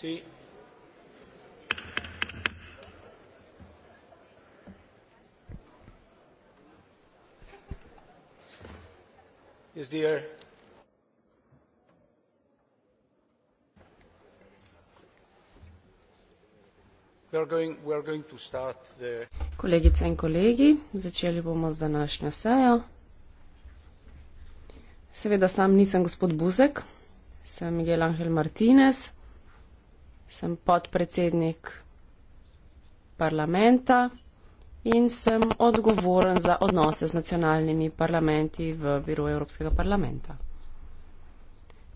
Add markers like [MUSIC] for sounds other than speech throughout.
Sí. Yes, dear. Kolegice in kolegi, začeli bomo z današnjo sejo. Seveda sam nisem gospod Buzek, sem Miguel Angel Martinez, sem podpredsednik parlamenta in sem odgovoren za odnose z nacionalnimi parlamenti v biro Evropskega parlamenta.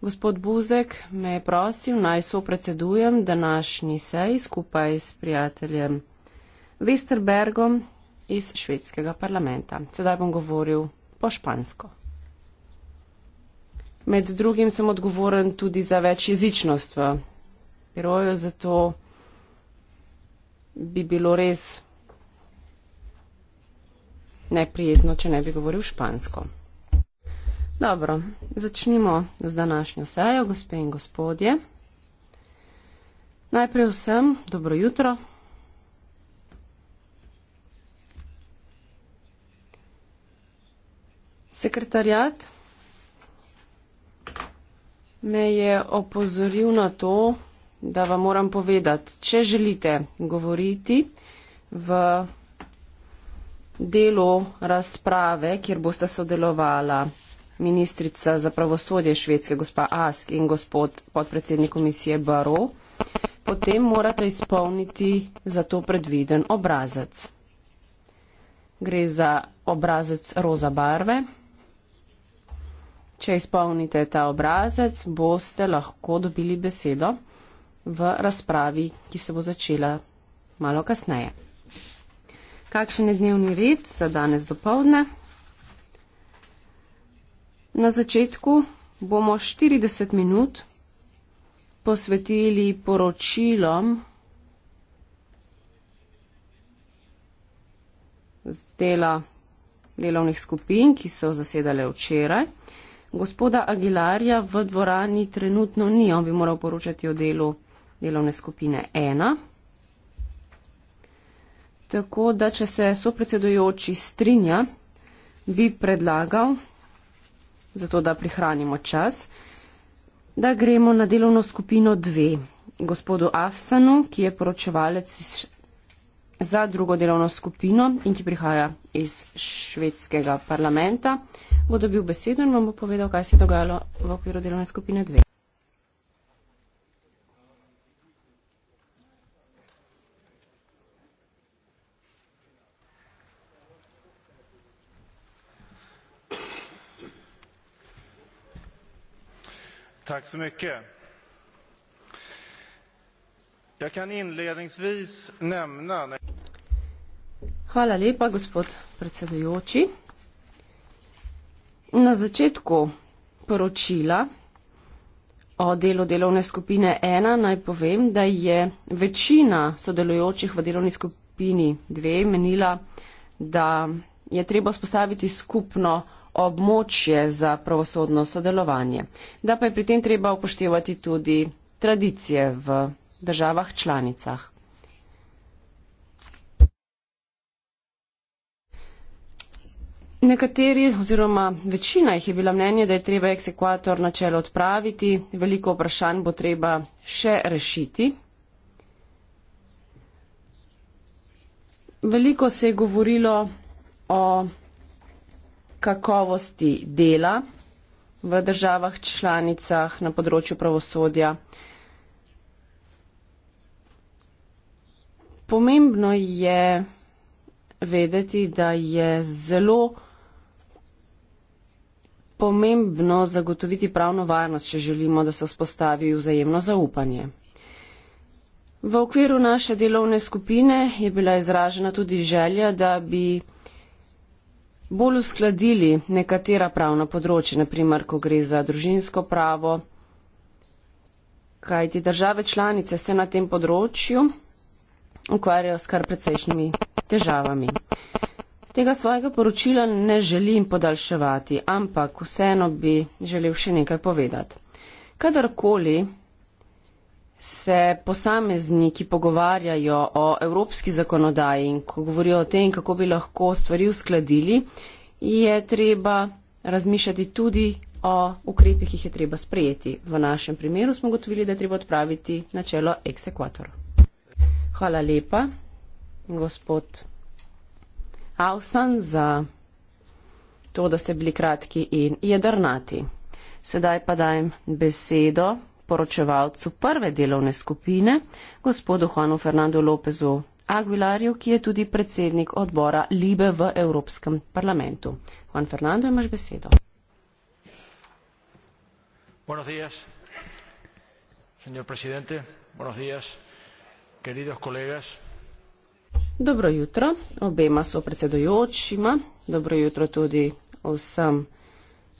Gospod Buzek me je prosil, naj so predsedujem današnji sej skupaj s prijateljem Westerbergom iz švedskega parlamenta. Sedaj bom govoril po špansko. Med drugim sem odgovoren tudi za večjezičnost v heroju, zato bi bilo res neprijetno, če ne bi govoril špansko. Dobro, začnimo z današnjo sejo, gospe in gospodje. Najprej vsem dobro jutro. Sekretarjat me je opozoril na to, da vam moram povedati, če želite govoriti v delu razprave, kjer boste sodelovala ministrica za pravosodje švedske, gospa Ask in gospod podpredsednik komisije Baro, potem morate izpolniti za to predviden obrazec. Gre za obrazec roza barve. Če izpolnite ta obrazec, boste lahko dobili besedo v razpravi, ki se bo začela malo kasneje. Kakšen je dnevni red za danes do povdne? Na začetku bomo 40 minut posvetili poročilom. z dela delovnih skupin, ki so zasedale včeraj. Gospoda Aguilarja v dvorani trenutno ni, on bi moral poročati o delu delovne skupine 1. Tako da, če se sopredsedujoči strinja, bi predlagal, zato da prihranimo čas, da gremo na delovno skupino 2, gospodu Afsanu, ki je poročevalec za drugo delovno skupino in ki prihaja iz švedskega parlamenta, bo dobil besedo in vam bo povedal, kaj se je dogajalo v okviru delovne skupine 2. Tack så mycket. Jag kan inledningsvis nämna... Hvala lepa, gospod predsedujoči. Na začetku poročila o delu delovne skupine 1 naj povem, da je večina sodelujočih v delovni skupini 2 menila, da je treba spostaviti skupno območje za pravosodno sodelovanje, da pa je pri tem treba upoštevati tudi tradicije v državah članicah. Nekateri oziroma večina jih je bila mnenje, da je treba eksekvator načelo odpraviti, veliko vprašanj bo treba še rešiti. Veliko se je govorilo o kakovosti dela v državah članicah na področju pravosodja. Pomembno je vedeti, da je zelo pomembno zagotoviti pravno varnost, če želimo, da se vzpostavi vzajemno zaupanje. V okviru naše delovne skupine je bila izražena tudi želja, da bi bolj uskladili nekatera pravna področja, naprimer, ko gre za družinsko pravo, kajti države članice se na tem področju ukvarjajo s kar precejšnjimi težavami. Tega svojega poročila ne želim podaljševati, ampak vseeno bi želel še nekaj povedati. Kadarkoli se posamezniki pogovarjajo o evropski zakonodaji in ko govorijo o tem, kako bi lahko stvari uskladili, je treba razmišljati tudi o ukrepih, ki jih je treba sprejeti. V našem primeru smo gotovili, da je treba odpraviti načelo eksekvator. Hvala lepa, gospod Avsan, za to, da ste bili kratki in jedrnati. Sedaj pa dajem besedo poročevalcu prve delovne skupine, gospodu Juanu Fernando Lopezu Aguilarju, ki je tudi predsednik odbora Libe v Evropskem parlamentu. Juan Fernando, imaš besedo. Buenos días, señor presidente. Buenos días, queridos colegas. Dobro jutro, obema so predsedujočima. Dobro jutro tudi vsem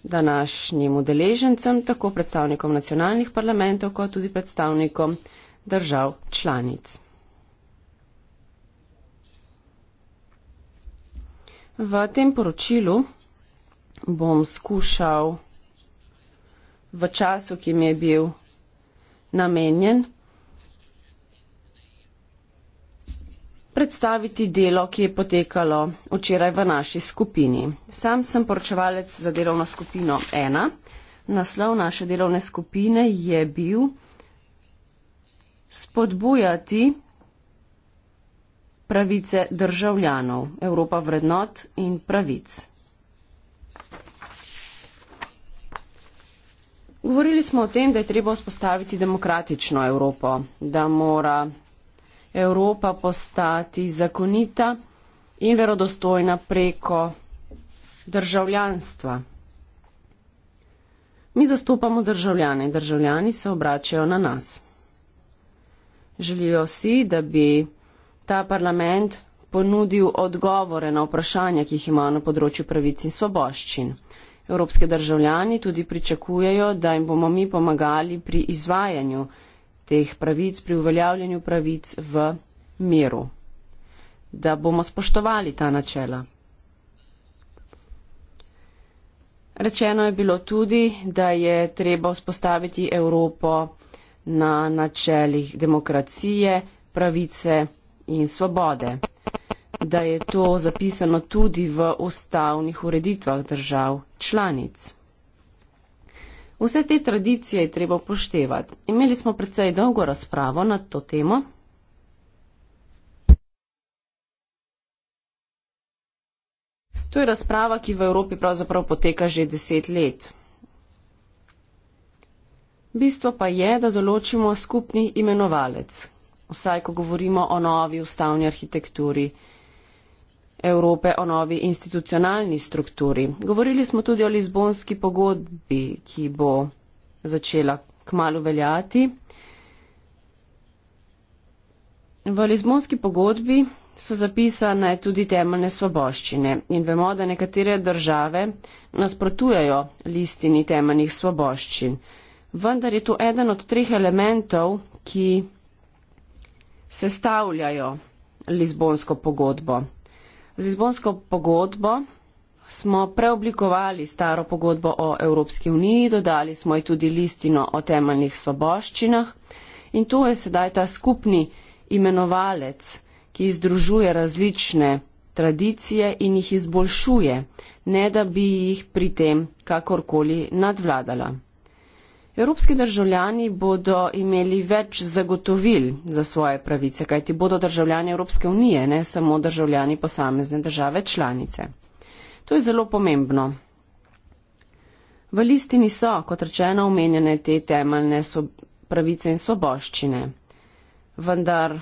današnjim udeležencem, tako predstavnikom nacionalnih parlamentov, kot tudi predstavnikom držav članic. V tem poročilu bom skušal v času, ki mi je bil namenjen, predstaviti delo, ki je potekalo včeraj v naši skupini. Sam sem poročevalec za delovno skupino 1. Naslov naše delovne skupine je bil spodbujati pravice državljanov, Evropa vrednot in pravic. Govorili smo o tem, da je treba vzpostaviti demokratično Evropo, da mora Evropa postati zakonita in verodostojna preko državljanstva. Mi zastopamo državljane in državljani se obračajo na nas. Želijo si, da bi ta parlament ponudil odgovore na vprašanja, ki jih imajo na področju pravic in svoboščin. Evropske državljani tudi pričakujejo, da jim bomo mi pomagali pri izvajanju teh pravic, pri uveljavljanju pravic v miru, da bomo spoštovali ta načela. Rečeno je bilo tudi, da je treba vzpostaviti Evropo na načelih demokracije, pravice in svobode, da je to zapisano tudi v ustavnih ureditvah držav članic. Vse te tradicije je treba upoštevati. Imeli smo precej dolgo razpravo na to temo. To je razprava, ki v Evropi pravzaprav poteka že deset let. Bistvo pa je, da določimo skupni imenovalec, vsaj ko govorimo o novi ustavni arhitekturi. Evrope o novi institucionalni strukturi. Govorili smo tudi o Lizbonski pogodbi, ki bo začela kmalo veljati. V Lizbonski pogodbi so zapisane tudi temeljne svoboščine in vemo, da nekatere države nasprotujejo listini temeljnih svoboščin. Vendar je to eden od treh elementov, ki sestavljajo Lizbonsko pogodbo. Z izbonsko pogodbo smo preoblikovali staro pogodbo o Evropski uniji, dodali smo ji tudi listino o temeljnih svoboščinah in to je sedaj ta skupni imenovalec, ki združuje različne tradicije in jih izboljšuje, ne da bi jih pri tem kakorkoli nadvladala. Evropski državljani bodo imeli več zagotovil za svoje pravice, kajti bodo državljani Evropske unije, ne samo državljani posamezne države članice. To je zelo pomembno. V listini so, kot rečeno, omenjene te temeljne pravice in svoboščine. Vendar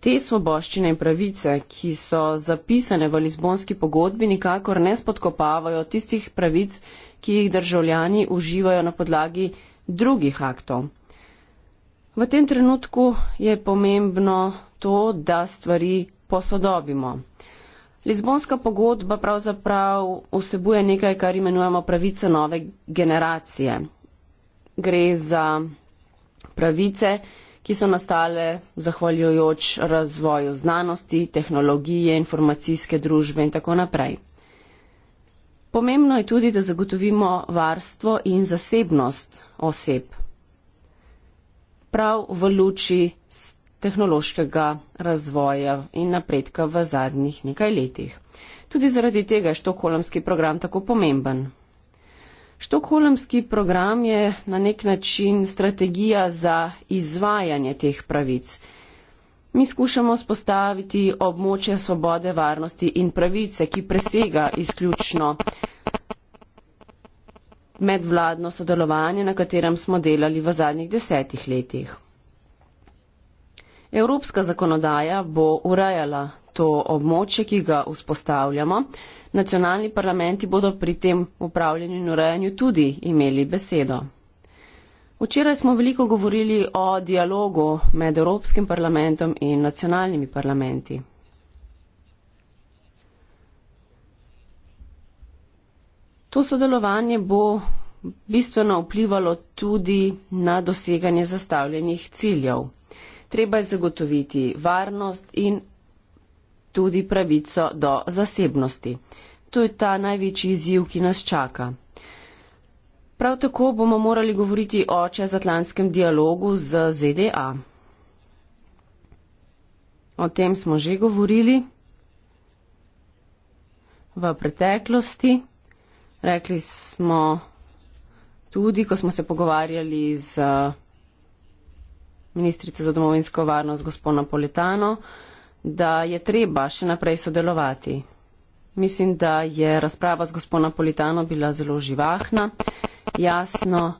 Te svoboščine in pravice, ki so zapisane v Lizbonski pogodbi, nikakor ne spodkopavajo tistih pravic, ki jih državljani uživajo na podlagi drugih aktov. V tem trenutku je pomembno to, da stvari posodobimo. Lizbonska pogodba pravzaprav vsebuje nekaj, kar imenujemo pravice nove generacije. Gre za pravice, ki so nastale zahvaljujoč razvoju znanosti, tehnologije, informacijske družbe in tako naprej. Pomembno je tudi, da zagotovimo varstvo in zasebnost oseb prav v luči tehnološkega razvoja in napredka v zadnjih nekaj letih. Tudi zaradi tega je štokolamski program tako pomemben. Štokholmski program je na nek način strategija za izvajanje teh pravic. Mi skušamo spostaviti območje svobode, varnosti in pravice, ki presega izključno medvladno sodelovanje, na katerem smo delali v zadnjih desetih letih. Evropska zakonodaja bo urejala to območje, ki ga vzpostavljamo. Nacionalni parlamenti bodo pri tem upravljanju in urejanju tudi imeli besedo. Včeraj smo veliko govorili o dialogu med Evropskim parlamentom in nacionalnimi parlamenti. To sodelovanje bo bistveno vplivalo tudi na doseganje zastavljenih ciljev. Treba je zagotoviti varnost in tudi pravico do zasebnosti. To je ta največji izziv, ki nas čaka. Prav tako bomo morali govoriti o čezatlantskem dialogu z ZDA. O tem smo že govorili v preteklosti. Rekli smo tudi, ko smo se pogovarjali z uh, ministrico za domovinsko varnost gospod Napoletano, da je treba še naprej sodelovati. Mislim, da je razprava z gospod Napolitano bila zelo živahna. Jasno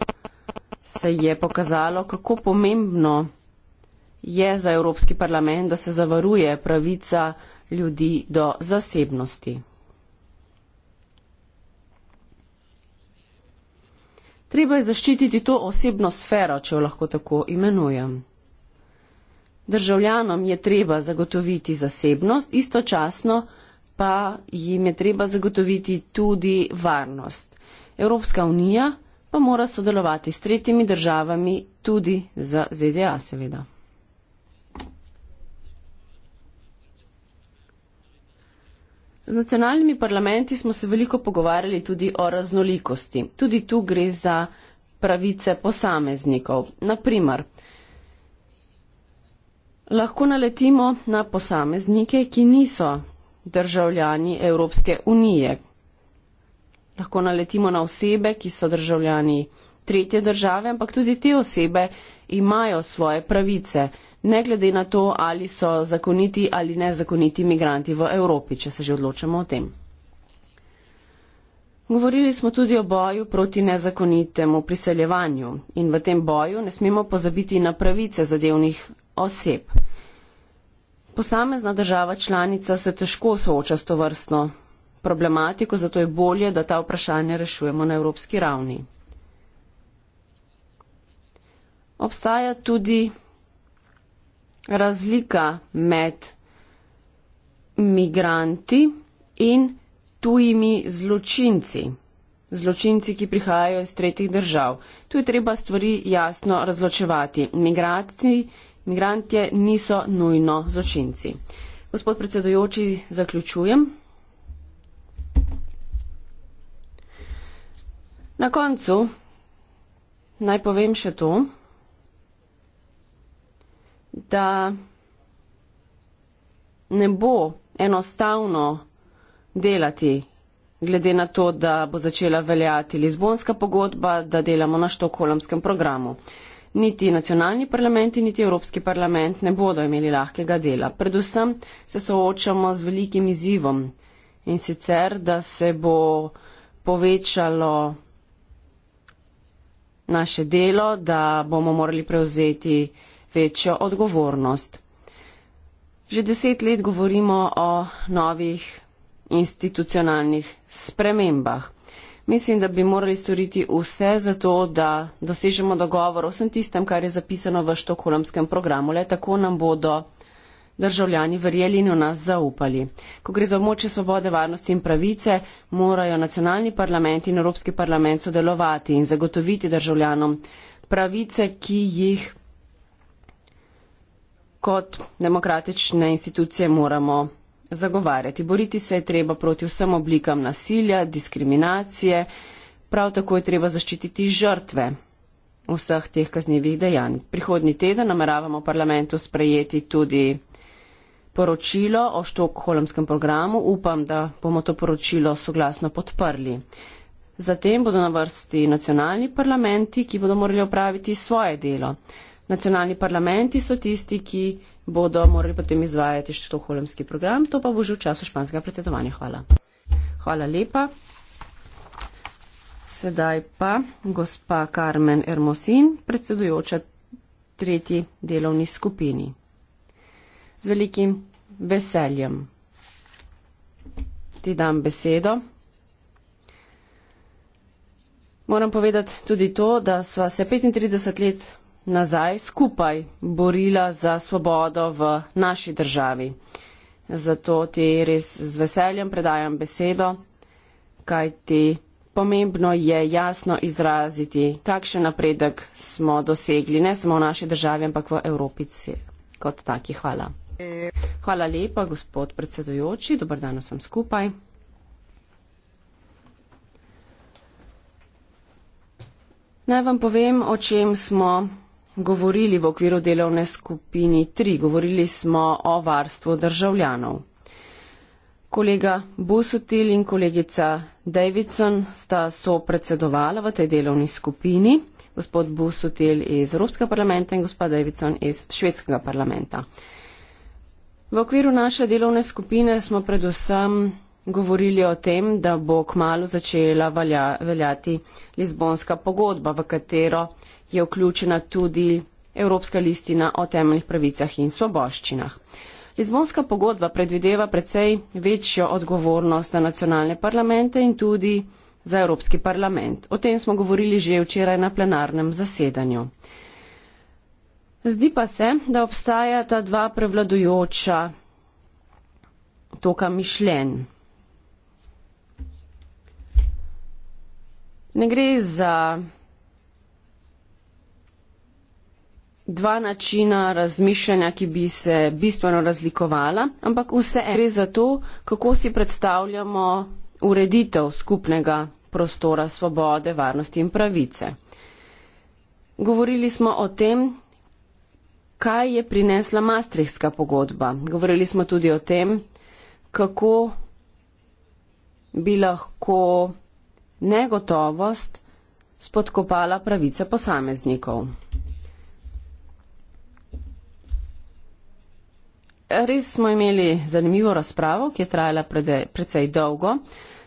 se je pokazalo, kako pomembno je za Evropski parlament, da se zavaruje pravica ljudi do zasebnosti. 3. Treba je zaščititi to osebno sfero, če jo lahko tako imenujem državljanom je treba zagotoviti zasebnost, istočasno pa jim je treba zagotoviti tudi varnost. Evropska unija pa mora sodelovati s tretjimi državami, tudi z ZDA seveda. Z nacionalnimi parlamenti smo se veliko pogovarjali tudi o raznolikosti. Tudi tu gre za pravice posameznikov. Naprimer, lahko naletimo na posameznike, ki niso državljani Evropske unije. Lahko naletimo na osebe, ki so državljani tretje države, ampak tudi te osebe imajo svoje pravice, ne glede na to, ali so zakoniti ali nezakoniti migranti v Evropi, če se že odločamo o tem. Govorili smo tudi o boju proti nezakonitemu priseljevanju in v tem boju ne smemo pozabiti na pravice zadevnih oseb. Posamezna država članica se težko sooča s to vrstno problematiko, zato je bolje, da ta vprašanja rešujemo na evropski ravni. Obstaja tudi razlika med migranti in tujimi zločinci, zločinci, ki prihajajo iz tretjih držav. Tu je treba stvari jasno razločevati. Migranti Migrantje niso nujno zločinci. Gospod predsedujoči, zaključujem. Na koncu naj povem še to, da ne bo enostavno delati glede na to, da bo začela veljati Lizbonska pogodba, da delamo na štokolamskem programu. Niti nacionalni parlamenti, niti Evropski parlament ne bodo imeli lahkega dela. Predvsem se soočamo z velikim izzivom in sicer, da se bo povečalo naše delo, da bomo morali prevzeti večjo odgovornost. Že deset let govorimo o novih institucionalnih spremembah. Mislim, da bi morali storiti vse za to, da dosežemo dogovor o vsem tistem, kar je zapisano v štokholmskem programu. Le tako nam bodo državljani verjeli in v nas zaupali. Ko gre za območje svobode, varnosti in pravice, morajo nacionalni parlament in Evropski parlament sodelovati in zagotoviti državljanom pravice, ki jih kot demokratične institucije moramo zagovarjati. Boriti se je treba proti vsem oblikam nasilja, diskriminacije, prav tako je treba zaščititi žrtve vseh teh kaznjivih dejanj. Prihodni teden nameravamo v parlamentu sprejeti tudi poročilo o štokholmskem programu. Upam, da bomo to poročilo soglasno podprli. Zatem bodo na vrsti nacionalni parlamenti, ki bodo morali opraviti svoje delo. Nacionalni parlamenti so tisti, ki bodo morali potem izvajati štokholmski program, to pa bo že v času španskega predsedovanja. Hvala. Hvala lepa. Sedaj pa gospa Carmen Hermosin, predsedujoča tretji delovni skupini. Z velikim veseljem ti dam besedo. Moram povedati tudi to, da sva se 35 let nazaj skupaj borila za svobodo v naši državi. Zato ti res z veseljem predajam besedo, kaj ti pomembno je jasno izraziti, kakšen napredek smo dosegli, ne samo v naši državi, ampak v Evropi kot taki. Hvala. Hvala lepa, gospod predsedujoči. Dobar dan vsem skupaj. Naj vam povem, o čem smo govorili v okviru delovne skupini 3, govorili smo o varstvu državljanov. Kolega Busutil in kolegica Davidson sta so predsedovala v tej delovni skupini, gospod Busutil iz Evropskega parlamenta in gospod Davidson iz Švedskega parlamenta. V okviru naše delovne skupine smo predvsem govorili o tem, da bo kmalo začela velja, veljati Lizbonska pogodba, v katero je vključena tudi Evropska listina o temeljnih pravicah in svoboščinah. Lizbonska pogodba predvideva precej večjo odgovornost za nacionalne parlamente in tudi za Evropski parlament. O tem smo govorili že včeraj na plenarnem zasedanju. Zdi pa se, da obstaja ta dva prevladujoča toka mišljen. Ne gre za dva načina razmišljanja, ki bi se bistveno razlikovala, ampak vse gre za to, kako si predstavljamo ureditev skupnega prostora svobode, varnosti in pravice. Govorili smo o tem, kaj je prinesla Maastrichtska pogodba. Govorili smo tudi o tem, kako bi lahko negotovost spodkopala pravice posameznikov. res smo imeli zanimivo razpravo, ki je trajala precej dolgo.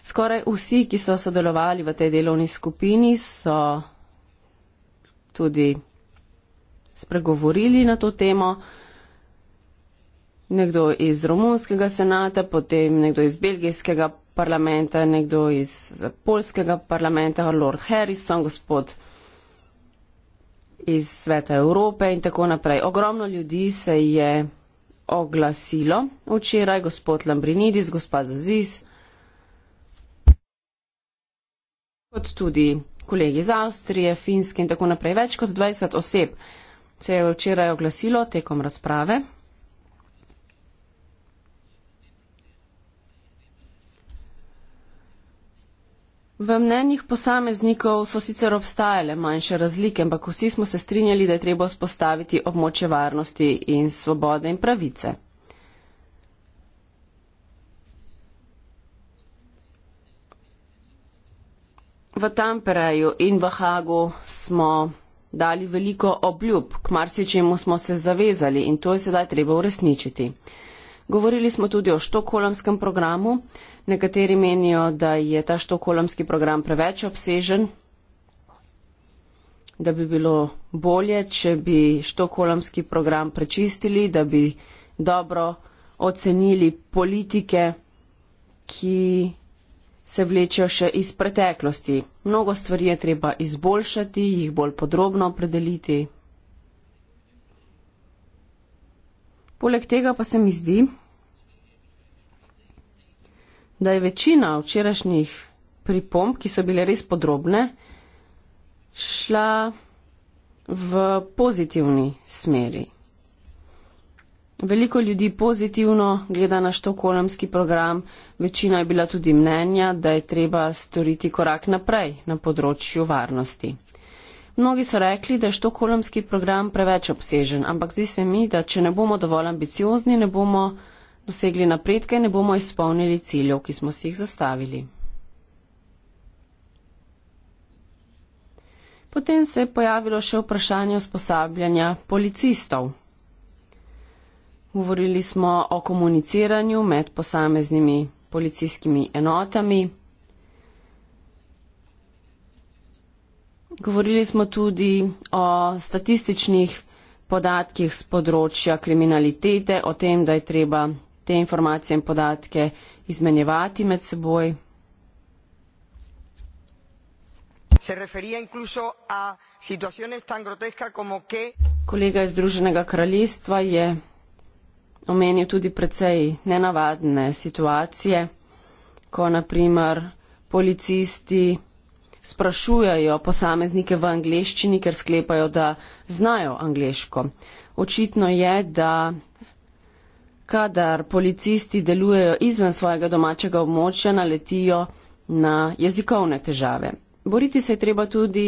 Skoraj vsi, ki so sodelovali v tej delovni skupini, so tudi spregovorili na to temo. Nekdo iz romunskega senata, potem nekdo iz belgijskega parlamenta, nekdo iz polskega parlamenta, Lord Harrison, gospod iz Sveta Evrope in tako naprej. Ogromno ljudi se je oglasilo včeraj, gospod Lambrinidis, gospa Zaziz, kot tudi kolegi iz Avstrije, Finske in tako naprej. Več kot 20 oseb se je včeraj oglasilo tekom razprave. V mnenjih posameznikov so sicer obstajale manjše razlike, ampak vsi smo se strinjali, da je treba spostaviti območje varnosti in svobode in pravice. V Tampereju in v Hagu smo dali veliko obljub, k marsičemu smo se zavezali in to je sedaj treba uresničiti. Govorili smo tudi o štokolamskem programu, Nekateri menijo, da je ta štokolamski program preveč obsežen, da bi bilo bolje, če bi štokolamski program prečistili, da bi dobro ocenili politike, ki se vlečejo še iz preteklosti. Mnogo stvari je treba izboljšati, jih bolj podrobno opredeliti. Poleg tega pa se mi zdi, da je večina včerajšnjih pripomb, ki so bile res podrobne, šla v pozitivni smeri. Veliko ljudi pozitivno gleda na štokolemski program, večina je bila tudi mnenja, da je treba storiti korak naprej na področju varnosti. Mnogi so rekli, da je štokolemski program preveč obsežen, ampak zdi se mi, da če ne bomo dovolj ambiciozni, ne bomo dosegli napredke, ne bomo izpolnili ciljev, ki smo si jih zastavili. Potem se je pojavilo še vprašanje usposabljanja policistov. Govorili smo o komuniciranju med posameznimi policijskimi enotami. Govorili smo tudi o statističnih podatkih z področja kriminalitete, o tem, da je treba te informacije in podatke izmenjevati med seboj. Se referija incluso a situaciones tan groteska, como que... Kolega iz Združenega kraljestva je omenil tudi precej nenavadne situacije, ko naprimer policisti sprašujajo posameznike v angleščini, ker sklepajo, da znajo angleško. Očitno je, da kadar policisti delujejo izven svojega domačega območja, naletijo na jezikovne težave. Boriti se je treba tudi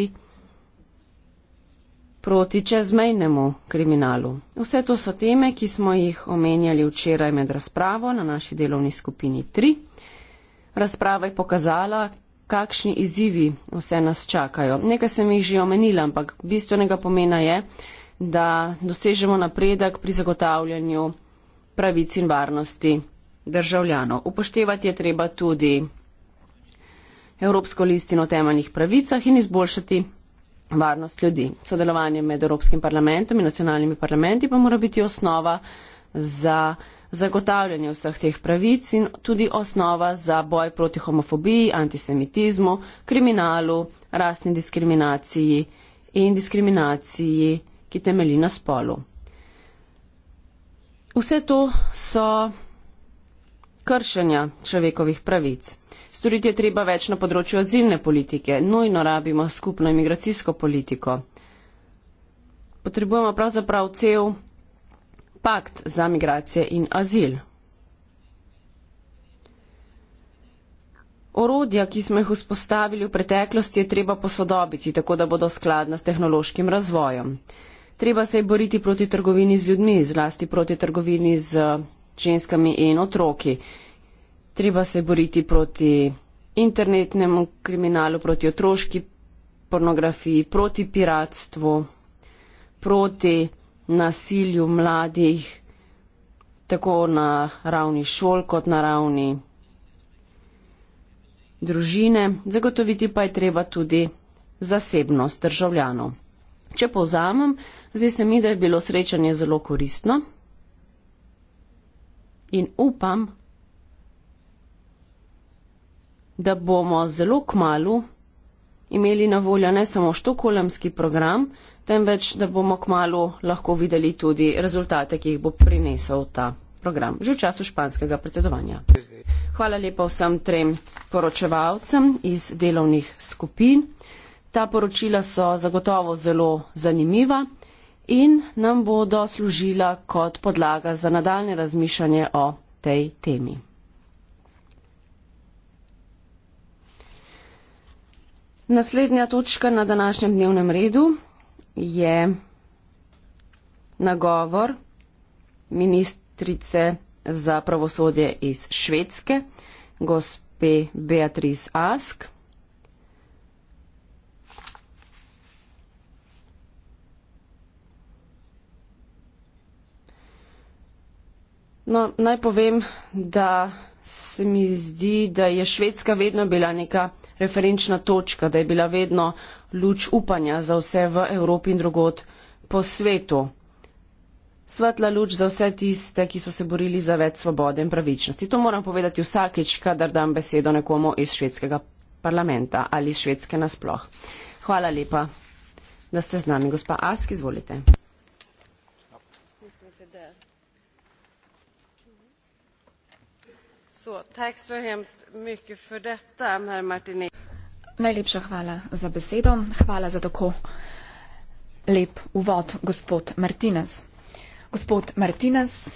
proti čezmejnemu kriminalu. Vse to so teme, ki smo jih omenjali včeraj med razpravo na naši delovni skupini 3. Razprava je pokazala, kakšni izzivi vse nas čakajo. Nekaj sem jih že omenila, ampak bistvenega pomena je, da dosežemo napredek pri zagotavljanju pravic in varnosti državljanov. Upoštevati je treba tudi Evropsko listino o temeljnih pravicah in izboljšati varnost ljudi. Sodelovanje med Evropskim parlamentom in nacionalnimi parlamenti pa mora biti osnova za zagotavljanje vseh teh pravic in tudi osnova za boj proti homofobiji, antisemitizmu, kriminalu, rasni diskriminaciji in diskriminaciji, ki temelji na spolu. Vse to so kršenja človekovih pravic. Storiti je treba več na področju azilne politike, nujno rabimo skupno imigracijsko politiko. Potrebujemo pravzaprav cel pakt za migracije in azil. Orodja, ki smo jih vzpostavili v preteklosti, je treba posodobiti, tako da bodo skladna s tehnološkim razvojem. Treba se je boriti proti trgovini z ljudmi, zlasti proti trgovini z eh, ženskami in otroki. Treba se je boriti proti internetnemu kriminalu, proti otroški pornografiji, proti piratstvu, proti nasilju mladih, tako na ravni šol kot na ravni družine. Zagotoviti pa je treba tudi zasebnost državljanov. Če povzamem, zdi se mi, da je bilo srečanje zelo koristno in upam, da bomo zelo k malu imeli na voljo ne samo štokolemski program, temveč da bomo k malu lahko videli tudi rezultate, ki jih bo prinesel ta program že v času španskega predsedovanja. Hvala lepa vsem trem poročevalcem iz delovnih skupin. Ta poročila so zagotovo zelo zanimiva in nam bodo služila kot podlaga za nadaljne razmišljanje o tej temi. Naslednja točka na današnjem dnevnem redu je nagovor ministrice za pravosodje iz Švedske, gospe Beatrice Ask. No, naj povem, da se mi zdi, da je Švedska vedno bila neka referenčna točka, da je bila vedno luč upanja za vse v Evropi in drugod po svetu. Svetla luč za vse tiste, ki so se borili za več svobode in pravičnosti. To moram povedati vsakeč, kadar dam besedo nekomu iz švedskega parlamenta ali iz švedske nasploh. Hvala lepa, da ste z nami. Gospa Ask, izvolite. Så, tack så hemskt mycket för detta, herr Martinet. Najlepša hvala za besedo, hvala za tako lep uvod, gospod Martinez. Gospod Martinez,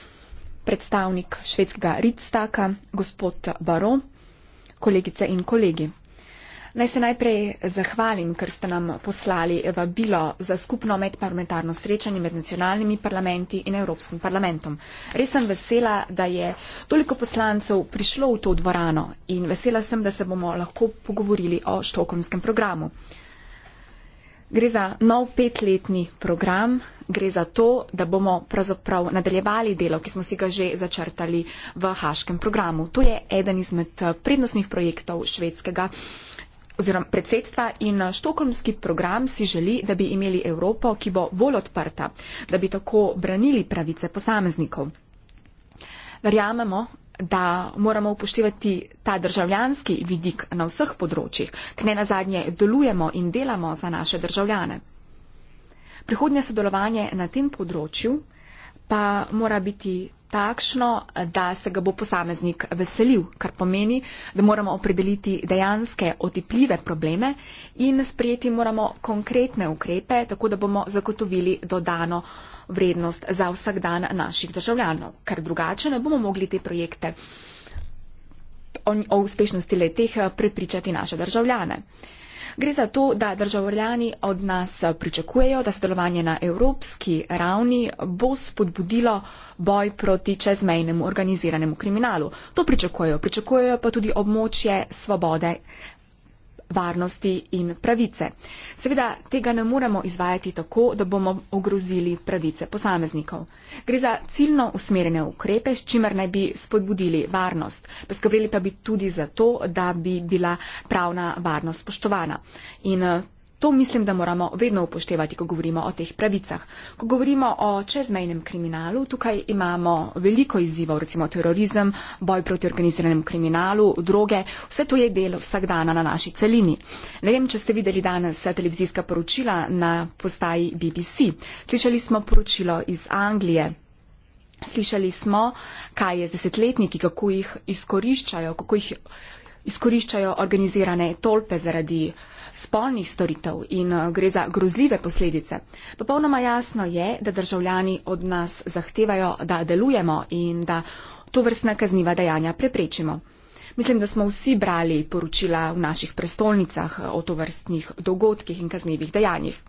predstavnik švedskega Ritstaka, gospod Baro, kolegice in kolegi. Naj se najprej zahvalim, ker ste nam poslali vabilo za skupno medparlamentarno srečanje med nacionalnimi parlamenti in Evropskim parlamentom. Res sem vesela, da je toliko poslancev prišlo v to dvorano in vesela sem, da se bomo lahko pogovorili o štokomskem programu. Gre za nov petletni program, gre za to, da bomo pravzaprav nadaljevali delo, ki smo si ga že začrtali v haškem programu. To je eden izmed prednostnih projektov švedskega programu oziroma predsedstva in eh, štokholmski program si želi, da bi imeli Evropo, ki bo bolj odprta, da bi tako branili pravice posameznikov. Verjamemo, da moramo upoštevati ta državljanski vidik na vseh področjih, k ne nazadnje delujemo in delamo za naše državljane. Prihodnje sodelovanje na tem področju pa mora biti takšno, da se ga bo posameznik veselil, kar pomeni, da moramo opredeliti dejanske otipljive probleme in sprejeti moramo konkretne ukrepe, tako da bomo zagotovili dodano vrednost za vsak dan naših državljanov, ker drugače ne bomo mogli te projekte o uspešnosti le teh eh, prepričati naše državljane. Gre za to, da državljani od nas pričakujejo, da sodelovanje na evropski ravni bo spodbudilo boj proti čezmejnemu organiziranemu kriminalu. To pričakujejo, pričakujejo pa tudi območje svobode varnosti in pravice. Seveda tega ne moremo izvajati tako, da bomo ogrozili pravice posameznikov. Gre za ciljno usmerjene ukrepe, s čimer naj bi spodbudili varnost, poskrbeli pa bi tudi za to, da bi bila pravna varnost spoštovana. In To mislim, da moramo vedno upoštevati, ko govorimo o teh pravicah. Ko govorimo o čezmejnem kriminalu, tukaj imamo veliko izzivov, recimo terorizem, boj proti organiziranemu kriminalu, droge. Vse to je del vsakdana na naši celini. Ne vem, če ste videli danes televizijska poročila na postaji BBC. Slišali smo poročilo iz Anglije. Slišali smo, kaj je z desetletniki, kako jih izkoriščajo, kako jih izkoriščajo organizirane tolpe zaradi spolnih storitev in eh, gre za grozljive posledice. Popolnoma jasno je, da državljani od nas zahtevajo, da delujemo in da to vrstna kazniva dejanja preprečimo. Mislim, da smo vsi brali poročila v naših prestolnicah eh, o to vrstnih dogodkih in kaznivih dejanjih.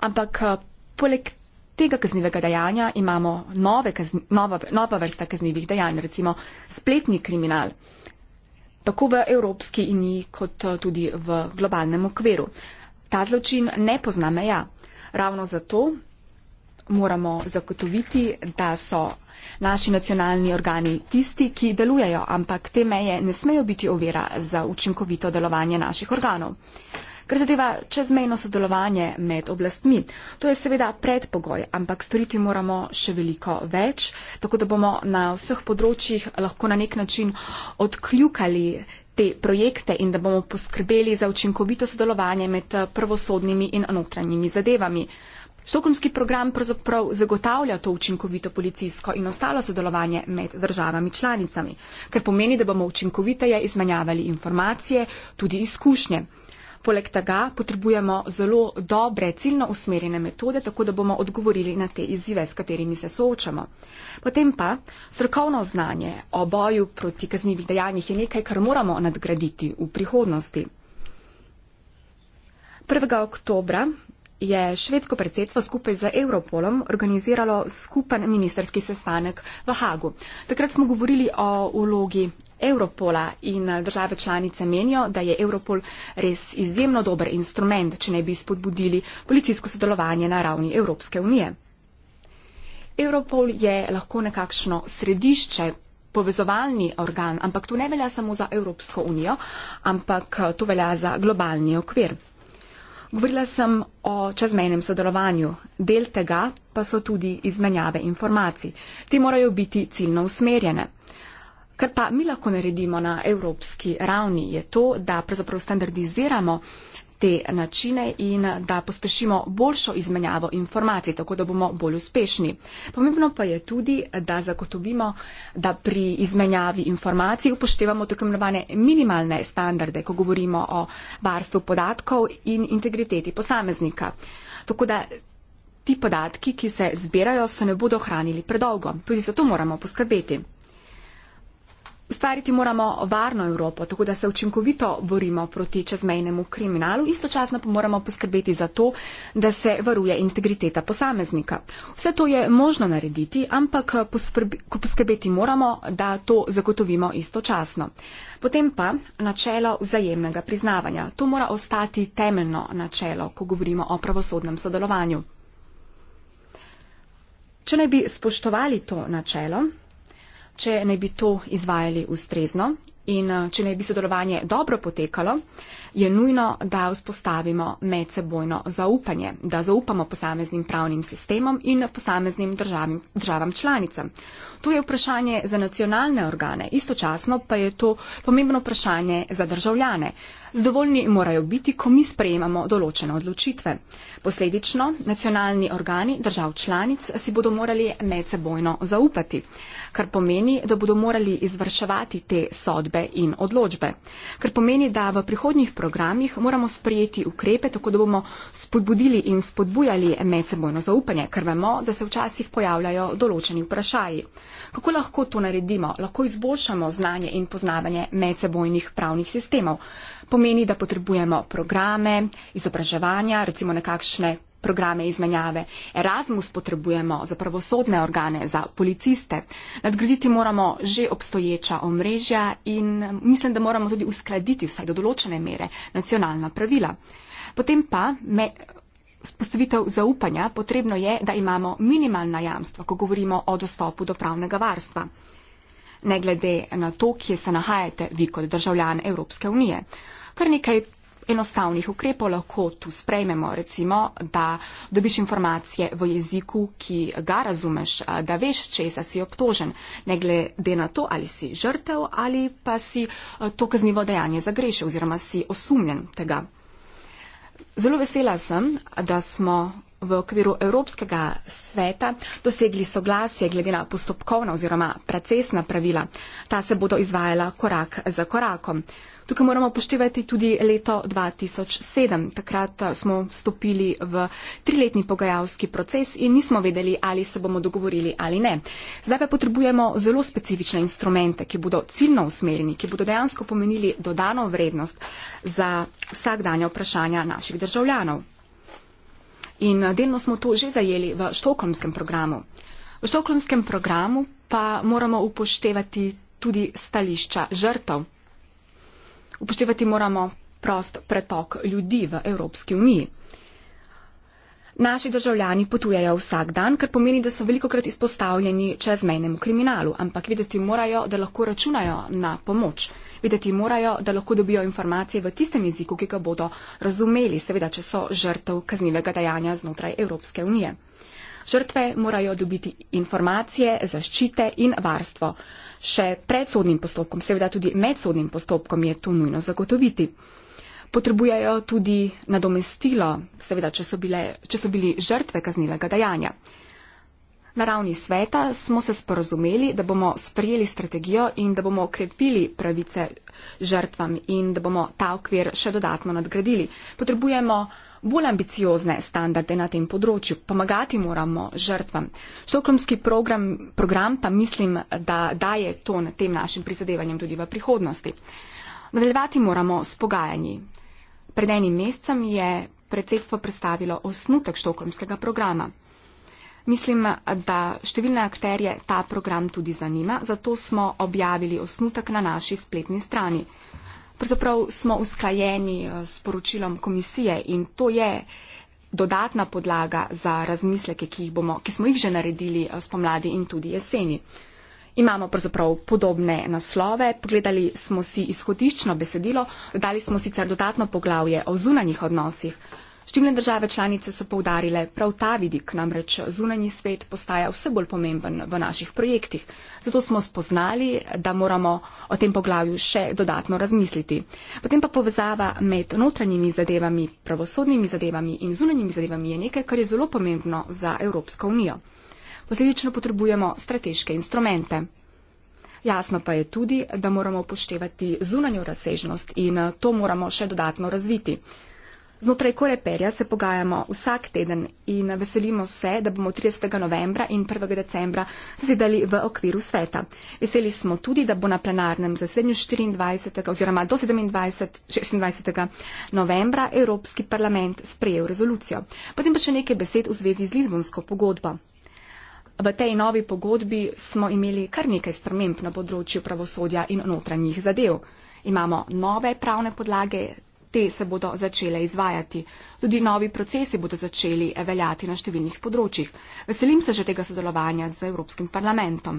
Ampak eh, poleg tega kaznivega dejanja imamo nove kazni, nova, nova vrsta kaznivih dejanj, recimo spletni kriminal tako v Evropski uniji, kot eh, tudi v globalnem okviru. Ta zločin ne pozna meja. Ravno zato moramo zagotoviti, da so naši nacionalni organi tisti, ki delujejo, ampak te meje ne smejo biti ovira za učinkovito delovanje naših organov kar zadeva čezmejno sodelovanje med oblastmi. To je seveda predpogoj, ampak storiti moramo še veliko več, tako da bomo na vseh področjih lahko na nek način odkljukali te projekte in da bomo poskrbeli za učinkovito sodelovanje med eh, prvosodnimi in notranjimi zadevami. Štokholmski program pravzaprav zagotavlja to učinkovito policijsko in ostalo sodelovanje med državami članicami, kar pomeni, da bomo učinkoviteje izmenjavali informacije, tudi izkušnje. Poleg tega potrebujemo zelo dobre, ciljno usmerjene metode, tako da bomo odgovorili na te izzive, s katerimi se soočamo. Potem pa strokovno znanje o boju proti kaznjivih dejanjih je nekaj, kar moramo nadgraditi v prihodnosti. 1. oktobra je švedsko predsedstvo skupaj z Europolom organiziralo skupen ministerski sestanek v Hagu. Takrat smo govorili o vlogi Europola in eh, države članice menijo, da je Europol res izjemno dober instrument, če ne bi spodbudili policijsko sodelovanje na ravni Evropske unije. Europol je lahko nekakšno središče, povezovalni organ, ampak to ne velja samo za Evropsko unijo, ampak eh, to velja za globalni okvir. Govorila sem o čezmejnem sodelovanju. Del tega pa so tudi izmenjave informacij. Ti morajo biti ciljno usmerjene. Kar pa mi lahko naredimo na evropski ravni, je to, da pravzaprav standardiziramo te načine in da pospešimo boljšo izmenjavo informacij, tako da bomo bolj uspešni. Pomembno pa je tudi, da zagotovimo, da pri izmenjavi informacij upoštevamo tako imenovane minimalne standarde, ko govorimo o varstvu podatkov in integriteti posameznika. Tako da ti podatki, ki se zbirajo, se ne bodo hranili predolgo. Tudi za to moramo poskrbeti. Ustvariti moramo varno Evropo, tako da se učinkovito borimo proti čezmejnemu kriminalu, istočasno pa moramo poskrbeti za to, da se varuje integriteta posameznika. Vse to je možno narediti, ampak poskrbeti moramo, da to zagotovimo istočasno. Potem pa načelo vzajemnega priznavanja. To mora ostati temeljno načelo, ko govorimo o pravosodnem sodelovanju. Če naj bi spoštovali to načelo, če ne bi to izvajali ustrezno in eh, če ne bi sodelovanje dobro potekalo, je nujno, da vzpostavimo medsebojno zaupanje, da zaupamo posameznim pravnim sistemom in posameznim državim, državam članicam. To je vprašanje za nacionalne organe, istočasno pa je to pomembno vprašanje za državljane. Zadovoljni morajo biti, ko mi sprejemamo določene odločitve. Posledično nacionalni organi držav članic si bodo morali medsebojno zaupati, kar pomeni, da bodo morali izvrševati te sodbe in odločbe, kar pomeni, da v prihodnjih programih moramo sprejeti ukrepe, tako da bomo spodbudili in spodbujali medsebojno zaupanje, ker vemo, da se včasih pojavljajo določeni vprašaji. Kako lahko to naredimo? Lahko izboljšamo znanje in poznavanje medsebojnih pravnih sistemov. Pomeni, da potrebujemo programe, izobraževanja, recimo nekakšne različne programe izmenjave. Erasmus potrebujemo za pravosodne organe, za policiste. Nadgraditi moramo že obstoječa omrežja in mislim, da moramo tudi uskladiti vsaj do določene mere nacionalna pravila. Potem pa me spostavitev zaupanja potrebno je, da imamo minimalna jamstva, ko govorimo o dostopu do pravnega varstva. Ne glede na to, kje se nahajate vi kot državljan Evropske unije. Kar nekaj enostavnih ukrepov lahko tu sprejmemo, recimo, da dobiš informacije v jeziku, ki ga razumeš, da veš, česa si obtožen, ne glede na to, ali si žrtev ali pa si to kaznivo dejanje zagrešil oziroma si osumljen tega. Zelo vesela sem, da smo v okviru Evropskega sveta dosegli soglasje glede na postopkovna oziroma procesna pravila. Ta se bodo izvajala korak za korakom. Tukaj moramo poštevati tudi leto 2007. Takrat eh, smo stopili v triletni pogajalski proces in nismo vedeli, ali se bomo dogovorili ali ne. Zdaj pa potrebujemo zelo specifične instrumente, ki bodo ciljno usmerjeni, ki bodo dejansko pomenili dodano vrednost za vsakdanje vprašanja naših državljanov. In eh, delno smo to že zajeli v štokholmskem programu. V štokholmskem programu pa moramo upoštevati tudi stališča žrtev. Upoštevati moramo prost pretok ljudi v Evropski uniji. Naši državljani potujejo vsak dan, kar pomeni, da so veliko krat izpostavljeni čezmejnemu kriminalu, ampak videti morajo, da lahko računajo na pomoč. Videti morajo, da lahko dobijo informacije v tistem jeziku, ki ga bodo razumeli, seveda, če so žrtev kaznivega dejanja znotraj Evropske unije. Žrtve morajo dobiti informacije, zaščite in varstvo še pred sodnim postopkom, seveda tudi med sodnim postopkom je to nujno zagotoviti. Potrebujejo tudi nadomestilo, seveda, če so, bile, če so bili žrtve kaznivega dejanja. Na ravni sveta smo se sporozumeli, da bomo sprejeli strategijo in da bomo okrepili pravice žrtvam in da bomo ta okvir še dodatno nadgradili. Potrebujemo bolj ambiciozne standarde na tem področju. Pomagati moramo žrtvam. Štokromski program, program pa mislim, da daje to na tem našim prizadevanjem tudi v prihodnosti. Nadaljevati moramo s pogajanji. Pred enim mesecem je predsedstvo predstavilo osnutek štokromskega programa. Mislim, da številne akterje ta program tudi zanima, zato smo objavili osnutek na naši spletni strani pravzaprav smo usklajeni eh, s poročilom komisije in to je dodatna podlaga za razmisleke, ki, bomo, ki smo jih že naredili eh, spomladi in tudi jeseni. Imamo pravzaprav podobne naslove, pogledali smo si izhodiščno besedilo, dali smo sicer dodatno poglavje o zunanjih odnosih, Številne države članice so povdarile prav ta vidik, namreč zunanji svet postaja vse bolj pomemben v naših projektih. Zato smo spoznali, da moramo o tem poglavju še dodatno razmisliti. Potem pa povezava med notranjimi zadevami, pravosodnimi zadevami in zunanjimi zadevami je nekaj, kar je zelo pomembno za Evropsko unijo. Posledično potrebujemo strateške instrumente. Jasno pa je tudi, da moramo upoštevati zunanjo razsežnost in to moramo še dodatno razviti. Znotraj Koreperja se pogajamo vsak teden in veselimo se, da bomo 30. novembra in 1. decembra sedeli v okviru sveta. Veseli smo tudi, da bo na plenarnem zasednju 24. oziroma do 27. 26. novembra Evropski parlament sprejel rezolucijo. Potem pa še nekaj besed v zvezi z Lizbonsko pogodbo. V tej novi pogodbi smo imeli kar nekaj sprememb na področju pravosodja in notranjih zadev. Imamo nove pravne podlage, te se bodo začele izvajati. Tudi novi procesi bodo začeli veljati na številnih področjih. Veselim se že tega sodelovanja z Evropskim parlamentom.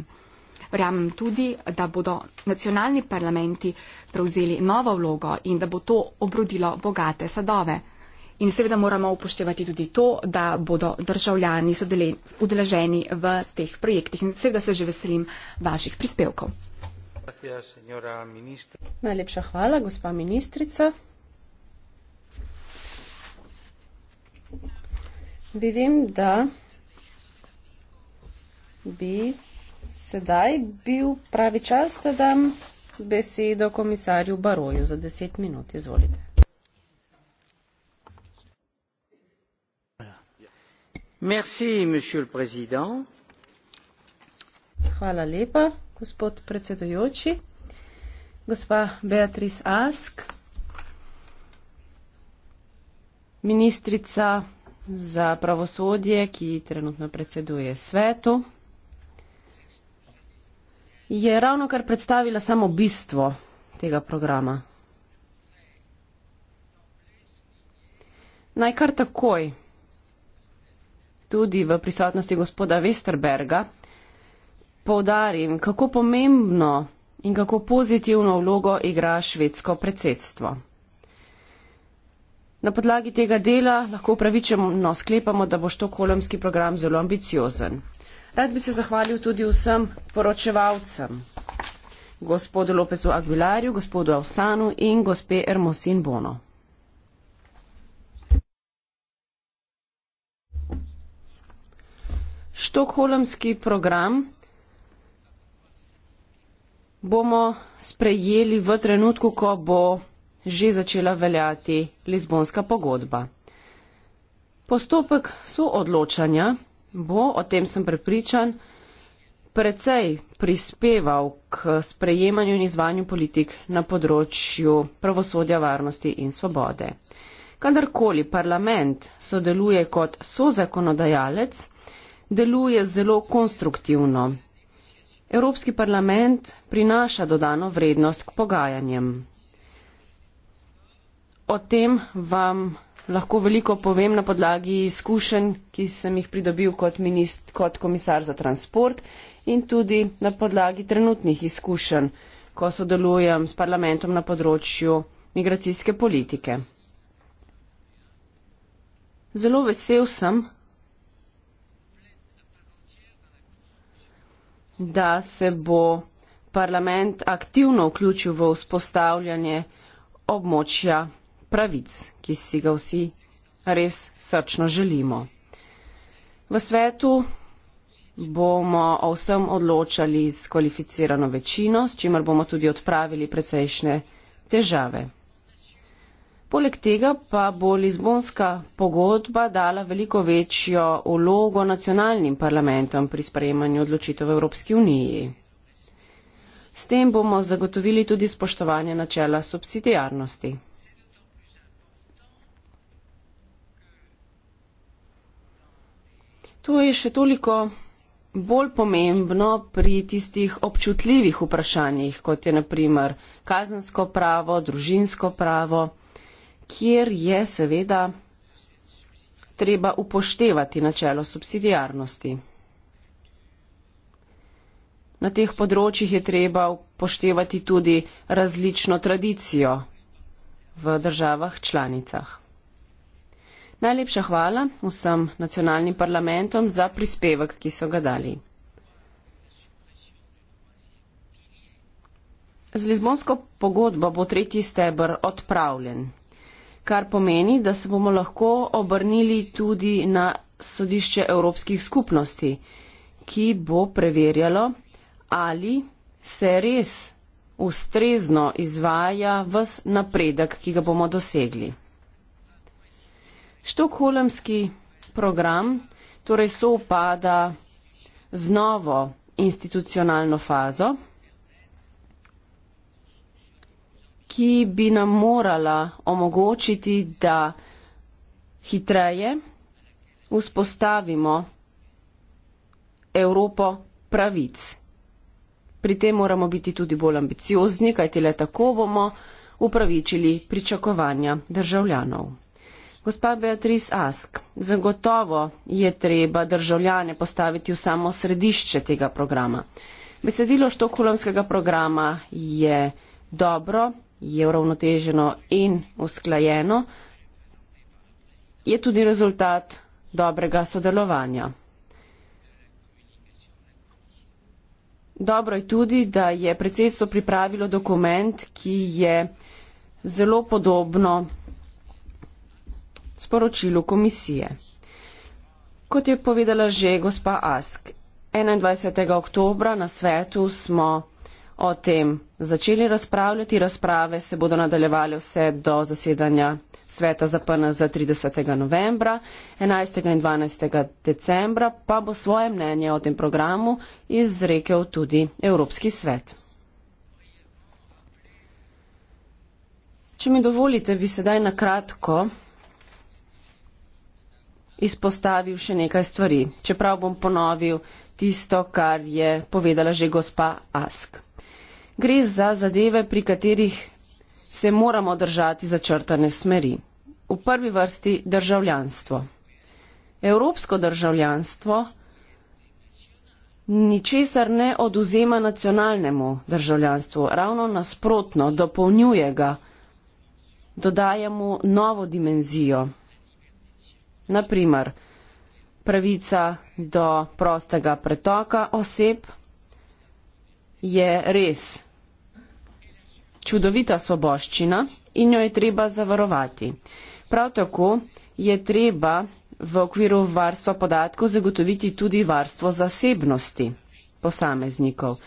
Verjamem tudi, da bodo nacionalni parlamenti prevzeli novo vlogo in da bo to obrodilo bogate sadove. In seveda moramo upoštevati tudi to, da bodo državljani udeleženi v teh projektih. In seveda se že veselim vaših prispevkov. Najlepša hvala, gospa ministrica. vidim, da bi sedaj bil pravi čas, da dam besedo komisarju Baroju za deset minut. Izvolite. Merci, Hvala lepa, gospod predsedujoči. Gospa Beatrice Ask, ministrica za pravosodje, ki trenutno predseduje svetu, je ravno kar predstavila samo bistvo tega programa. Naj kar takoj, tudi v prisotnosti gospoda Westerberga, poudarim, kako pomembno in kako pozitivno vlogo igra švedsko predsedstvo. Na podlagi tega dela lahko upravičeno sklepamo, da bo štokholmski program zelo ambiciozen. Rad bi se zahvalil tudi vsem poročevalcem, gospodu Lopezu Aguilarju, gospodu Avsanu in gospe Ermosin Bono. Štokholmski program bomo sprejeli v trenutku, ko bo že začela veljati Lizbonska pogodba. Postopek soodločanja bo, o tem sem prepričan, precej prispeval k sprejemanju in izvanju politik na področju pravosodja, varnosti in svobode. Kadarkoli parlament sodeluje kot sozakonodajalec, deluje zelo konstruktivno. Evropski parlament prinaša dodano vrednost k pogajanjem o tem vam lahko veliko povem na podlagi izkušenj, ki sem jih pridobil kot, minist, kot komisar za transport in tudi na podlagi trenutnih izkušenj, ko sodelujem s parlamentom na področju migracijske politike. Zelo vesel sem, da se bo parlament aktivno vključil v vzpostavljanje območja pravic, ki si ga vsi res srčno želimo. V svetu bomo o vsem odločali s kvalificirano večino, s čimer bomo tudi odpravili precejšnje težave. Poleg tega pa bo Lizbonska pogodba dala veliko večjo ulogo nacionalnim parlamentom pri sprejemanju odločitev v Evropski uniji. S tem bomo zagotovili tudi spoštovanje načela subsidijarnosti. To je še toliko bolj pomembno pri tistih občutljivih vprašanjih, kot je naprimer kazensko pravo, družinsko pravo, kjer je seveda treba upoštevati načelo subsidijarnosti. Na teh področjih je treba upoštevati tudi različno tradicijo v državah članicah. Najlepša hvala vsem nacionalnim parlamentom za prispevek, ki so ga dali. Z Lizbonsko pogodbo bo tretji stebr odpravljen, kar pomeni, da se bomo lahko obrnili tudi na sodišče Evropskih skupnosti, ki bo preverjalo, ali se res ustrezno izvaja vse napredek, ki ga bomo dosegli. Štokholmski program torej sopada z novo institucionalno fazo, ki bi nam morala omogočiti, da hitreje vzpostavimo Evropo pravic. Pri tem moramo biti tudi bolj ambiciozni, kajti le tako bomo upravičili pričakovanja državljanov. Gospa Beatrice Ask, zagotovo je treba državljane postaviti v samo središče tega programa. Besedilo štokholmskega programa je dobro, je uravnoteženo in usklajeno, je tudi rezultat dobrega sodelovanja. Dobro je tudi, da je predsedstvo pripravilo dokument, ki je zelo podobno sporočilu komisije. Kot je povedala že gospa Ask, 21. oktobra na svetu smo o tem začeli razpravljati. Razprave se bodo nadaljevale vse do zasedanja sveta za PNZ 30. novembra, 11. in 12. decembra pa bo svoje mnenje o tem programu izrekel tudi Evropski svet. Če mi dovolite, bi sedaj na kratko izpostavil še nekaj stvari, čeprav bom ponovil tisto, kar je povedala že gospa Ask. Gre za zadeve, pri katerih se moramo držati začrtane smeri. V prvi vrsti državljanstvo. Evropsko državljanstvo ničesar ne oduzema nacionalnemu državljanstvu, ravno nasprotno, dopolnjuje ga, dodaja mu novo dimenzijo na primer pravica do prostega pretoka oseb je res čudovita svoboščina in jo je treba zavarovati. Prav tako je treba v okviru varstva podatkov zagotoviti tudi varstvo zasebnosti posameznikov.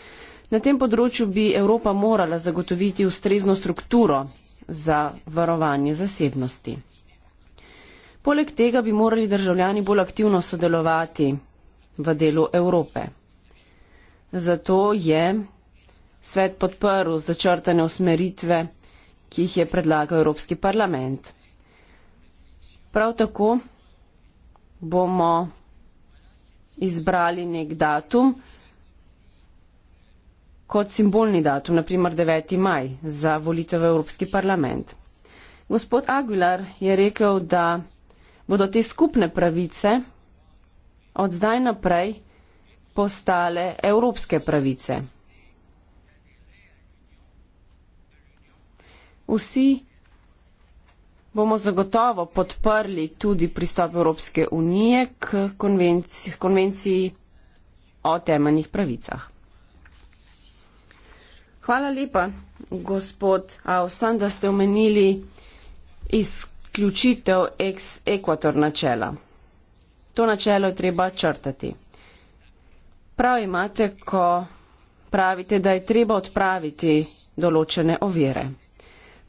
Na tem področju bi Evropa morala zagotoviti ustrezno strukturo za varovanje zasebnosti. Poleg tega bi morali državljani bolj aktivno sodelovati v delu Evrope. Zato je svet podprl začrtane usmeritve, ki jih je predlagal Evropski parlament. Prav tako bomo izbrali nek datum kot simbolni datum, naprimer 9. maj za volitev v Evropski parlament. Gospod Aguilar je rekel, da bodo te skupne pravice od zdaj naprej postale evropske pravice. Vsi bomo zagotovo podprli tudi pristop Evropske unije k konvenciji, konvenciji o temeljnih pravicah. Hvala lepa, gospod Avsan, da ste omenili izkušnje izključitev ex-ekvator načela. To načelo je treba črtati. Prav imate, ko pravite, da je treba odpraviti določene ovire.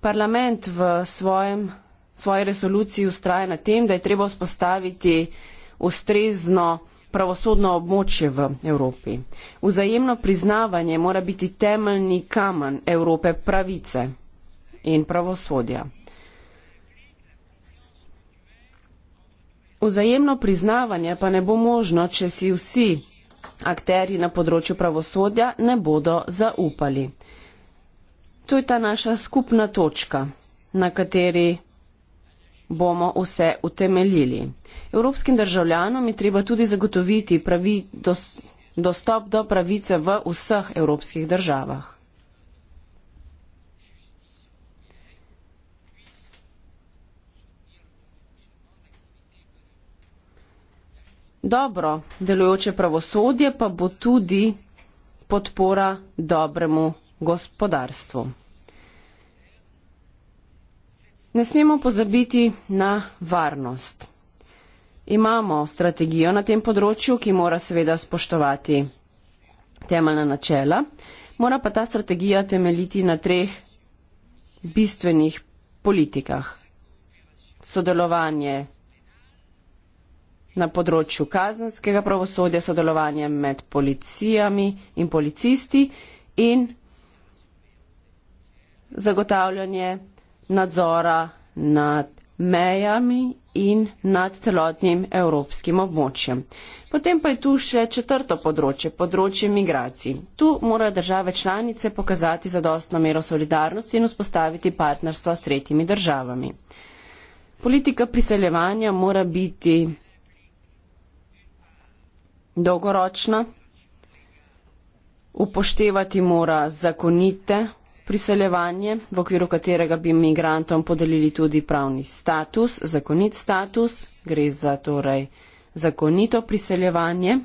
Parlament v svojem, svoji resoluciji ustraja na tem, da je treba vzpostaviti ustrezno pravosodno območje v Evropi. Vzajemno priznavanje mora biti temeljni kamen Evrope pravice in pravosodja. Vzajemno priznavanje pa ne bo možno, če si vsi akteri na področju pravosodja ne bodo zaupali. To je ta naša skupna točka, na kateri bomo vse utemeljili. Evropskim državljanom je treba tudi zagotoviti pravi dostop do pravice v vseh evropskih državah. Dobro delujoče pravosodje pa bo tudi podpora dobremu gospodarstvu. Ne smemo pozabiti na varnost. Imamo strategijo na tem področju, ki mora seveda spoštovati temeljna načela, mora pa ta strategija temeljiti na treh bistvenih politikah. Sodelovanje na področju kazenskega pravosodja, sodelovanje med policijami in policisti in zagotavljanje nadzora nad mejami in nad celotnim evropskim območjem. Potem pa je tu še četrto področje, področje migracij. Tu morajo države članice pokazati zadostno mero solidarnosti in vzpostaviti partnerstva s tretjimi državami. Politika priseljevanja mora biti dolgoročna. Upoštevati mora zakonite priseljevanje, v okviru katerega bi imigrantom podelili tudi pravni status, zakonit status, gre za torej zakonito priseljevanje.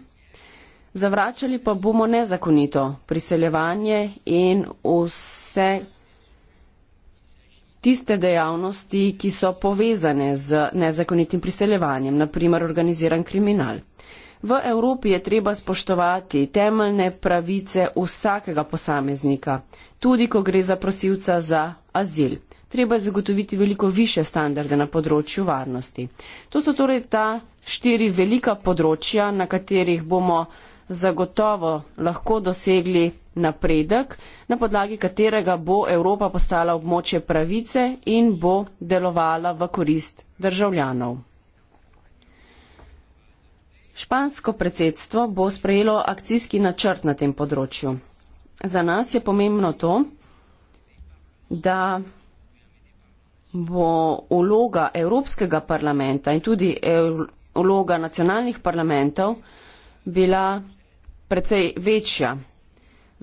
Zavračali pa bomo nezakonito priseljevanje in vse tiste dejavnosti, ki so povezane z nezakonitim priseljevanjem, naprimer organiziran kriminal. V Evropi je treba spoštovati temeljne pravice vsakega posameznika, tudi ko gre za prosilca za azil. Treba je zagotoviti veliko više standarde na področju varnosti. To so torej ta štiri velika področja, na katerih bomo zagotovo lahko dosegli napredek, na podlagi katerega bo Evropa postala območje pravice in bo delovala v korist državljanov. Špansko predsedstvo bo sprejelo akcijski načrt na tem področju. Za nas je pomembno to, da bo uloga Evropskega parlamenta in tudi eh, uloga nacionalnih parlamentov bila precej večja.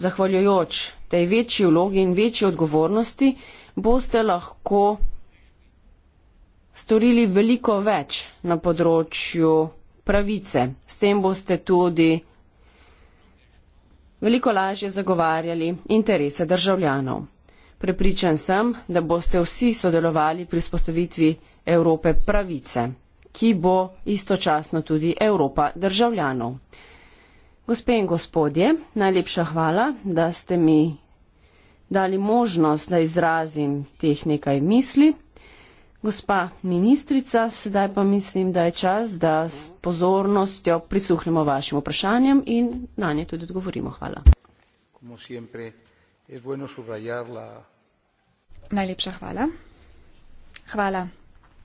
Zahvaljujoč tej večji vlogi in večji odgovornosti boste lahko storili veliko več na področju pravice. S tem boste tudi veliko lažje zagovarjali interese državljanov. Prepričan sem, da boste vsi sodelovali pri vzpostavitvi Evrope pravice, ki bo istočasno tudi Evropa državljanov. Gospe in gospodje, najlepša hvala, da ste mi dali možnost, da izrazim teh nekaj misli. Gospa ministrica, sedaj pa mislim, da je čas, da s pozornostjo prisluhnemo vašim vprašanjem in na nje tudi odgovorimo. Hvala. Najlepša hvala. Hvala,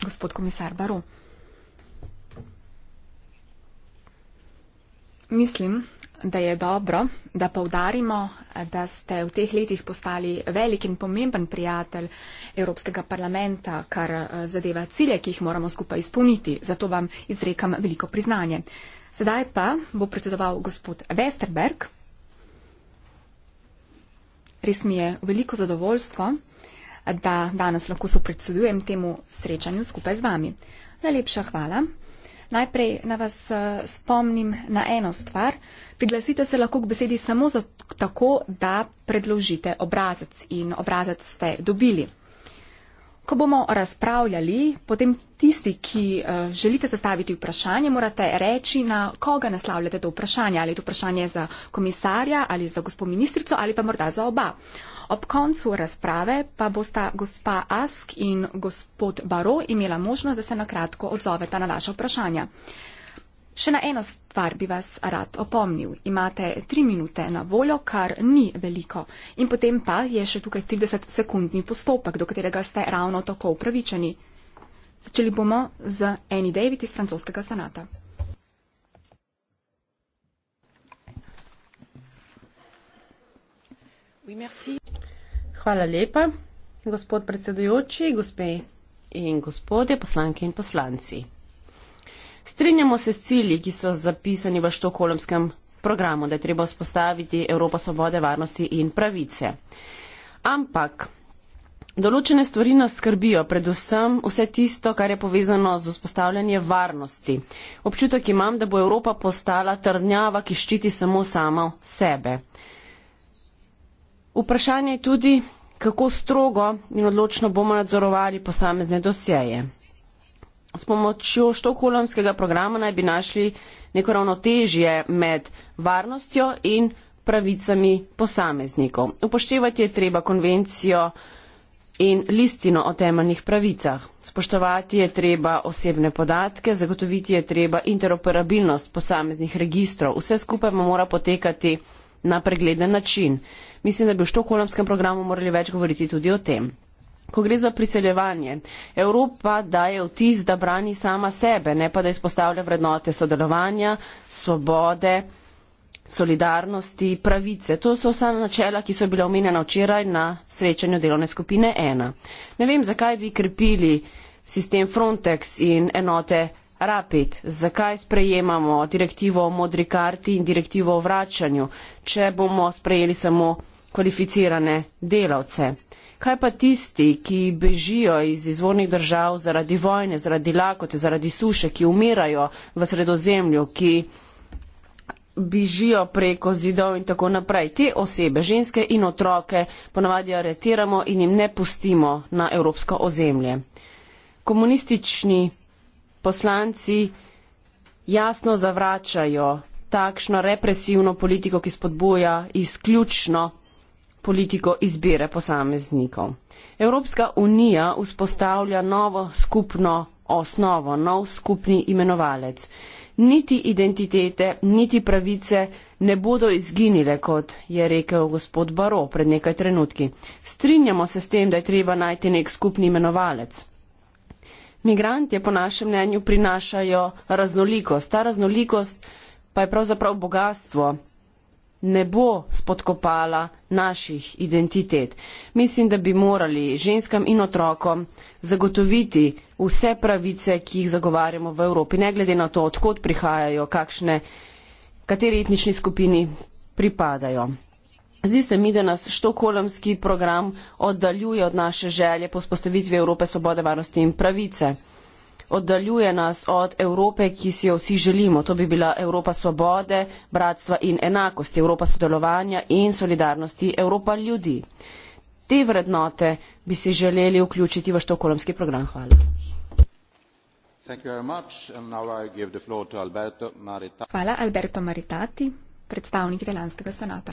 gospod komisar Baro. Mislim, da je dobro, da povdarimo, da ste v teh letih postali velik in pomemben prijatelj Evropskega parlamenta, kar eh, zadeva cilje, ki jih moramo skupaj izpolniti. Zato vam izrekam veliko priznanje. Sedaj pa bo predsedoval gospod Westerberg. Res mi je veliko zadovoljstvo, da danes lahko sopredsedujem temu srečanju skupaj z vami. Najlepša hvala. Najprej na vas eh, spomnim na eno stvar. Priglasite se lahko k besedi samo tako, da predložite obrazec in obrazec ste dobili. Ko bomo razpravljali, potem tisti, ki eh, želite zastaviti vprašanje, morate reči, na koga naslavljate to vprašanje. Ali je to vprašanje za komisarja, ali za gospod ministrico, ali pa morda za oba. Ob koncu razprave pa bosta gospa Ask in gospod Baro imela možnost, da se nakratko odzoveta na vaše vprašanja. Še na eno stvar bi vas rad opomnil. Imate tri minute na voljo, kar ni veliko. In potem pa je še tukaj 30-sekundni postopek, do katerega ste ravno tako upravičeni. Začeli bomo z Annie David iz francoskega senata. Hvala lepa, gospod predsedujoči, gospe in gospode, poslanke in poslanci. Strinjamo se s cilji, ki so zapisani v štokolmskem programu, da je treba vzpostaviti Evropo svobode, varnosti in pravice. Ampak določene stvari nas skrbijo, predvsem vse tisto, kar je povezano z vzpostavljanjem varnosti. Občutek imam, da bo Evropa postala trdnjava, ki ščiti samo samo sebe vprašanje je tudi kako strogo in odločno bomo nadzorovali posamezne dosjeje. S pomočjo štokholmskega programa naj bi našli neko ravnotežje med varnostjo in pravicami posameznikov. Upoštevati je treba konvencijo in listino o temeljnih pravicah. Spoštovati je treba osebne podatke, zagotoviti je treba interoperabilnost posameznih registrov. Vse skupaj mora potekati na pregleden način. Mislim, da bi v štokholmskem programu morali več govoriti tudi o tem. Ko gre za priseljevanje, Evropa daje vtis, da brani sama sebe, ne pa da izpostavlja vrednote sodelovanja, svobode, solidarnosti, pravice. To so vsa načela, ki so bila omenjena včeraj na srečanju delovne skupine 1. Ne vem, zakaj bi krepili sistem Frontex in enote Rapid, zakaj sprejemamo direktivo o modri karti in direktivo o vračanju, če bomo sprejeli samo kvalificirane delavce. Kaj pa tisti, ki bežijo iz izvornih držav zaradi vojne, zaradi lakote, zaradi suše, ki umirajo v sredozemlju, ki bežijo preko zidov in tako naprej. Te osebe, ženske in otroke, ponavadi aretiramo in jim ne pustimo na evropsko ozemlje. Komunistični poslanci jasno zavračajo takšno represivno politiko, ki spodbuja izključno politiko izbire posameznikov. Evropska unija vzpostavlja novo skupno osnovo, nov skupni imenovalec. Niti identitete, niti pravice ne bodo izginile, kot je rekel gospod Baro pred nekaj trenutki. Strinjamo se s tem, da je treba najti nek skupni imenovalec. Migrantje po našem mnenju prinašajo raznolikost. Ta raznolikost pa je pravzaprav bogatstvo ne bo spodkopala naših identitet. Mislim, da bi morali ženskam in otrokom zagotoviti vse pravice, ki jih zagovarjamo v Evropi, ne glede na to, odkot prihajajo, kakšne, kateri etnični skupini pripadajo. Zdi se mi, da nas štokolamski program oddaljuje od naše želje po spostavitvi Evrope svobode, varnosti in pravice oddaljuje nas od Evrope, ki si jo vsi želimo. To bi bila Evropa svobode, bratstva in enakosti, Evropa sodelovanja in solidarnosti, Evropa ljudi. Te vrednote bi si želeli vključiti v štokolomski program. Hvala. Hvala, Alberto Maritati, predstavnik italijanskega senata.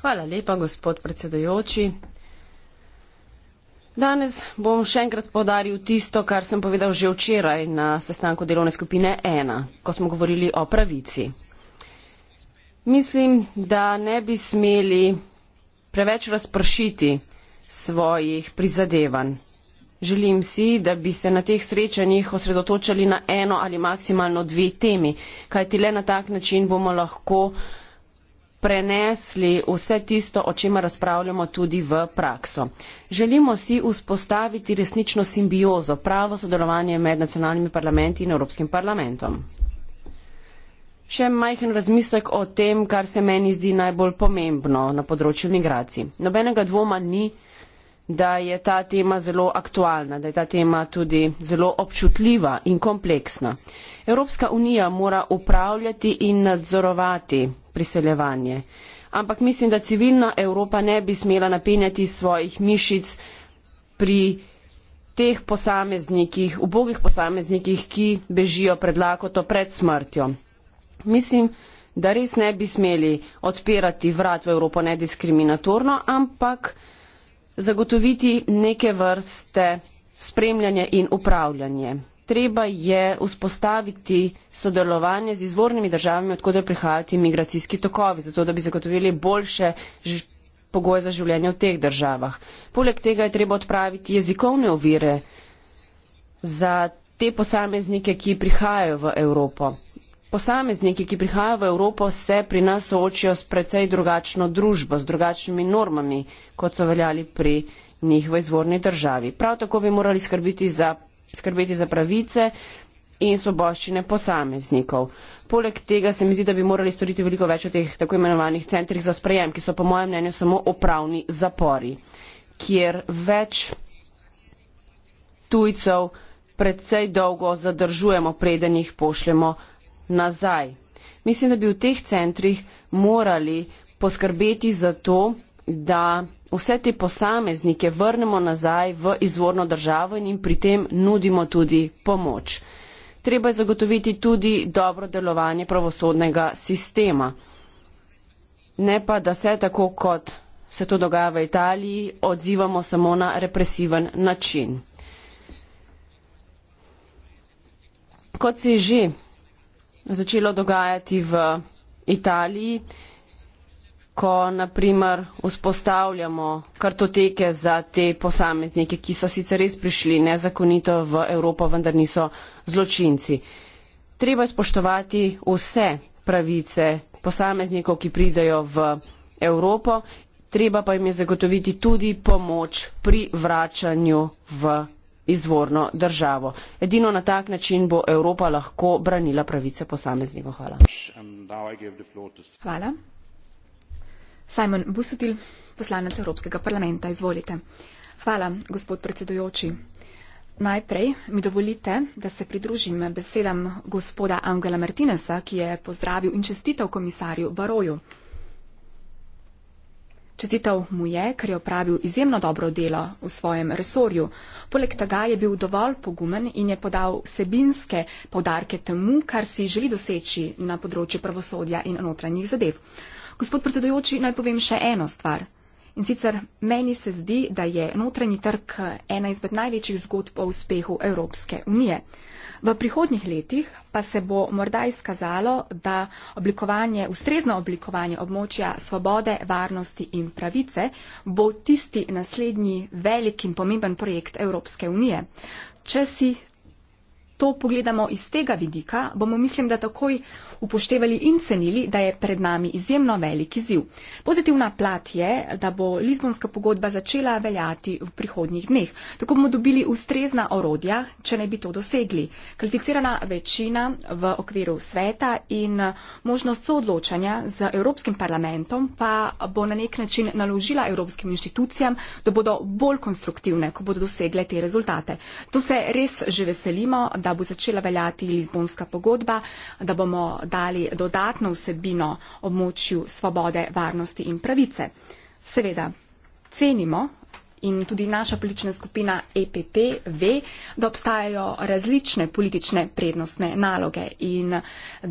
Hvala lepa, gospod predsedujoči. Danes bom še enkrat podaril tisto, kar sem povedal že včeraj na sestanku delovne skupine 1, ko smo govorili o pravici. Mislim, da ne bi smeli preveč razpršiti svojih prizadevanj. Želim si, da bi se na teh srečanjih osredotočali na eno ali maksimalno dve temi, kajti le na tak način bomo lahko prenesli vse tisto, o čemer razpravljamo tudi v prakso. Želimo si vzpostaviti resnično simbiozo, pravo sodelovanje med nacionalnimi parlamenti in Evropskim parlamentom. Še majhen razmislek o tem, kar se meni zdi najbolj pomembno na področju migracij. Nobenega dvoma ni, da je ta tema zelo aktualna, da je ta tema tudi zelo občutljiva in kompleksna. Evropska unija mora upravljati in nadzorovati priseljevanje. Ampak mislim, da civilna Evropa ne bi smela napenjati svojih mišic pri teh posameznikih, ubogih posameznikih, ki bežijo pred lakoto pred smrtjo. Mislim, da res ne bi smeli odpirati vrat v Evropo nediskriminatorno, ampak zagotoviti neke vrste spremljanje in upravljanje treba je vzpostaviti sodelovanje z izvornimi državami, odkud prihajajo ti migracijski tokovi, zato da bi zagotovili boljše pogoje za življenje v teh državah. Poleg tega je treba odpraviti jezikovne ovire za te posameznike, ki prihajajo v Evropo. Posamezniki, ki prihajajo v Evropo, se pri nas soočijo s precej drugačno družbo, s drugačnimi normami, kot so veljali pri njih v izvorni državi. Prav tako bi morali skrbiti za skrbeti za pravice in svoboščine posameznikov. Poleg tega se mi zdi, da bi morali storiti veliko več v teh tako imenovanih centrih za sprejem, ki so po mojem mnenju samo upravni zapori, kjer več tujcev predvsej dolgo zadržujemo, preden jih pošljemo nazaj. Mislim, da bi v teh centrih morali poskrbeti za to, da vse te posameznike vrnemo nazaj v izvorno državo in jim pri tem nudimo tudi pomoč. Treba je zagotoviti tudi dobro delovanje pravosodnega sistema. Ne pa, da se tako, kot se to dogaja v Italiji, odzivamo samo na represiven način. Kot se je že začelo dogajati v Italiji, ko naprimer vzpostavljamo kartoteke za te posameznike, ki so sicer res prišli nezakonito v Evropo, vendar niso zločinci. Treba je spoštovati vse pravice posameznikov, ki pridajo v Evropo, treba pa jim je zagotoviti tudi pomoč pri vračanju v izvorno državo. Edino na tak način bo Evropa lahko branila pravice posameznikov. Hvala. Hvala. Simon Busutil, poslanec Evropskega parlamenta, izvolite. Hvala, gospod predsedujoči. Najprej mi dovolite, da se pridružim besedam gospoda Angela Martinesa, ki je pozdravil in čestital komisarju Baroju. Čestital mu je, ker je opravil izjemno dobro delo v svojem resorju. Poleg tega je bil dovolj pogumen in je podal vsebinske podarke temu, kar si želi doseči na področju pravosodja in notranjih zadev. Gospod predsedujoči, naj povem še eno stvar. In sicer meni se zdi, da je notranji trg ena izmed največjih zgodb o uspehu Evropske unije. V prihodnjih letih pa se bo morda izkazalo, da oblikovanje, ustrezno oblikovanje območja svobode, varnosti in pravice bo tisti naslednji velik in pomemben projekt Evropske unije. Če si to pogledamo iz tega vidika, bomo mislim, da takoj upoštevali in cenili, da je pred nami izjemno veliki ziv. Pozitivna plat je, da bo Lizbonska pogodba začela veljati v prihodnjih dneh. Tako bomo dobili ustrezna orodja, če ne bi to dosegli. Kvalificirana večina v okviru sveta in možnost soodločanja z Evropskim parlamentom pa bo na nek način naložila Evropskim inštitucijam, da bodo bolj konstruktivne, ko bodo dosegle te rezultate. To se res že veselimo da bo začela veljati Lizbonska pogodba, da bomo dali dodatno vsebino območju svobode, varnosti in pravice. Seveda, cenimo in tudi naša politična skupina EPP ve, da obstajajo različne politične prednostne naloge in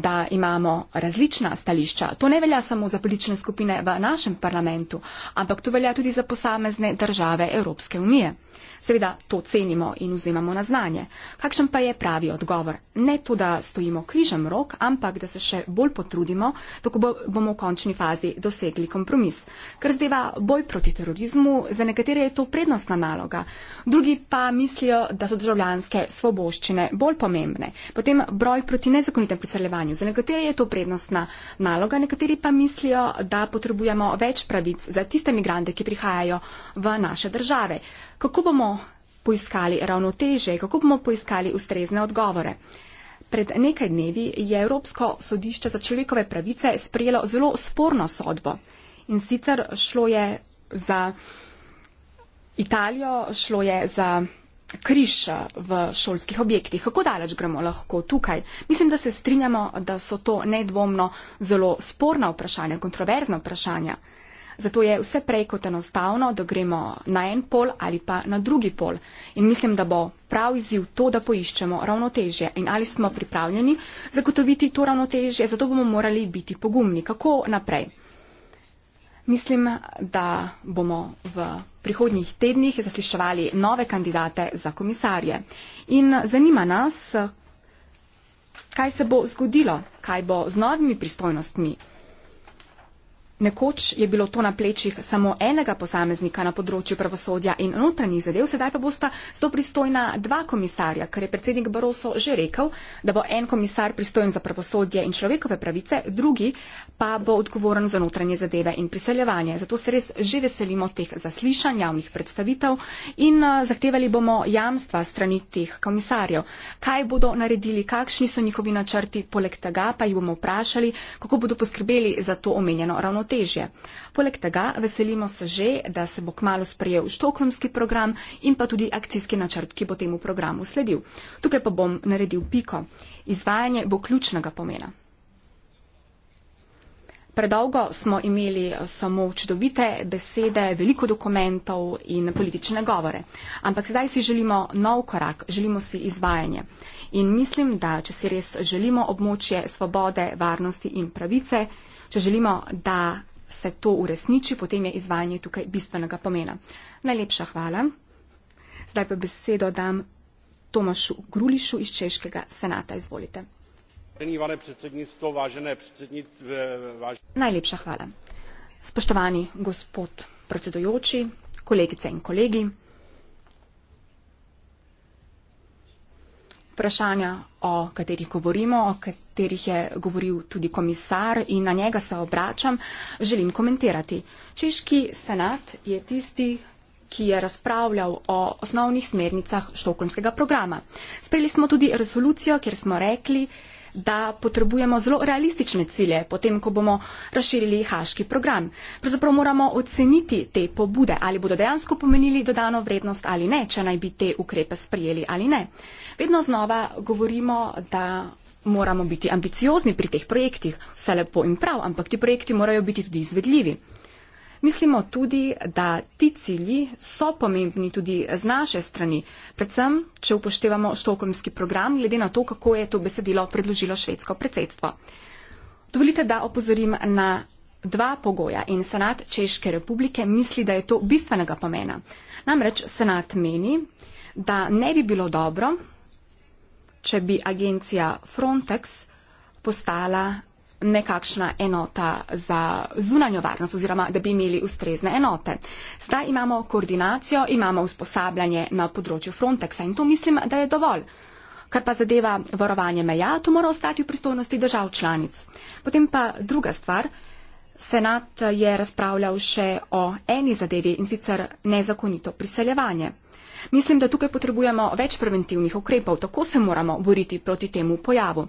da imamo različna stališča. To ne velja samo za politične skupine v našem parlamentu, ampak to velja tudi za posamezne države Evropske unije. Seveda to cenimo in vzemamo na znanje. Kakšen pa je pravi odgovor? Ne to, da stojimo križem rok, ampak da se še bolj potrudimo, tako bomo v končni fazi dosegli kompromis. Ker zdeva boj proti terorizmu, za nekatere je to prednostna naloga, drugi pa mislijo, da so državljanske svoboščine bolj pomembne. Potem broj proti nezakonitem priseljevanju. Za nekatere je to prednostna naloga, nekateri pa mislijo, da potrebujemo več pravic za tiste migrante, ki prihajajo v naše države kako bomo poiskali ravnoteže, kako bomo poiskali ustrezne odgovore. Pred nekaj dnevi je Evropsko sodišče za človekove pravice sprejelo zelo sporno sodbo. In sicer šlo je za Italijo, šlo je za križ eh, v šolskih objektih. Kako daleč gremo lahko tukaj? Mislim, da se strinjamo, da so to nedvomno zelo sporna vprašanja, kontroverzna vprašanja. Zato je vse prej kot enostavno, da gremo na en pol ali pa na drugi pol. In mislim, da bo prav izziv to, da poiščemo ravnotežje. In ali smo pripravljeni zagotoviti to ravnotežje, zato bomo morali biti pogumni. Kako naprej? Mislim, da bomo v prihodnjih tednih zasliševali nove kandidate za komisarje. In zanima nas, kaj se bo zgodilo, kaj bo z novimi pristojnostmi. Nekoč je bilo to na plečih samo enega posameznika na področju pravosodja in notranjih zadev, sedaj pa bosta z to pristojna dva komisarja, ker je predsednik Baroso že rekel, da bo en komisar pristojen za pravosodje in človekove pravice, drugi pa bo odgovoren za notranje zadeve in priseljevanje. Zato se res že veselimo teh zaslišanj, javnih predstavitev in eh, zahtevali bomo jamstva strani teh komisarjev. Kaj bodo naredili, kakšni so njihovi načrti, poleg tega pa jih bomo vprašali, kako bodo poskrbeli za to omenjeno ravnotežje težje. Poleg tega veselimo se že, da se bo kmalo sprejel štoklomski program in pa tudi akcijski načrt, ki bo temu programu sledil. Tukaj pa bom naredil piko. Izvajanje bo ključnega pomena. Predolgo smo imeli samo čudovite besede, veliko dokumentov in politične govore. Ampak zdaj si želimo nov korak, želimo si izvajanje. In mislim, da če si res želimo območje svobode, varnosti in pravice, Če želimo, da se to uresniči, potem je izvajanje tukaj bistvenega pomena. Najlepša hvala. Zdaj pa besedo dam Tomašu Grulišu iz Češkega senata. Izvolite. Eh, Najlepša hvala. Spoštovani gospod predsedojoči, kolegice in kolegi. Vprašanja, o katerih govorimo, o katerih katerih je govoril tudi komisar in na njega se obračam, želim komentirati. Češki senat je tisti, ki je razpravljal o osnovnih smernicah štokholmskega programa. Sprejeli smo tudi resolucijo, kjer smo rekli, da potrebujemo zelo realistične cilje, potem, ko bomo razširili haški program. Pravzaprav moramo oceniti te pobude, ali bodo dejansko pomenili dodano vrednost ali ne, če naj bi te ukrepe sprijeli ali ne. Vedno znova govorimo, da moramo biti ambiciozni pri teh projektih, vse lepo in prav, ampak ti projekti morajo biti tudi izvedljivi. Mislimo tudi, da ti cilji so pomembni tudi z naše strani, predvsem, če upoštevamo štokholmski program, glede na to, kako je to besedilo predložilo švedsko predsedstvo. Dovolite, da opozorim na dva pogoja in senat Češke republike misli, da je to bistvenega pomena. Namreč senat meni, da ne bi bilo dobro, če bi agencija Frontex postala nekakšna enota za zunanjo varnost oziroma da bi imeli ustrezne enote. Zdaj imamo koordinacijo, imamo usposabljanje na področju Frontexa in to mislim, da je dovolj. Kar pa zadeva varovanje meja, to mora ostati v pristojnosti držav članic. Potem pa druga stvar, senat je razpravljal še o eni zadevi in sicer nezakonito priseljevanje. Mislim, da tukaj potrebujemo več preventivnih ukrepov, tako se moramo boriti proti temu pojavu.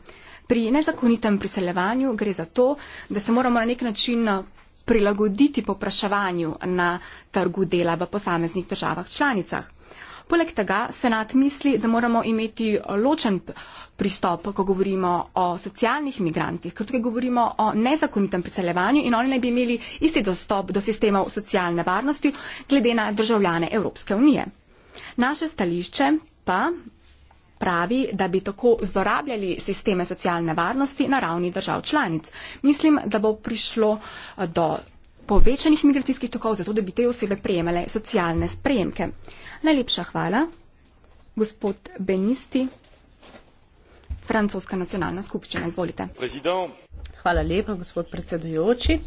Pri nezakonitem priseljevanju gre za to, da se moramo na nek način eh, prilagoditi popraševanju na trgu dela v posameznih državah članicah. Poleg tega senat misli, da moramo imeti eh, ločen pristop, ko govorimo o socialnih migrantih, ker tukaj govorimo o nezakonitem priseljevanju in oni naj bi imeli isti dostop do sistemov socialne varnosti glede na državljane Evropske unije. Naše stališče pa pravi, da bi tako zlorabljali sisteme socialne varnosti na ravni držav članic. Mislim, da bo prišlo eh, do povečanih migracijskih tokov, zato da bi te osebe prejemale socialne sprejemke. Najlepša hvala, gospod Benisti, Francoska nacionalna skupščina. Izvolite. Hvala lepa, gospod predsedujoči.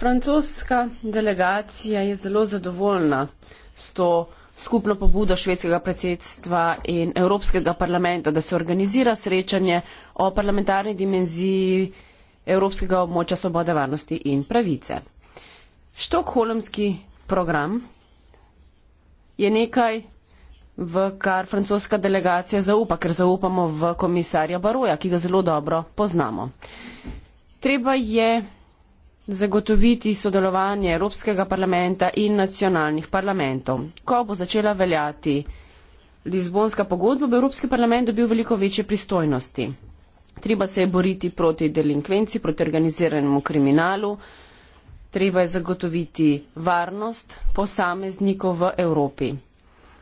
Francoska delegacija je zelo zadovoljna s to skupno pobudo švedskega predsedstva in Evropskega parlamenta, da se organizira srečanje o parlamentarni dimenziji Evropskega območja svobode, varnosti in pravice. Štokholmski program je nekaj, v kar francoska delegacija zaupa, ker zaupamo v komisarja Baroja, ki ga zelo dobro poznamo. Treba je zagotoviti sodelovanje Evropskega parlamenta in nacionalnih parlamentov. Ko bo začela veljati Lizbonska pogodba, bo Evropski parlament dobil veliko večje pristojnosti. Treba se je boriti proti delinkvenci, proti organiziranemu kriminalu, treba je zagotoviti varnost posameznikov v Evropi.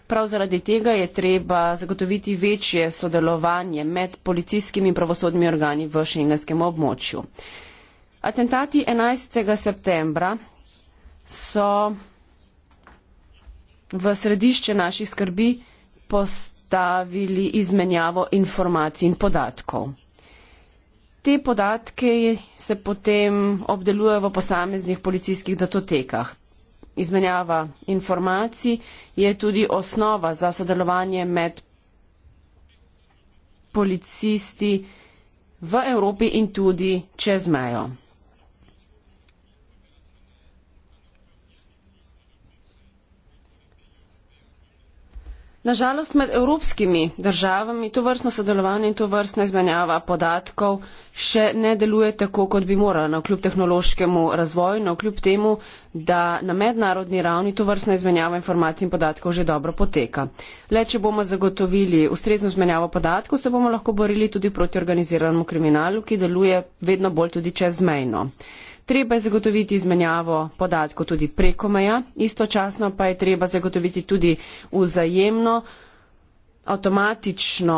Prav zaradi tega je treba zagotoviti večje sodelovanje med policijskimi in pravosodnimi organi v šengenskem območju. Atentati 11. septembra so v središče naših skrbi postavili izmenjavo informacij in podatkov. Te podatke se potem obdelujejo v posameznih policijskih datotekah. Izmenjava informacij je tudi osnova za sodelovanje med policisti v Evropi in tudi čez mejo. Na žalost med evropskimi državami to vrstno sodelovanje in to vrstna izmenjava podatkov še ne deluje tako, kot bi morala, navkljub tehnološkemu razvoju, navkljub temu, da na mednarodni ravni to vrstna izmenjava informacij in podatkov že dobro poteka. Le, če bomo zagotovili ustrezno izmenjavo podatkov, se bomo lahko borili tudi proti organiziranemu kriminalu, ki deluje vedno bolj tudi čezmejno treba je zagotoviti izmenjavo podatkov tudi preko meja istočasno pa je treba zagotoviti tudi vzajemno avtomatično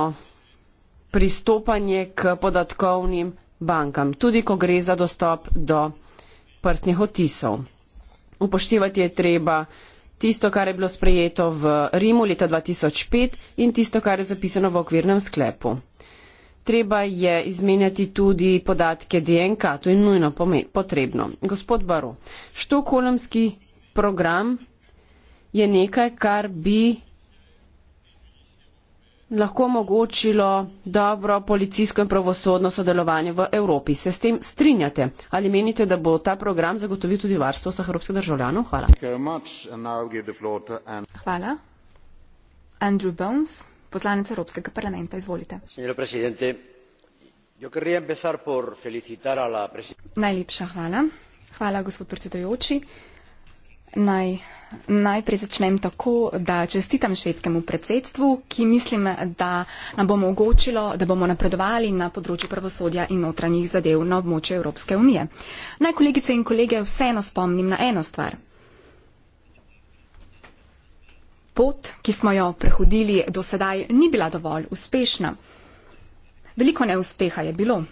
pristopanje k podatkovnim bankam tudi ko gre za dostop do prstnih otisov. Upoštevati je treba tisto, kar je bilo sprejeto v Rimu leta 2005 in tisto, kar je zapisano v okvirnem sklepu treba je izmenjati tudi podatke DNK, to je nujno potrebno. Gospod Baro, štokolemski program je nekaj, kar bi lahko omogočilo dobro policijsko in pravosodno sodelovanje v Evropi. Se s tem strinjate? Ali menite, da bo ta program zagotovil tudi varstvo vseh evropskih državljanov? Hvala. Hvala. Andrew Bones. Poslanec Evropskega parlamenta, izvolite. Najlepša hvala. Hvala, gospod predsedujoči. Naj, najprej začnem tako, da čestitam švedskemu predsedstvu, ki mislim, da nam bo omogočilo, da bomo napredovali na področju pravosodja in notranjih zadev na območju Evropske unije. Naj kolegice in kolege vseeno spomnim na eno stvar. pot, ki smo jo prehodili do sedaj, ni bila dovolj uspešna. Veliko neuspeha je bilo.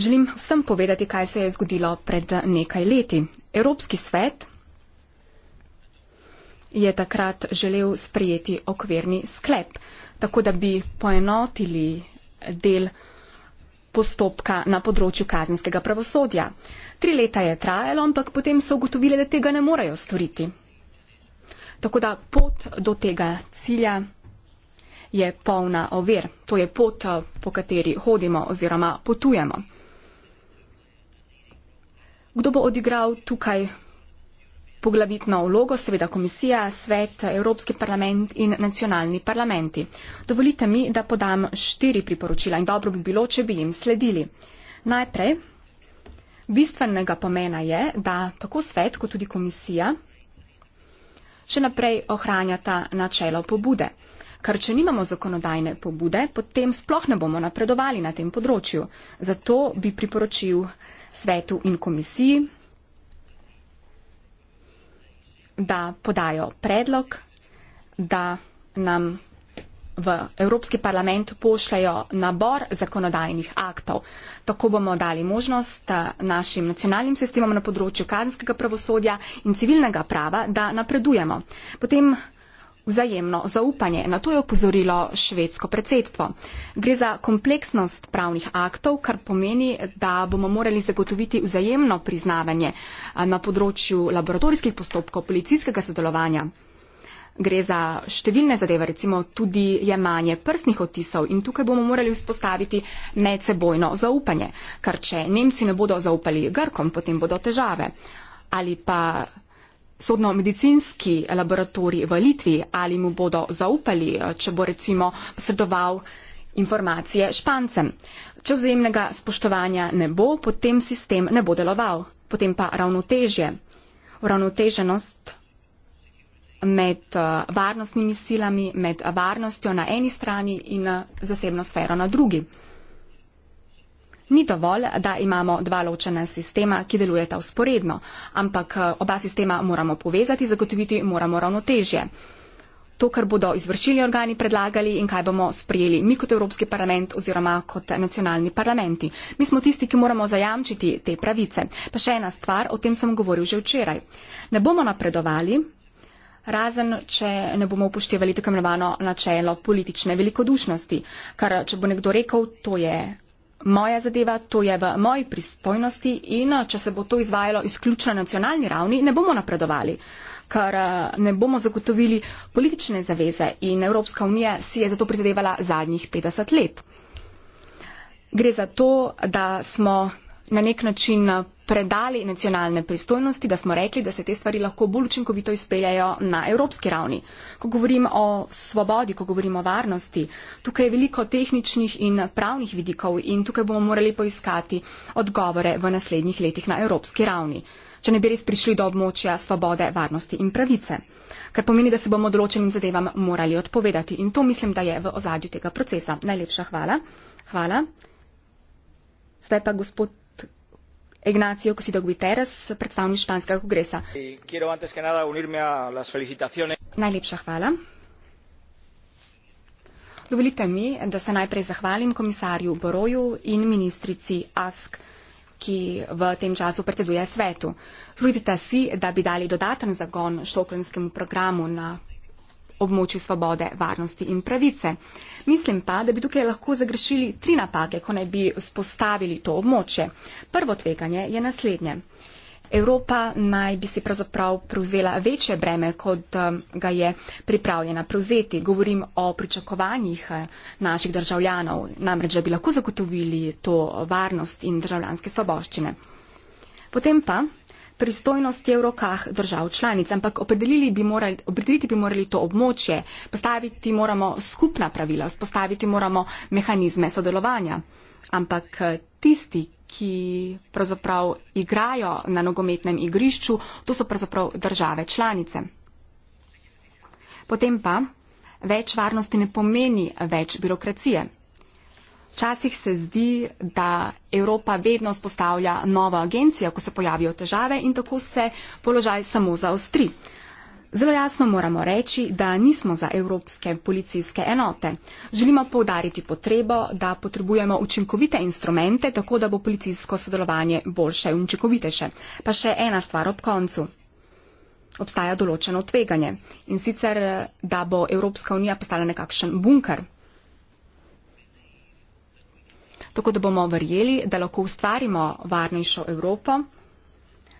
Želim vsem povedati, kaj se je zgodilo pred nekaj leti. Evropski svet je takrat želel sprejeti okvirni sklep, tako da bi poenotili del postopka na področju kazenskega pravosodja. Tri leta je trajalo, ampak potem so ugotovili, da tega ne morejo storiti. Tako da pot do tega cilja je polna ovir. To je pot, po kateri hodimo oziroma potujemo. Kdo bo odigral tukaj poglavitno vlogo? Seveda komisija, svet, Evropski parlament in nacionalni parlamenti. Dovolite mi, da podam štiri priporočila in dobro bi bilo, če bi jim sledili. Najprej, bistvenega pomena je, da tako svet kot tudi komisija še naprej ohranjata načelo pobude. Ker če nimamo zakonodajne pobude, potem sploh ne bomo napredovali na tem področju. Zato bi priporočil svetu in komisiji, da podajo predlog, da nam v Evropski parlament pošljajo nabor zakonodajnih aktov. Tako bomo dali možnost eh, našim nacionalnim sistemom na področju kazenskega pravosodja in civilnega prava, da napredujemo. Potem vzajemno zaupanje, na to je opozorilo švedsko predsedstvo. Gre za kompleksnost pravnih aktov, kar pomeni, da bomo morali zagotoviti vzajemno priznavanje eh, na področju laboratorijskih postopkov, policijskega sodelovanja gre za številne zadeve, recimo tudi jemanje prstnih odtisov in tukaj bomo morali vzpostaviti medsebojno zaupanje, ker če Nemci ne bodo zaupali Grkom, potem bodo težave. Ali pa sodno-medicinski laboratorij v Litvi, ali mu bodo zaupali, če bo recimo posredoval informacije špancem. Če vzajemnega spoštovanja ne bo, potem sistem ne bo deloval, potem pa ravnotežje. Uravnoteženost med eh, varnostnimi silami, med varnostjo na eni strani in eh, zasebno sfero na drugi. Ni dovolj, da imamo dva ločena sistema, ki delujeta usporedno, ampak eh, oba sistema moramo povezati, zagotoviti moramo ravnotežje. To, kar bodo izvršili organi predlagali in kaj bomo sprejeli mi kot Evropski parlament oziroma kot nacionalni parlamenti. Mi smo tisti, ki moramo zajamčiti te pravice. Pa še ena stvar, o tem sem govoril že včeraj. Ne bomo napredovali, razen če ne bomo upoštevali tako imenovano načelo politične velikodušnosti, kar če bo nekdo rekel, to je moja zadeva, to je v moji pristojnosti in če se bo to izvajalo izključno na nacionalni ravni, ne bomo napredovali kar ne bomo zagotovili politične zaveze in Evropska unija si je zato prizadevala zadnjih 50 let. Gre za to, da smo na nek način predali nacionalne pristojnosti, da smo rekli, da se te stvari lahko bolj učinkovito izpeljajo na evropski ravni. Ko govorim o svobodi, ko govorim o varnosti, tukaj je veliko tehničnih in pravnih vidikov in tukaj bomo morali poiskati odgovore v naslednjih letih na evropski ravni če ne bi res prišli do območja svobode, varnosti in pravice. Kar pomeni, da se bomo določenim zadevam morali odpovedati. In to mislim, da je v ozadju tega procesa. Najlepša hvala. Hvala. Zdaj pa gospod Ignacio Cosido Guiteres, predstavnik Španskega kongresa. Eh, Najlepša hvala. Dovolite mi, da se najprej zahvalim komisarju Boroju in ministrici Ask, ki v tem času predseduje svetu. Trudite si, da bi dali dodaten zagon štoklenskemu programu na območju svobode, varnosti in pravice. Mislim pa, da bi tukaj lahko zagrešili tri napake, ko naj bi spostavili to območje. Prvo tveganje je naslednje. Evropa naj bi si pravzaprav prevzela večje breme, kot um, ga je pripravljena prevzeti. Govorim o pričakovanjih eh, naših državljanov, namreč, da bi lahko zagotovili to varnost in državljanske svoboščine. Potem pa pristojnosti v rokah držav članic, ampak opredelili bi morali, opredeliti bi morali to območje, postaviti moramo skupna pravila, vzpostaviti moramo mehanizme sodelovanja. Ampak eh, tisti, ki pravzaprav igrajo na nogometnem igrišču, to so pravzaprav države članice. Potem pa več varnosti ne pomeni več birokracije. Včasih se zdi, da Evropa vedno spostavlja novo agencijo, ko se pojavijo težave in tako se položaj samo zaostri. Zelo jasno moramo reči, da nismo za evropske policijske enote. Želimo poudariti potrebo, da potrebujemo učinkovite instrumente, tako da bo policijsko sodelovanje boljše in učinkovitejše. Pa še ena stvar ob koncu. Obstaja določeno tveganje in sicer, da bo Evropska unija postala nekakšen bunker, tako da bomo verjeli, da lahko ustvarimo varnejšo Evropo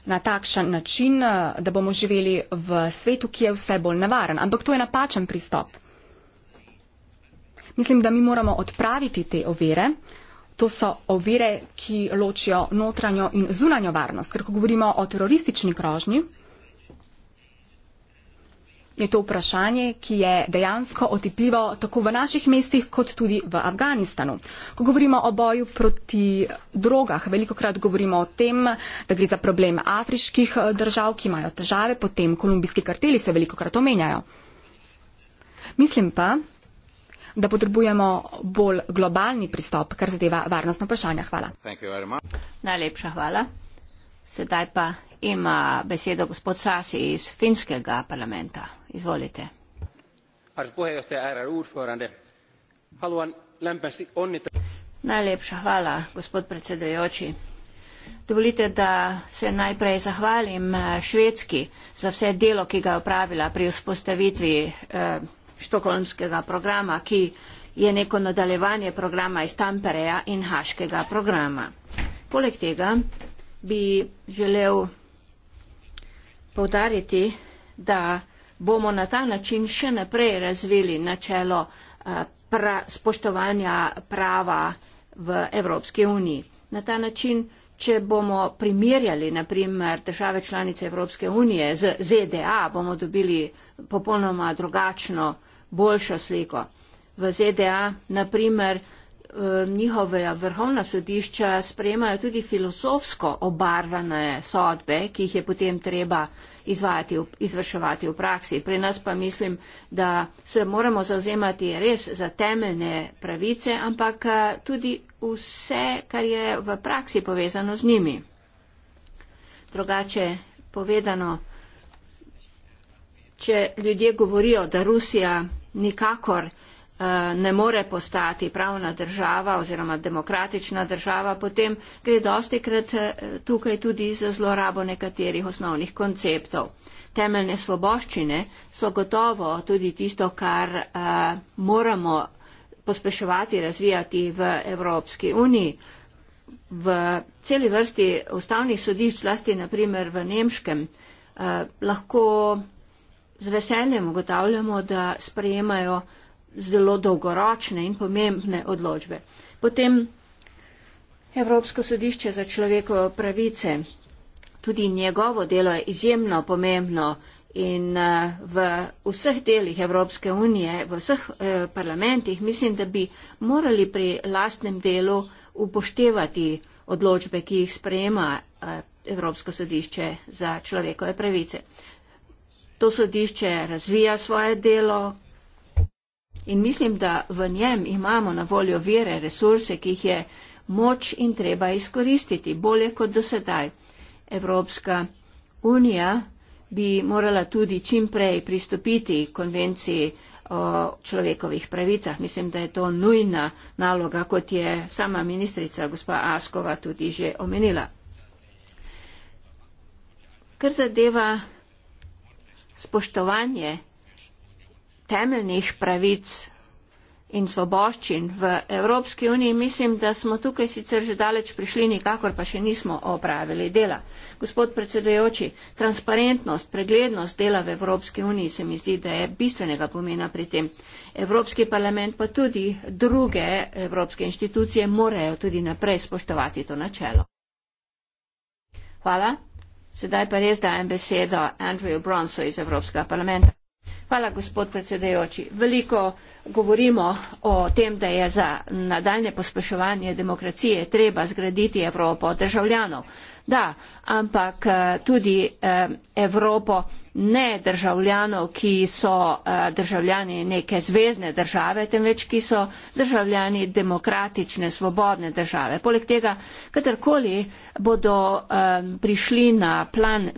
na takšen način, eh, da bomo živeli v svetu, ki je vse bolj nevaren. Ampak to je napačen pristop. Mislim, da mi moramo odpraviti te ovire. To so ovire, ki ločijo notranjo in zunanjo varnost. Ker ko govorimo o teroristični krožnji, je to vprašanje, ki je dejansko otipljivo tako v naših mestih, kot tudi v Afganistanu. Ko govorimo o boju proti drogah, veliko krat govorimo o tem, da gre za problem afriških eh, držav, ki imajo težave, potem kolumbijski karteli se veliko krat omenjajo. Mislim pa, da potrebujemo bolj globalni pristop, kar zadeva varnostno vprašanje. Hvala. Najlepša hvala. Sedaj pa ima besedo gospod Sasi iz finskega parlamenta dovolite da se najprej zahvalim eh, švedski za vse delo ki ga je opravila pri vzpostavitvi eh, štokholmskega programa ki je neko nadaljevanje programa iz tampereja in haškega programa poleg tega bi želel poudariti da bomo na ta način še naprej razvili načelo eh, pra, spoštovanja prava v Evropski uniji. Na ta način, če bomo primerjali naprimer države članice Evropske unije z ZDA, bomo dobili popolnoma drugačno, boljšo sliko. V ZDA, naprimer, eh, njihove vrhovna sodišča sprejemajo tudi filozofsko obarvane sodbe, ki jih je potem treba izvajati, izvrševati v praksi. Pri nas pa mislim, da se moramo zauzemati res za temeljne pravice, ampak eh, tudi vse, kar je v praksi povezano z njimi. Drugače povedano, če ljudje govorijo, da Rusija nikakor Eh, ne more postati pravna država oziroma demokratična država, potem gre dosti krat eh, tukaj tudi za zlorabo nekaterih osnovnih konceptov. Temeljne svoboščine so gotovo tudi tisto, kar uh, moramo pospeševati, razvijati v Evropski uniji. V celi vrsti ustavnih sodišč, zlasti naprimer v Nemškem, uh, lahko z veseljem ugotavljamo, da sprejemajo zelo dolgoročne in pomembne odločbe. Potem Evropsko sodišče za človekove pravice, tudi njegovo delo je izjemno pomembno in eh, v vseh delih Evropske unije, v vseh eh, parlamentih mislim, da bi morali pri lastnem delu upoštevati odločbe, ki jih sprejema eh, Evropsko sodišče za človekove pravice. To sodišče razvija svoje delo, in mislim, da v njem imamo na voljo vire, resurse, ki jih je moč in treba izkoristiti bolje kot do sedaj. Evropska unija bi morala tudi čimprej pristopiti konvenciji o človekovih pravicah. Mislim, da je to nujna naloga, kot je sama ministrica gospa Askova tudi že omenila. Kar zadeva spoštovanje temeljnih pravic in svoboščin v Evropski uniji, mislim, da smo tukaj sicer že daleč prišli, nikakor pa še nismo opravili dela. Gospod predsedujoči, transparentnost, preglednost dela v Evropski uniji se mi zdi, da je bistvenega pomena pri tem. Evropski parlament pa tudi druge evropske inštitucije morajo tudi naprej spoštovati to načelo. Hvala. Sedaj pa res dajem besedo Andrewu Bronsu iz Evropskega parlamenta. Hvala, gospod predsedajoči. Veliko govorimo o tem, da je za nadaljne pospeševanje demokracije treba zgraditi Evropo državljanov. Da, ampak eh, tudi eh, Evropo ne državljanov, ki so eh, državljani neke zvezne države, temveč ki so državljani demokratične, svobodne države. Poleg tega, katerkoli bodo prišli na plan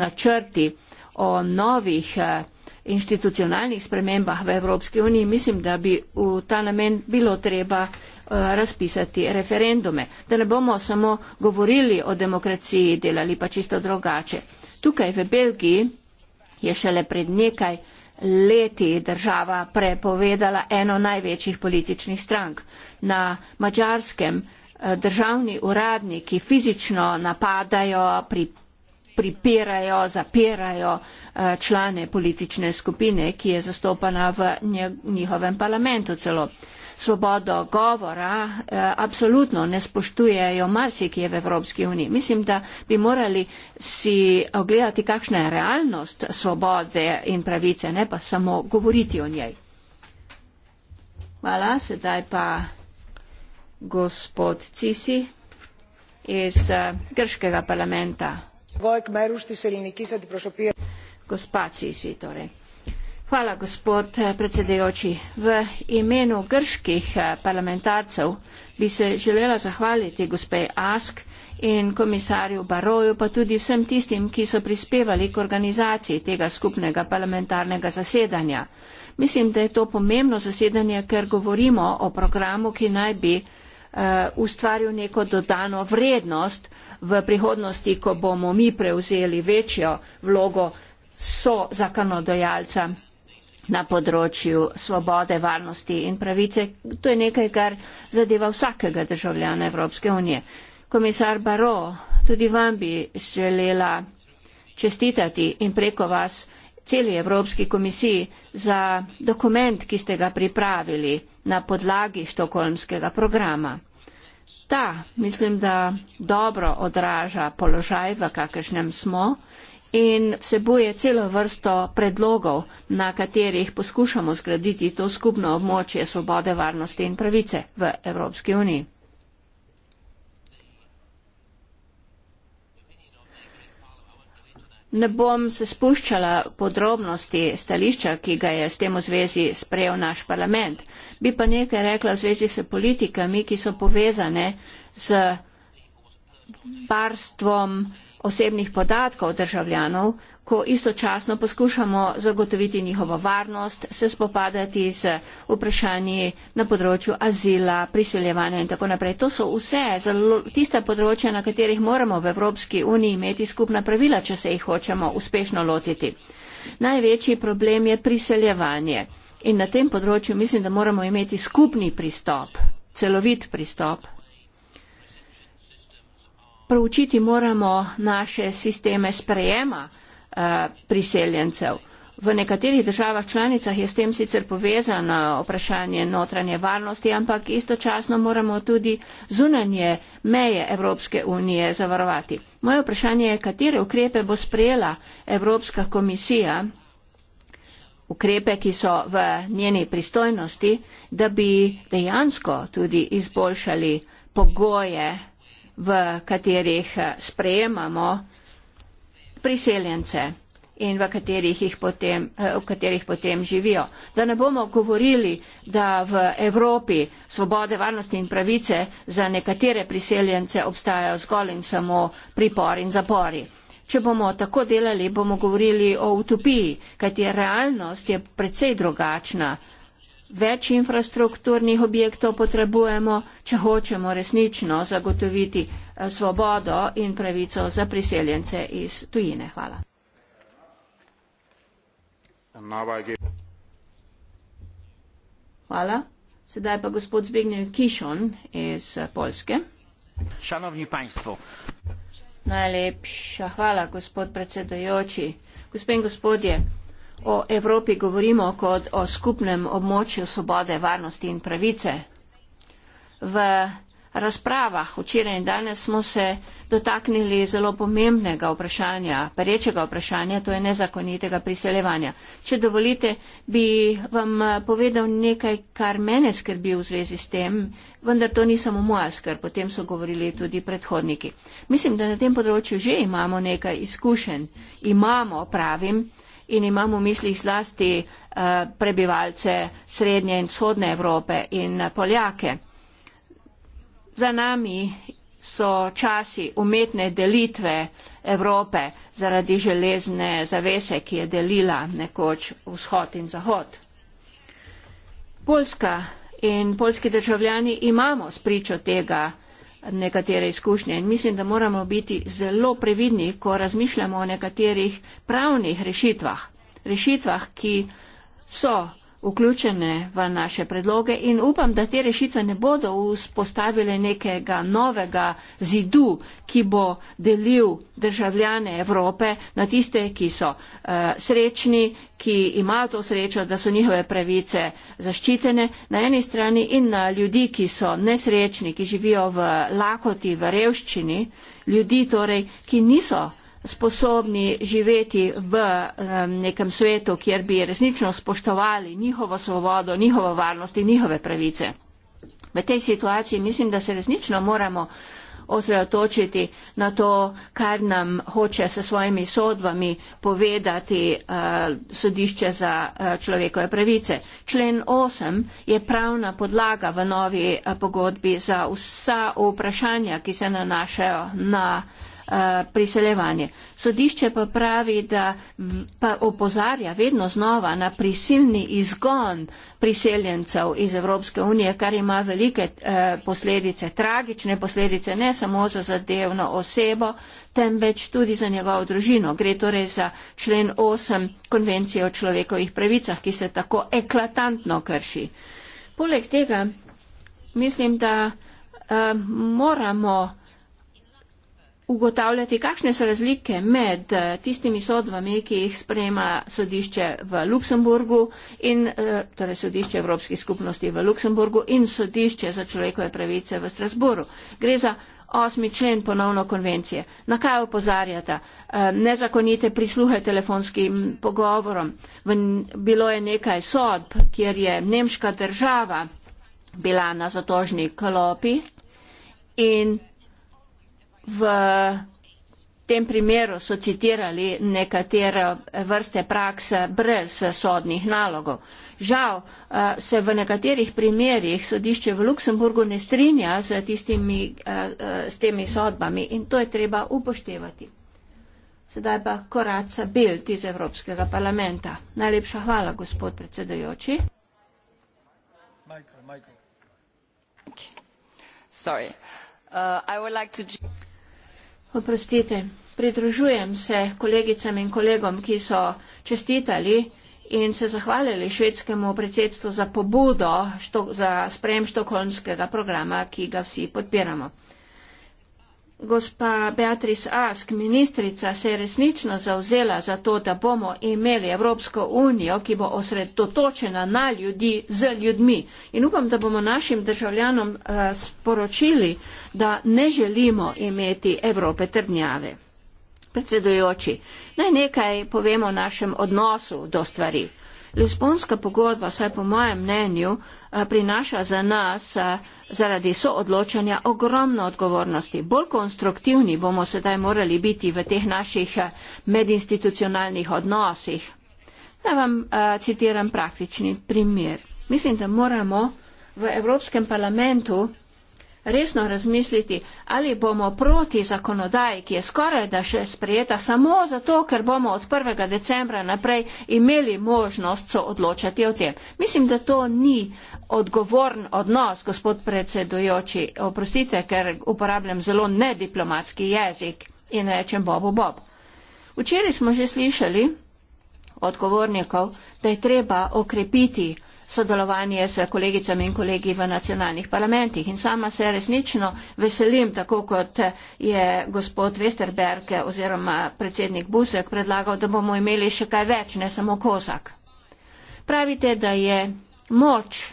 načrti, o novih eh, institucionalnih spremembah v Evropski uniji, mislim, da bi v ta namen bilo treba eh, razpisati referendume, da ne bomo samo govorili o demokraciji, delali pa čisto drugače. Tukaj v Belgiji je šele pred nekaj leti država prepovedala eno največjih političnih strank. Na Mačarskem eh, državni uradniki fizično napadajo, pripravljajo, pripirajo zapirajo eh, člane politične skupine, ki je zastopana v njihovem parlamentu celo. Svobodo govora eh, absolutno ne spoštujejo marsikje v Evropski uniji. Mislim, da bi morali si ogledati, kakšna je realnost svobode in pravice, ne pa samo govoriti o njej. Hvala, sedaj pa gospod Cisi iz eh, Grškega parlamenta bo εκ μέρους της ελληνικής αντιπροσωπείας Gospa Cisi, torej. Hvala, gospod eh, predsedujoči. V imenu grških eh, parlamentarcev bi se želela zahvaliti gospe Ask in komisarju Baroju, pa tudi vsem tistim, ki so prispevali k organizaciji tega skupnega parlamentarnega zasedanja. Mislim, da je to pomembno zasedanje, ker govorimo o programu, ki naj bi uh, ustvaril neko dodano vrednost v prihodnosti, ko bomo mi prevzeli večjo vlogo so zakonodajalca na področju svobode, varnosti in pravice. To je nekaj, kar zadeva vsakega državljana Evropske unije. Komisar Baro, tudi vam bi želela čestitati in preko vas celi Evropski komisiji za dokument, ki ste ga pripravili na podlagi štokolmskega programa. Ta mislim, da dobro odraža položaj, v kakršnem smo in vsebuje celo vrsto predlogov, na katerih poskušamo zgraditi to skupno območje svobode, varnosti in pravice v Evropski uniji. Ne bom se spuščala podrobnosti stališča, ki ga je s tem v zvezi sprejel naš parlament. Bi pa nekaj rekla v zvezi s politikami, ki so povezane z varstvom osebnih podatkov državljanov ko istočasno poskušamo zagotoviti njihovo varnost, se spopadati z vprašanji na področju azila, priseljevanja in tako naprej. To so vse zelo, tiste področje, na katerih moramo v Evropski uniji imeti skupna pravila, če se jih hočemo uspešno lotiti. Največji problem je priseljevanje in na tem področju mislim, da moramo imeti skupni pristop, celovit pristop. Proučiti moramo naše sisteme sprejema uh, priseljencev. V nekaterih državah članicah je s tem sicer povezano vprašanje notranje varnosti, ampak istočasno moramo tudi zunanje meje Evropske unije zavarovati. Moje vprašanje je, katere ukrepe bo sprejela Evropska komisija, ukrepe, ki so v njeni pristojnosti, da bi dejansko tudi izboljšali pogoje, v katerih eh, sprejemamo uh, priseljence in v katerih, potem, eh, v katerih potem živijo. Da ne bomo govorili, da v Evropi svobode, varnosti in pravice za nekatere priseljence obstajajo zgolj in samo pripor in zapori. Če bomo tako delali, bomo govorili o utopiji, kajti realnost je precej drugačna. Več infrastrukturnih objektov potrebujemo, če hočemo resnično zagotoviti svobodo in pravico za priseljence iz tujine. Hvala. Hvala. Sedaj pa gospod Zbignil Kišon iz Polske. Šanovni panjstvo. Najlepša hvala, gospod predsedojoči. Gospe in gospodje, o Evropi govorimo kot o skupnem območju svobode, varnosti in pravice. V razpravah včeraj in danes smo se dotaknili zelo pomembnega vprašanja, perečega vprašanja, to je nezakonitega priseljevanja. Če dovolite, bi vam povedal nekaj, kar mene skrbi v zvezi s tem, vendar to ni samo moja skrb, o tem so govorili tudi predhodniki. Mislim, da na tem področju že imamo nekaj izkušenj, imamo, pravim, in imamo v mislih zlasti uh, prebivalce srednje in vzhodne Evrope in uh, Poljake. Za nami so časi umetne delitve Evrope zaradi železne zavese, ki je delila nekoč vzhod in zahod. Polska in polski državljani imamo spričo tega nekatere izkušnje in mislim, da moramo biti zelo previdni, ko razmišljamo o nekaterih pravnih rešitvah, rešitvah, ki so vključene v naše predloge in upam, da te rešitve ne bodo vzpostavile nekega novega zidu, ki bo delil državljane Evrope na tiste, ki so uh, srečni, ki imajo to srečo, da so njihove pravice zaščitene na eni strani in na ljudi, ki so nesrečni, ki živijo v lakoti, v revščini, ljudi torej, ki niso sposobni živeti v nekem svetu, kjer bi resnično spoštovali njihovo svobodo, njihovo varnost in njihove pravice. V tej situaciji mislim, da se resnično moramo osredotočiti na to, kar nam hoče s svojimi sodbami povedati uh, sodišče za uh, človekove pravice. Člen 8 je pravna podlaga v novi uh, pogodbi za vsa vprašanja, ki se nanašajo na uh, Eh, priseljevanje. Sodišče pa pravi, da pa opozarja vedno znova na prisilni izgon priseljencev iz Evropske unije, kar ima velike a, eh, posledice, tragične posledice, ne samo za zadevno osebo, temveč tudi za njegovo družino. Gre torej za člen 8 konvencije o človekovih pravicah, ki se tako eklatantno krši. Poleg tega mislim, da a, eh, moramo ugotavljati, kakšne so razlike med eh, tistimi sodbami, ki jih sprejema sodišče v Luksemburgu in eh, torej sodišče Evropskih skupnosti v Luksemburgu in sodišče za človekove pravice v Strasburu. Gre za osmi člen ponovno konvencije. Na kaj opozarjata? Eh, nezakonite prisluhe telefonskim pogovorom. Bilo je nekaj sodb, kjer je nemška država bila na zatožni klopi in v tem primeru so citirali nekatere vrste prakse brez sodnih nalogov. Žal eh, se v nekaterih primerjih sodišče v Luksemburgu ne strinja z tistimi, eh, eh, s temi sodbami in to je treba upoštevati. Sedaj pa Koraca Bild iz Evropskega parlamenta. Najlepša hvala, gospod predsedujoči. Michael, Michael. Okay. Uh, like to... Oprostite, pridružujem se kolegicam in kolegom, ki so čestitali in se zahvalili švedskemu predsedstvu za pobudo za sprejem štokholmskega programa, ki ga vsi podpiramo. Gospa Beatrice Ask, ministrica, se je resnično zauzela za to, da bomo imeli Evropsko unijo, ki bo osredotočena na ljudi z ljudmi. In upam, da bomo našim državljanom uh, sporočili, da ne želimo imeti Evrope trdnjave. Predsedujoči, naj nekaj povemo o našem odnosu do stvari. Lisbonska pogodba, saj po mojem mnenju, eh, prinaša za nas eh, zaradi soodločanja ogromno odgovornosti. Bolj konstruktivni bomo sedaj morali biti v teh naših eh, medinstitucionalnih odnosih. Naj vam citiram praktični primer. Mislim, da moramo v Evropskem parlamentu resno razmisliti, ali bomo proti zakonodaji, ki je skoraj da še sprejeta, samo zato, ker bomo od 1. decembra naprej imeli možnost so odločati o tem. Mislim, da to ni odgovorn odnos, gospod predsedujoči. Oprostite, ker uporabljam zelo nediplomatski jezik in rečem Bobu Bob. Včeraj smo že slišali odgovornikov, da je treba okrepiti sodelovanje s kolegicami in kolegi v nacionalnih parlamentih. In sama se resnično veselim, tako kot je gospod Westerberg oziroma predsednik Busek predlagal, da bomo imeli še kaj več, ne samo kozak. Pravite, da je moč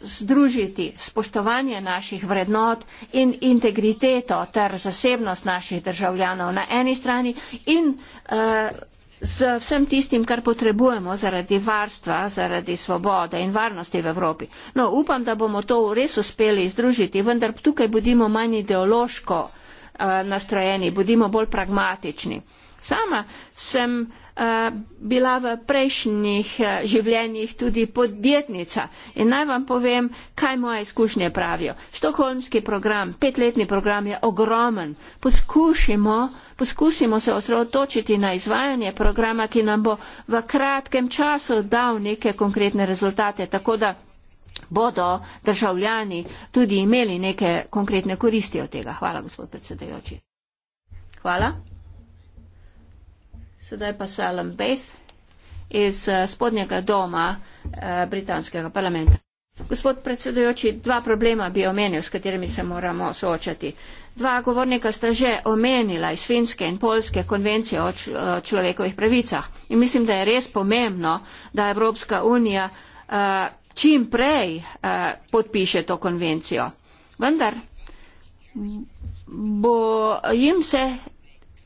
združiti spoštovanje naših vrednot in integriteto ter zasebnost naših državljanov na eni strani in uh, z vsem tistim, kar potrebujemo zaradi varstva, zaradi svobode in varnosti v Evropi. No, upam, da bomo to res uspeli združiti, vendar tukaj bodimo manj ideološko eh, nastrojeni, bodimo bolj pragmatični. Sama sem eh, bila v prejšnjih eh, življenjih tudi podjetnica in naj vam povem, kaj moje izkušnje pravijo. Štokholmski program, petletni program je ogromen. Poskušimo poskusimo se osredotočiti na izvajanje programa, ki nam bo v kratkem času dal neke konkretne rezultate, tako da bodo državljani tudi imeli neke konkretne koristi od tega. Hvala, gospod predsedajoči. Hvala. Sedaj pa Salem Beth iz eh, spodnjega doma eh, Britanskega parlamenta. Gospod predsedujoči, dva problema bi omenil, s katerimi se moramo soočati. Dva govornika sta že omenila iz finske in polske konvencije o eh, človekovih pravicah. In mislim, da je res pomembno, da Evropska unija eh, čim prej eh, podpiše to konvencijo. Vendar bo jim se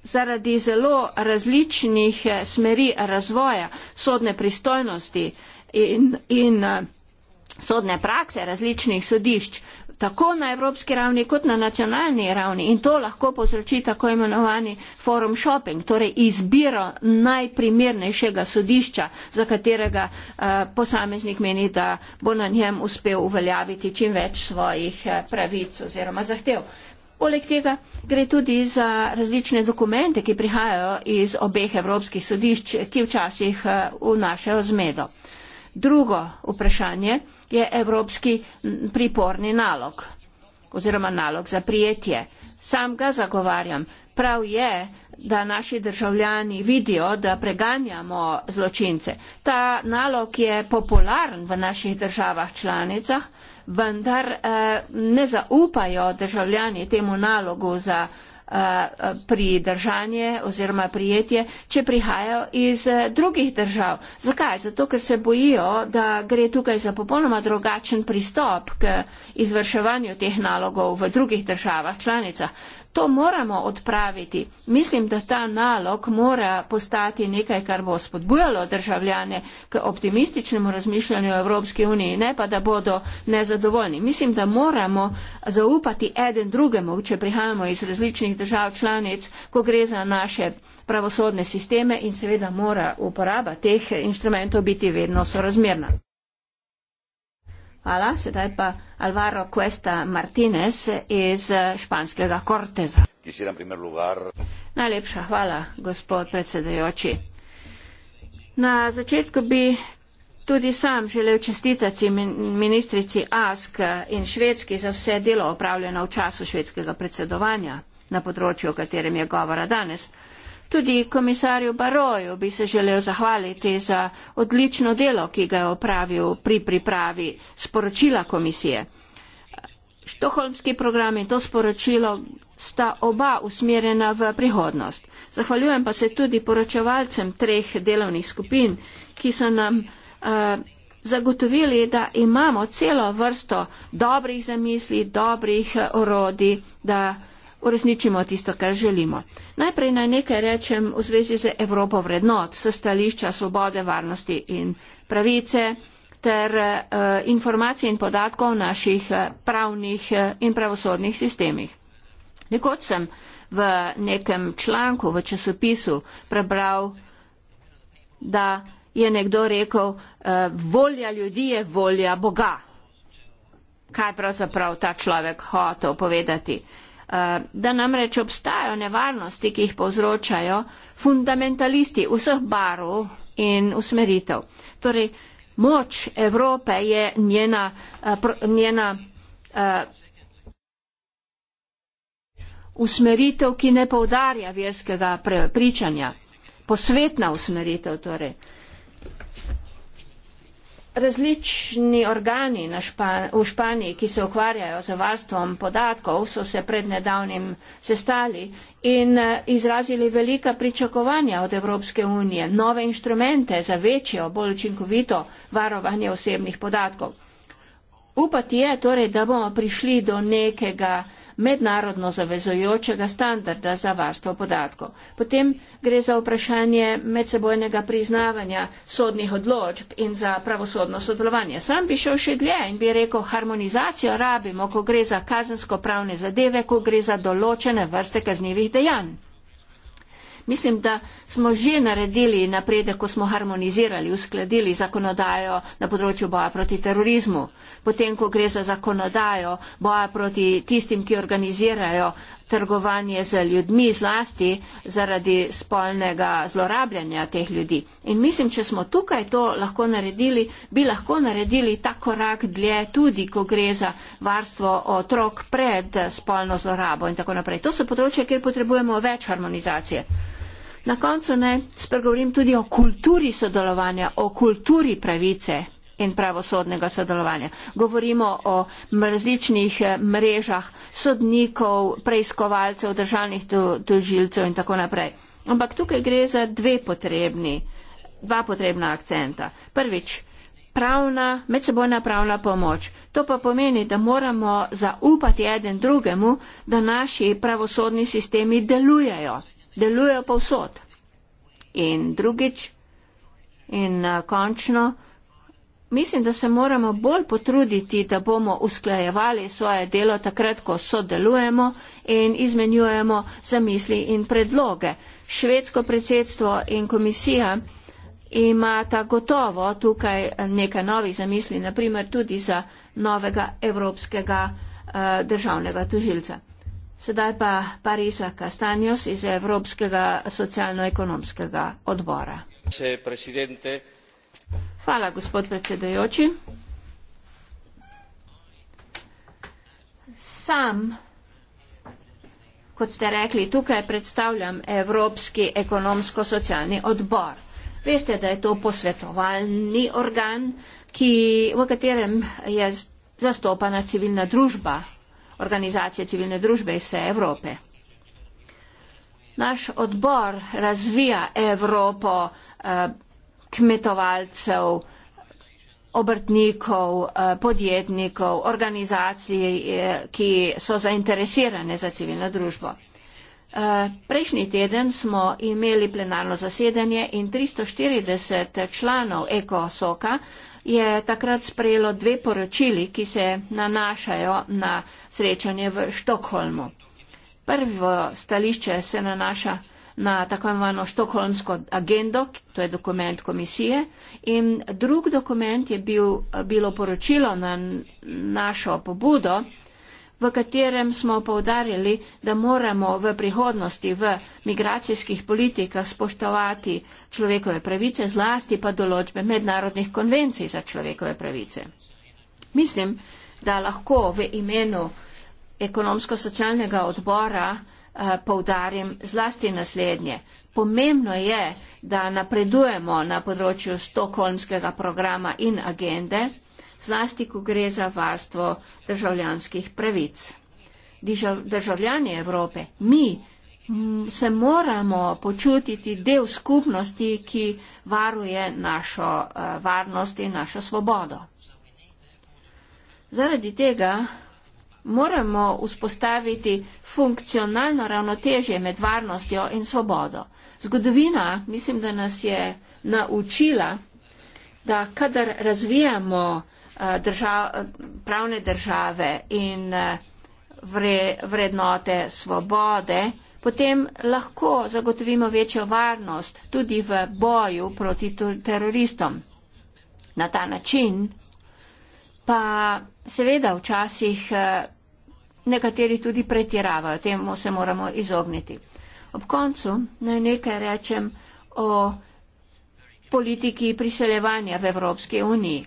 zaradi zelo različnih smeri razvoja sodne pristojnosti in, in sodne prakse različnih sodišč tako na evropski ravni kot na nacionalni ravni in to lahko povzroči tako imenovani forum shopping, torej izbiro najprimernejšega sodišča, za katerega eh, posameznik meni, da bo na njem uspel uveljaviti čim več svojih eh, pravic oziroma zahtev. Poleg tega gre tudi za različne dokumente, ki prihajajo iz obeh evropskih sodišč, ki včasih eh, vnašajo zmedo. Drugo vprašanje je evropski priporni nalog oziroma nalog za prijetje. Sam ga zagovarjam. Prav je, da naši državljani vidijo, da preganjamo zločince. Ta nalog je popularen v naših državah članicah, vendar eh, ne zaupajo državljani temu nalogu za Eh, pridržanje oziroma prijetje, če prihajajo iz eh, drugih držav. Zakaj? Zato, ker se bojijo, da gre tukaj za popolnoma drugačen pristop k izvrševanju teh nalogov v drugih državah članicah. To moramo odpraviti. Mislim, da ta nalog mora postati nekaj, kar bo spodbujalo državljane k optimističnemu razmišljanju o Evropski uniji, ne pa da bodo nezadovoljni. Mislim, da moramo zaupati eden drugemu, če prihajamo iz različnih držav članic, ko gre za naše pravosodne sisteme in seveda mora uporaba teh inštrumentov biti vedno sorazmerna. Hvala, sedaj pa Alvaro Cuesta Martinez iz eh, španskega Korteza. Najlepša hvala, gospod predsedajoči. Na začetku bi tudi sam želel čestitati ministrici Ask eh, in Švedski za vse delo opravljeno v času švedskega predsedovanja na področju, o katerem je govora danes. Tudi komisarju Baroju bi se želel zahvaliti za odlično delo, ki ga je opravil pri pripravi sporočila komisije. Štoholmski program in to sporočilo sta oba usmerjena v prihodnost. Zahvaljujem pa se tudi poročevalcem treh delovnih skupin, ki so nam uh, zagotovili, da imamo celo vrsto dobrih zamisli, dobrih orodi, da uresničimo tisto, kar želimo. Najprej naj nekaj rečem v zvezi z Evropo vrednot, s stališča svobode, varnosti in pravice ter uh, informacij in podatkov v naših eh, pravnih eh, in pravosodnih sistemih. Nekoč sem v nekem članku v časopisu prebral, da je nekdo rekel, uh, volja ljudi je volja Boga. Kaj pravzaprav ta človek hotel povedati? Uh, Eh, da namreč obstajajo nevarnosti, ki jih povzročajo fundamentalisti vseh barov in usmeritev. Torej, moč Evrope je njena, eh, njena eh, usmeritev, ki ne povdarja verskega pričanja. Posvetna usmeritev torej. Različni organi na Špan v Španiji, ki se ukvarjajo z varstvom podatkov, so se pred nedavnim sestali in eh, izrazili velika pričakovanja od Evropske unije, nove inštrumente za večjo, bolj učinkovito varovanje osebnih podatkov. Upati je torej, da bomo prišli do nekega mednarodno zavezojočega standarda za varstvo podatkov. Potem gre za vprašanje medsebojnega priznavanja sodnih odločb in za pravosodno sodelovanje. Sam bi šel še dlje in bi rekel, harmonizacijo rabimo, ko gre za kazensko pravne zadeve, ko gre za določene vrste kaznjivih dejanj. Mislim, da smo že naredili napredek, ko smo harmonizirali, uskladili zakonodajo na področju boja proti terorizmu. Potem, ko gre za zakonodajo boja proti tistim, ki organizirajo trgovanje z ljudmi zlasti zaradi spolnega zlorabljanja teh ljudi. In mislim, če smo tukaj to lahko naredili, bi lahko naredili ta korak dlje tudi, ko gre za varstvo otrok pred spolno zlorabo in tako naprej. To so področje, kjer potrebujemo več harmonizacije. Na koncu ne spregovorim tudi o kulturi sodelovanja, o kulturi pravice in pravosodnega sodelovanja. Govorimo o različnih eh, mrežah sodnikov, preiskovalcev, državnih tožilcev in tako naprej. Ampak tukaj gre za dve potrebni, dva potrebna akcenta. Prvič, pravna, medsebojna pravna pomoč. To pa pomeni, da moramo zaupati eden drugemu, da naši pravosodni sistemi delujejo delujejo povsod. In drugič, in eh, končno, mislim, da se moramo bolj potruditi, da bomo usklajevali svoje delo takrat, ko sodelujemo in izmenjujemo zamisli in predloge. Švedsko predsedstvo in komisija imata gotovo tukaj eh, nekaj novih zamisli, naprimer tudi za novega evropskega eh, državnega tužilca. Sedaj pa Parisa Kastanjos iz Evropskega socialno-ekonomskega odbora. Hvala, gospod predsedujoči. Sam, kot ste rekli, tukaj predstavljam Evropski ekonomsko-socialni odbor. Veste, da je to posvetovalni organ, ki, v katerem je zastopana civilna družba organizacije civilne družbe iz vse Evrope. Naš odbor razvija Evropo eh, kmetovalcev, obrtnikov, eh, podjetnikov, organizacij, eh, ki so zainteresirane za civilno družbo. Prejšnji teden smo imeli plenarno zasedanje in 340 članov EKO-SOKA je takrat sprejelo dve poročili, ki se nanašajo na srečanje v Štokholmu. Prvo stališče se nanaša na tako imenovano štokholmsko agendo, to je dokument komisije, in drug dokument je bil, bilo poročilo na našo pobudo, v katerem smo povdarjali, da moramo v prihodnosti v migracijskih politikah spoštovati človekove pravice, zlasti pa določbe mednarodnih konvencij za človekove pravice. Mislim, da lahko v imenu ekonomsko-socialnega odbora eh, povdarim zlasti naslednje. Pomembno je, da napredujemo na področju stokholmskega programa in agende, zlasti, ko gre za varstvo državljanskih pravic. Državljani Evrope, mi se moramo počutiti del skupnosti, ki varuje našo eh, varnost in našo svobodo. Zaradi tega moramo vzpostaviti funkcionalno ravnotežje med varnostjo in svobodo. Zgodovina mislim, da nas je naučila, da kadar razvijamo Eh, držav, pravne države in eh, vre, vrednote svobode, potem lahko zagotovimo večjo varnost tudi v boju proti teroristom. Na ta način pa seveda včasih eh, nekateri tudi pretiravajo, temu se moramo izogniti. Ob koncu naj nekaj rečem o politiki priseljevanja v Evropske unije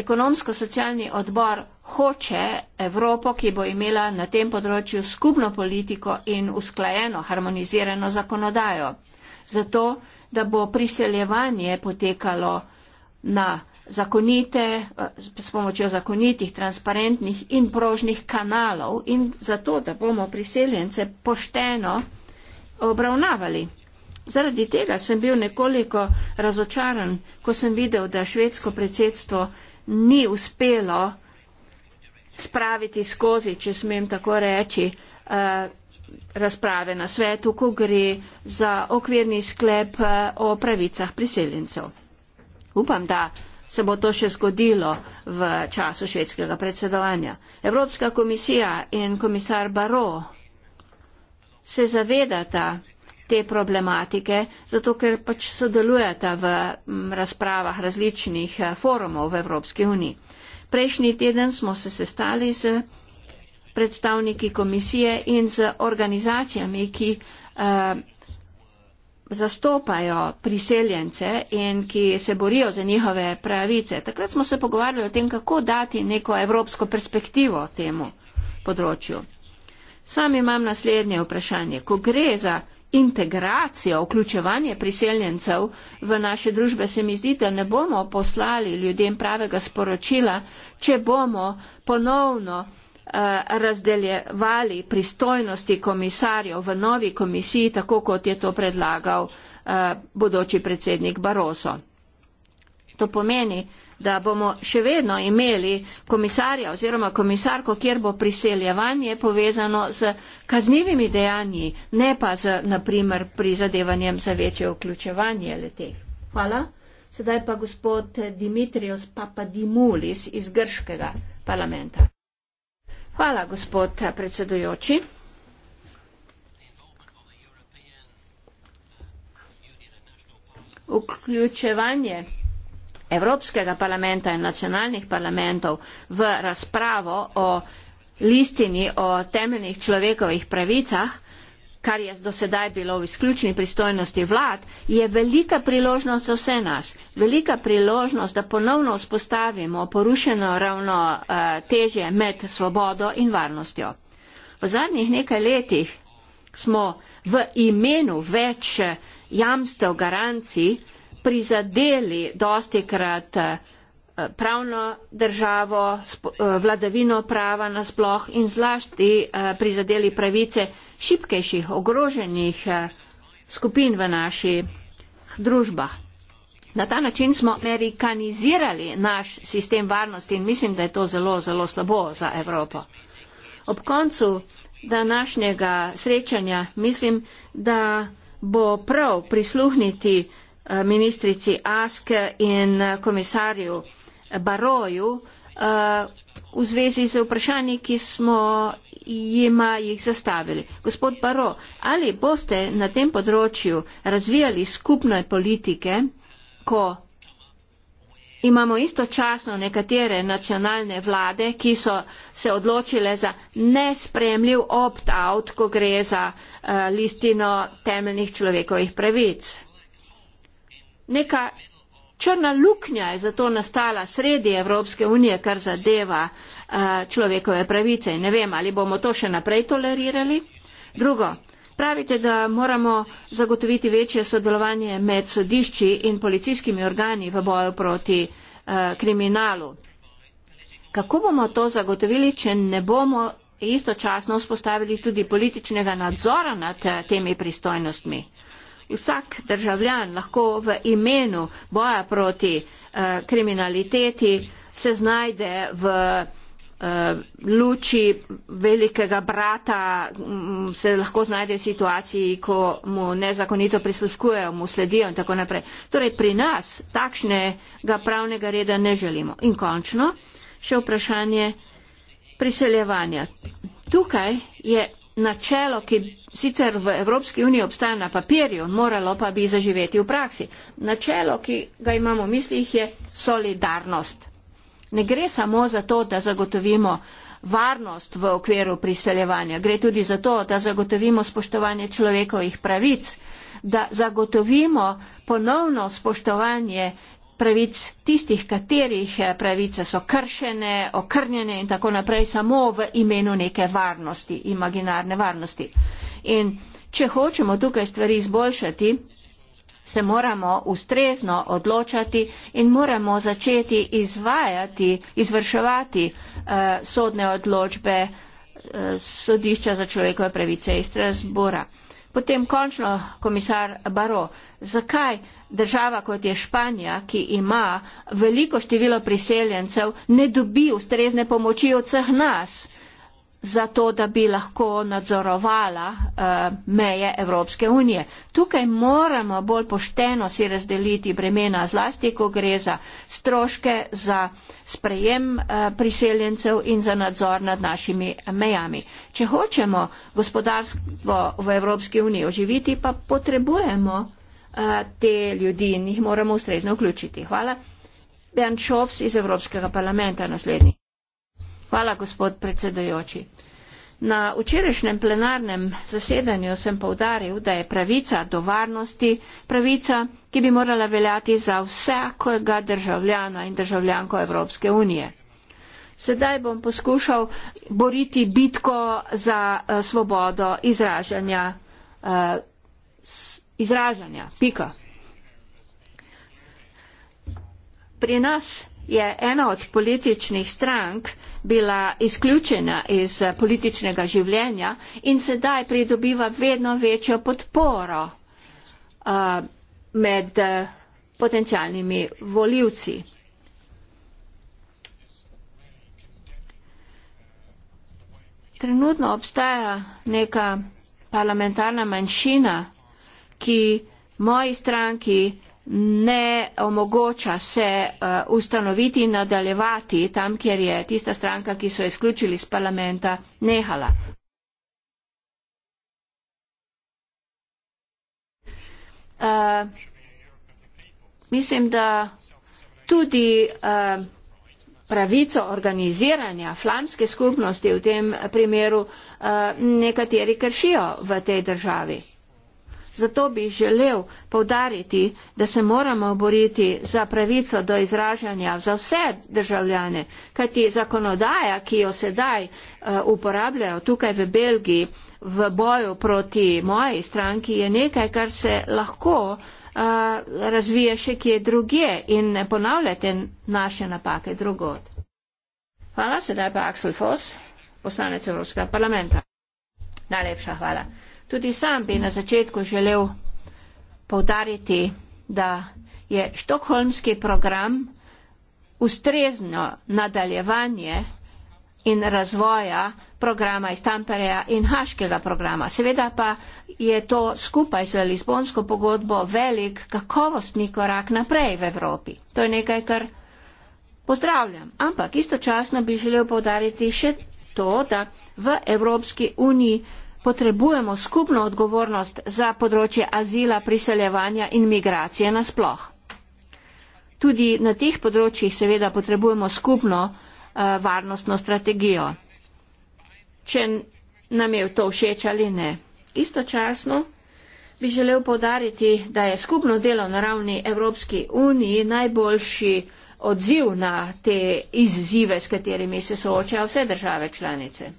ekonomsko-socialni odbor hoče Evropo, ki bo imela na tem področju skupno politiko in usklajeno, harmonizirano zakonodajo, zato da bo priseljevanje potekalo na zakonite, s pomočjo zakonitih, transparentnih in prožnih kanalov in zato, da bomo priseljence pošteno obravnavali. Zaradi tega sem bil nekoliko razočaran, ko sem videl, da švedsko predsedstvo ni uspelo spraviti skozi, če smem tako reči, eh, razprave na svetu, ko gre za okvirni sklep eh, o pravicah priseljencev. Upam, da se bo to še zgodilo v času švedskega predsedovanja. Evropska komisija in komisar Baro se zavedata, te problematike, zato ker pač sodelujete v razpravah različnih eh, forumov v Evropski uniji. Prejšnji teden smo se sestali z predstavniki komisije in z organizacijami, ki eh, zastopajo priseljence in ki se borijo za njihove pravice. Takrat smo se pogovarjali o tem, kako dati neko evropsko perspektivo temu področju. Sam imam naslednje vprašanje. Ko gre za integracijo, vključevanje priseljencev v naše družbe, se mi zdi, da ne bomo poslali ljudem pravega sporočila, če bomo ponovno eh, razdeljevali pristojnosti komisarjev v novi komisiji, tako kot je to predlagal eh, bodoči predsednik Baroso. To pomeni, da bomo še vedno imeli komisarja oziroma komisarko, kjer bo priseljevanje povezano z kaznivimi dejanji, ne pa z, naprimer, prizadevanjem za večje vključevanje leteh. Hvala. Sedaj pa gospod Dimitrios Papadimulis iz Grškega parlamenta. Hvala, gospod predsedujoči. Vključevanje Evropskega parlamenta in nacionalnih parlamentov v razpravo o listini o temeljnih človekovih pravicah, kar je do sedaj bilo v izključni pristojnosti vlad, je velika priložnost za vse nas. Velika priložnost, da ponovno vzpostavimo porušeno ravno eh, težje med svobodo in varnostjo. V zadnjih nekaj letih smo v imenu več eh, jamstev, garancij, prizadeli dosti krat eh, pravno državo, eh, vladavino prava nasploh in zlasti eh, prizadeli pravice šipkejših, ogroženih skupin v naših družbah. Na ta način smo amerikanizirali naš sistem varnosti in mislim, da je to zelo, zelo slabo za Evropo. Ob koncu današnjega srečanja mislim, da bo prav prisluhniti Eh, ministrici Ask in eh, komisarju Baroju eh, v zvezi z vprašanji, ki smo jima jih zastavili. Gospod Baro, ali boste na tem področju razvijali skupne politike, ko imamo istočasno nekatere nacionalne vlade, ki so se odločile za nespremljiv opt-out, ko gre za listino temeljnih človekovih pravic? neka črna luknja je zato nastala sredi Evropske unije, kar zadeva uh, človekove pravice. Ne vem, ali bomo to še naprej tolerirali. Drugo, pravite, da moramo zagotoviti večje sodelovanje med sodišči in policijskimi organi v boju proti uh, kriminalu. Kako bomo to zagotovili, če ne bomo istočasno vzpostavili tudi političnega nadzora nad eh, temi pristojnostmi? vsak državljan lahko v imenu boja proti eh, kriminaliteti se znajde v eh, luči velikega brata, mm, se lahko znajde v situaciji, ko mu nezakonito prisluškujejo, mu sledijo in tako naprej. Torej pri nas takšnega pravnega reda ne želimo. In končno še vprašanje priseljevanja. Tukaj je načelo, ki sicer v Evropski uniji obstaja na papirju, moralo pa bi zaživeti v praksi. Načelo, ki ga imamo v mislih, je solidarnost. Ne gre samo za to, da zagotovimo varnost v okviru priseljevanja, gre tudi za to, da zagotovimo spoštovanje človekovih pravic, da zagotovimo ponovno spoštovanje pravic tistih, katerih eh, pravice so kršene, okrnjene in tako naprej, samo v imenu neke varnosti, imaginarne varnosti. In če hočemo tukaj stvari izboljšati, se moramo ustrezno odločati in moramo začeti izvajati, izvrševati uh, sodne odločbe uh, sodišča za človekove pravice iz Strasbora. Potem končno komisar Baro, zakaj? država kot je Španija, ki ima veliko število priseljencev, ne dobi ustrezne pomoči od vseh nas za to, da bi lahko nadzorovala uh, meje Evropske unije. Tukaj moramo bolj pošteno si razdeliti bremena, zlasti, ko gre za stroške za sprejem uh, priseljencev in za nadzor nad našimi mejami. Če hočemo gospodarstvo v Evropski uniji oživiti, pa potrebujemo te ljudi in jih moramo ustrezno vključiti. Hvala. Bernd Šovs iz Evropskega parlamenta naslednji. Hvala, gospod predsedojoči. Na včerajšnjem plenarnem zasedanju sem povdaril, da je pravica do varnosti pravica, ki bi morala veljati za vsakega državljana in državljanko Evropske unije. Sedaj bom poskušal boriti bitko za svobodo izražanja izražanja. Pika. Pri nas je ena od političnih strank bila izključena iz političnega življenja in sedaj pridobiva vedno večjo podporo uh, med uh, potencialnimi voljivci. Trenutno obstaja neka parlamentarna manjšina, ki moji stranki ne omogoča se uh, ustanoviti in nadaljevati tam, kjer je tista stranka, ki so izključili iz parlamenta, nehala. Uh, mislim, da tudi uh, pravico organiziranja flamske skupnosti v tem primeru uh, nekateri kršijo v tej državi. Zato bi želel povdariti, da se moramo boriti za pravico do izražanja za vse državljane, kajti zakonodaja, ki jo sedaj eh, uporabljajo tukaj v Belgiji v boju proti moji stranki, je nekaj, kar se lahko eh, razvije še kje druge in ne ponavljate naše napake drugod. Hvala, sedaj pa Aksel Fos, poslanec Evropskega parlamenta. Najlepša hvala. Tudi sam bi na začetku želel povdariti, da je štokholmski program ustrezno nadaljevanje in razvoja programa iz Tampereja in Haškega programa. Seveda pa je to skupaj z Lizbonsko pogodbo velik kakovostni korak naprej v Evropi. To je nekaj, kar pozdravljam. Ampak istočasno bi želel povdariti še to, da v Evropski uniji potrebujemo skupno odgovornost za področje azila, priseljevanja in migracije nasploh. Tudi na teh področjih seveda potrebujemo skupno uh, varnostno strategijo, če nam je to všeč ali ne. Istočasno bi želel podariti, da je skupno delo na ravni Evropske unije najboljši odziv na te izzive, s katerimi se soočajo vse države članice.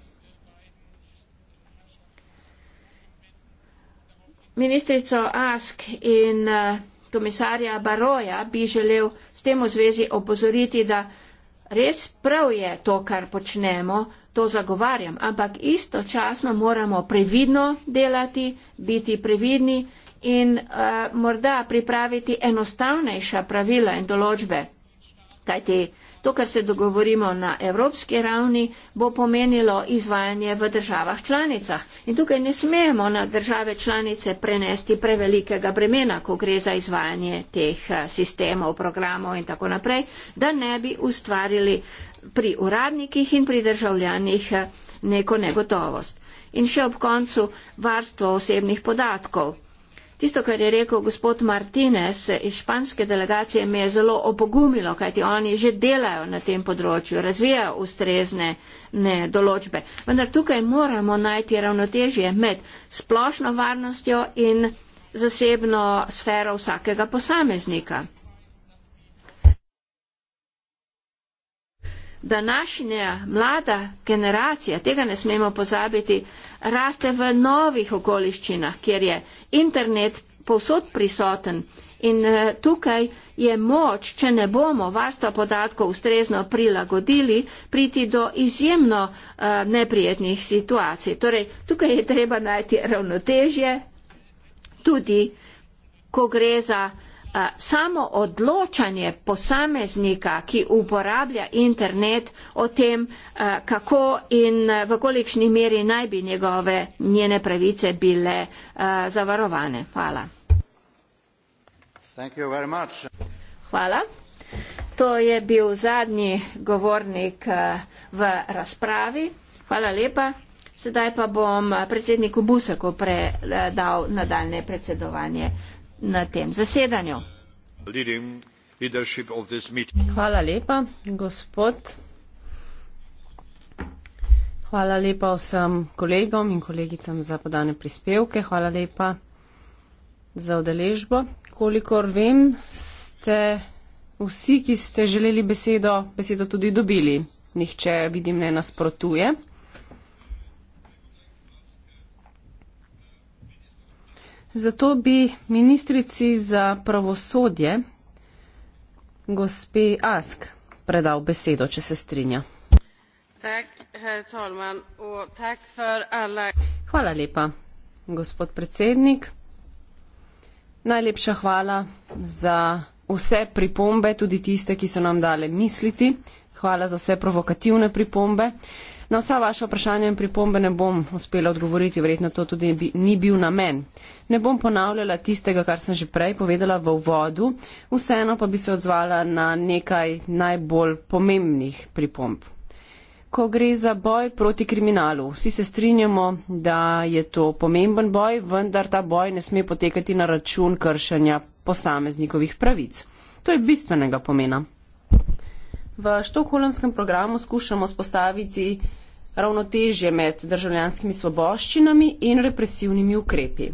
ministrico Ask in eh, komisarja Baroja bi želel s tem v zvezi opozoriti, da res prav je to, kar počnemo, to zagovarjam, ampak istočasno moramo previdno delati, biti previdni in uh, morda pripraviti enostavnejša pravila in določbe. Kajti uh, To, kar se dogovorimo na evropski ravni, bo pomenilo izvajanje v državah članicah. In tukaj ne smemo na države članice prenesti prevelikega bremena, ko gre za izvajanje teh eh, sistemov, programov in tako naprej, da ne bi ustvarili pri uradnikih in pri državljanih eh, neko negotovost. In še ob koncu varstvo osebnih podatkov. Tisto, kar je rekel gospod Martinez iz španske delegacije, me je zelo opogumilo, kajti oni že delajo na tem področju, razvijajo ustrezne ne, določbe. Vendar tukaj moramo najti ravnotežje med splošno varnostjo in zasebno sfero vsakega posameznika. današnja mlada generacija, tega ne smemo pozabiti, raste v novih okoliščinah, kjer je internet povsod prisoten in eh, tukaj je moč, če ne bomo varstva podatkov ustrezno prilagodili, priti do izjemno eh, neprijetnih situacij. Torej, tukaj je treba najti ravnotežje, tudi ko gre za Eh, samo odločanje posameznika, ki uporablja internet o tem, eh, kako in eh, v kolikšni meri naj bi njegove njene pravice bile zavarovane. Hvala. Hvala. To je bil zadnji govornik v razpravi. Hvala lepa. Sedaj pa bom predsedniku Buseku predal nadaljne predsedovanje na tem zasedanju hvala lepa vsem kolegom in kolegicam za podane prispevke hvala lepa za udeležbo kolikor vem ste vsi ki ste želeli besedo besedo tudi dobili nihče vidim ne nasprotuje Zato bi ministrici za pravosodje, gospe Ask, predal besedo, če se strinja. Tak, talman, hvala lepa, gospod predsednik. Najlepša hvala za vse pripombe, tudi tiste, ki so nam dale misliti. Hvala za vse provokativne pripombe. Na vsa vaša vprašanja in pripombe ne bom uspela odgovoriti, verjetno to tudi bi, ni bil namen. Ne bom ponavljala tistega, kar sem že prej povedala v uvodu, vseeno pa bi se odzvala na nekaj najbolj pomembnih pripomb. Ko gre za boj proti kriminalu, vsi se strinjamo, da je to pomemben boj, vendar ta boj ne sme potekati na račun kršenja posameznikovih pravic. To je bistvenega pomena. V štokholmskem programu skušamo spostaviti ravnotežje med državljanskimi svoboščinami in represivnimi ukrepi.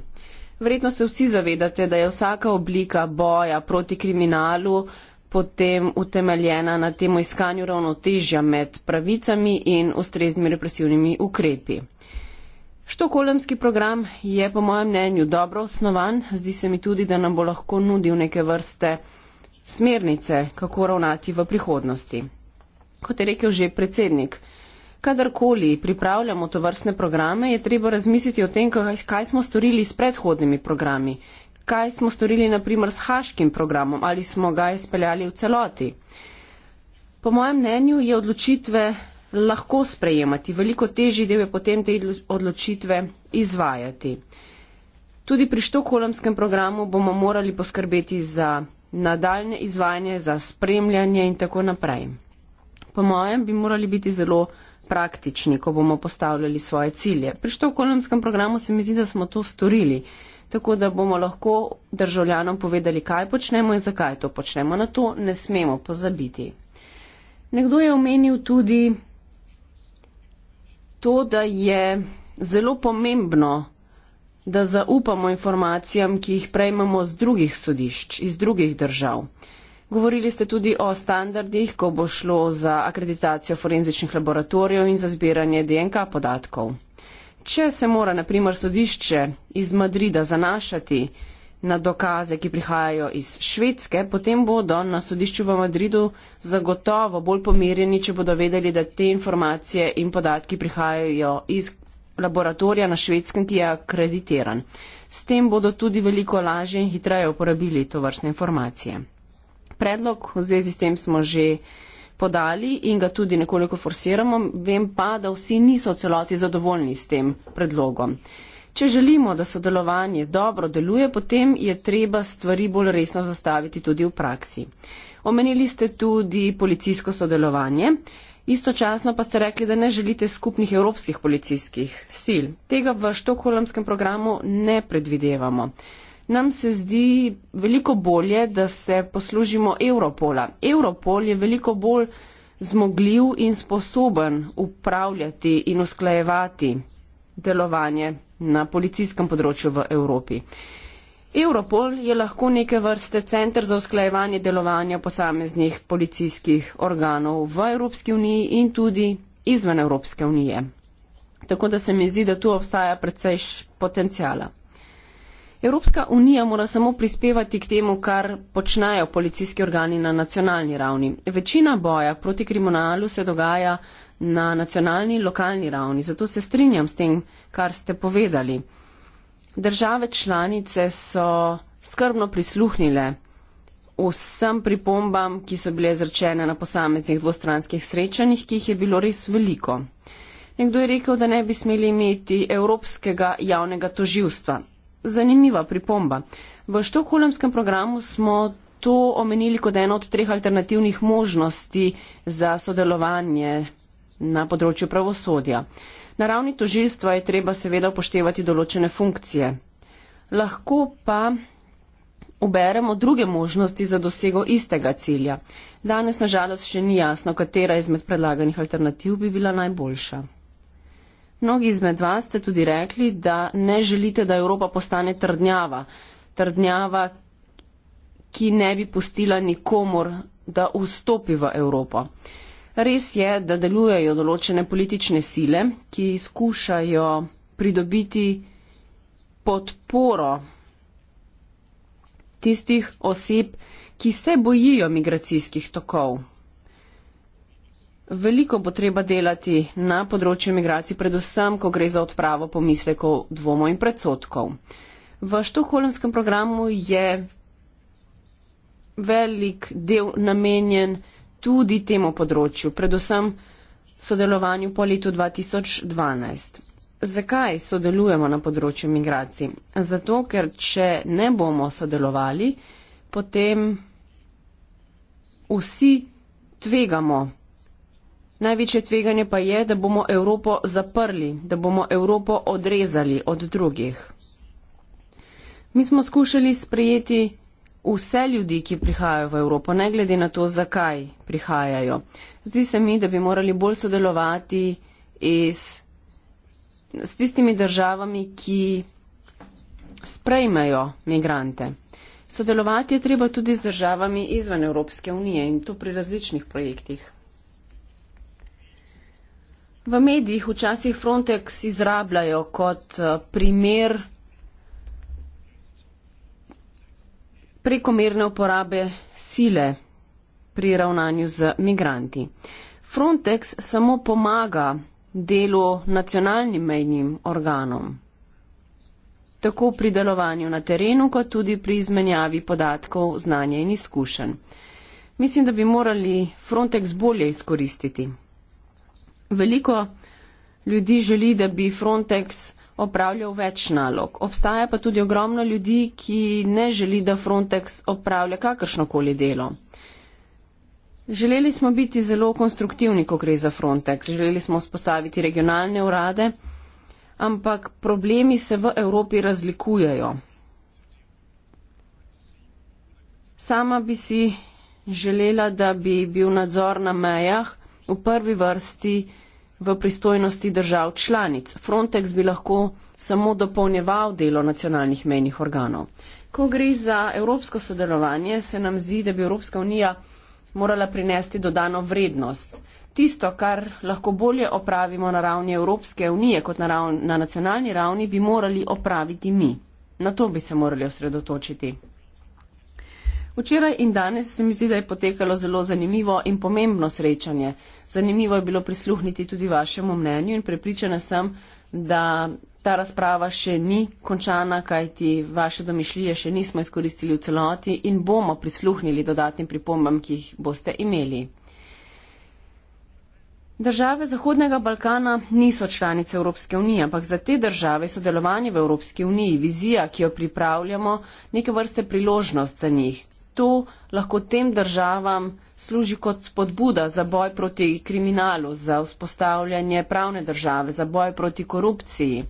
Verjetno se vsi zavedate, da je vsaka oblika boja proti kriminalu potem utemeljena na tem iskanju ravnotežja med pravicami in ustreznimi represivnimi ukrepi. Štokolemski program je po mojem mnenju dobro osnovan, zdi se mi tudi, da nam bo lahko nudil neke vrste smernice, kako ravnati v prihodnosti. Kot je rekel že predsednik, kadarkoli pripravljamo to vrstne programe, je treba razmisliti o tem, kaj smo storili s predhodnimi programi. Kaj smo storili naprimer s haškim programom ali smo ga izpeljali v celoti. Po mojem mnenju je odločitve lahko sprejemati, veliko težji del je potem te odločitve izvajati. Tudi pri štokolemskem programu bomo morali poskrbeti za nadaljne izvajanje, za spremljanje in tako naprej. Po mojem bi morali biti zelo praktični, ko bomo postavljali svoje cilje. Pri štokolomskem programu se mi zdi, da smo to storili, tako da bomo lahko državljanom povedali, kaj počnemo in zakaj to počnemo. Na to ne smemo pozabiti. Nekdo je omenil tudi to, da je zelo pomembno, da zaupamo informacijam, ki jih prejmemo z drugih sodišč, iz drugih držav. Govorili ste tudi o standardih, ko bo šlo za akreditacijo forenzičnih laboratorijev in za zbiranje DNK podatkov. Če se mora naprimer sodišče iz Madrida zanašati na dokaze, ki prihajajo iz Švedske, potem bodo na sodišču v Madridu zagotovo bolj pomirjeni, če bodo vedeli, da te informacije in podatki prihajajo iz laboratorija na Švedskem, ki je akreditiran. S tem bodo tudi veliko lažje in hitreje uporabili to vrstne informacije predlog v zvezi s tem smo že podali in ga tudi nekoliko forsiramo. Vem pa, da vsi niso celoti zadovoljni s tem predlogom. Če želimo, da sodelovanje dobro deluje, potem je treba stvari bolj resno zastaviti tudi v praksi. Omenili ste tudi policijsko sodelovanje, istočasno pa ste rekli, da ne želite skupnih evropskih policijskih sil. Tega v štokholmskem programu ne predvidevamo nam se zdi veliko bolje, da se poslužimo Europola. Europol je veliko bolj zmogljiv in sposoben upravljati in usklajevati delovanje na policijskem področju v Evropi. Europol je lahko neke vrste centr za usklajevanje delovanja posameznih policijskih organov v Evropski uniji in tudi izven Evropske unije. Tako da se mi zdi, da tu obstaja precej potencijala. Evropska unija mora samo prispevati k temu, kar počnejo policijski organi na nacionalni ravni. Večina boja proti kriminalu se dogaja na nacionalni, lokalni ravni, zato se strinjam s tem, kar ste povedali. Države članice so skrbno prisluhnile vsem pripombam, ki so bile izrečene na posameznih dvostranskih srečanjih, ki jih je bilo res veliko. Nekdo je rekel, da ne bi smeli imeti evropskega javnega toživstva. Zanimiva pripomba. V štokholmskem programu smo to omenili kot eno od treh alternativnih možnosti za sodelovanje na področju pravosodja. Na ravni tožilstva je treba seveda upoštevati določene funkcije. Lahko pa uberemo druge možnosti za dosego istega cilja. Danes nažalost še ni jasno, katera izmed predlaganih alternativ bi bila najboljša. Mnogi izmed vas ste tudi rekli, da ne želite, da Evropa postane trdnjava. Trdnjava, ki ne bi pustila nikomor, da vstopi v Evropo. Res je, da delujejo določene politične sile, ki skušajo pridobiti podporo tistih oseb, ki se bojijo migracijskih tokov veliko bo treba delati na področju migracij, predvsem, ko gre za odpravo pomislekov, dvomov in predsotkov. V štokholmskem programu je velik del namenjen tudi temu področju, predvsem sodelovanju po letu 2012. Zakaj sodelujemo na področju migracij? Zato, ker če ne bomo sodelovali, potem vsi tvegamo Največje tveganje pa je, da bomo Evropo zaprli, da bomo Evropo odrezali od drugih. Mi smo skušali sprejeti vse ljudi, ki prihajajo v Evropo, ne glede na to, zakaj prihajajo. Zdi se mi, da bi morali bolj sodelovati iz, s tistimi državami, ki sprejmejo migrante. Sodelovati je treba tudi z državami izven Evropske unije in to pri različnih projektih v medijih včasih Frontex izrabljajo kot eh, primer prekomerne uporabe sile pri ravnanju z migranti. Frontex samo pomaga delu nacionalnim mejnim organom, tako pri delovanju na terenu, kot tudi pri izmenjavi podatkov, znanja in izkušenj. Mislim, da bi morali Frontex bolje izkoristiti. Veliko ljudi želi, da bi Frontex opravljal več nalog. Obstaja pa tudi ogromno ljudi, ki ne želi, da Frontex opravlja kakršnokoli delo. Želeli smo biti zelo konstruktivni, ko gre za Frontex. Želeli smo spostaviti regionalne urade, ampak problemi se v Evropi razlikujejo. Sama bi si želela, da bi bil nadzor na mejah v prvi vrsti v pristojnosti držav članic. Frontex bi lahko samo dopolnjeval delo nacionalnih mejnih organov. Ko gre za evropsko sodelovanje, se nam zdi, da bi Evropska unija morala prinesti dodano vrednost. Tisto, kar lahko bolje opravimo na ravni Evropske unije kot na, ravni, na nacionalni ravni, bi morali opraviti mi. Na to bi se morali osredotočiti. Včeraj in danes se mi zdi, da je potekalo zelo zanimivo in pomembno srečanje. Zanimivo je bilo prisluhniti tudi vašemu mnenju in prepričana sem, da ta razprava še ni končana, kajti vaše domišljije še nismo izkoristili v celoti in bomo prisluhnili dodatnim pripombam, ki jih boste imeli. Države Zahodnega Balkana niso članice Evropske unije, ampak za te države sodelovanje v Evropski uniji, vizija, ki jo pripravljamo, neke vrste priložnost za njih to lahko tem državam služi kot spodbuda za boj proti kriminalu, za vzpostavljanje pravne države, za boj proti korupciji,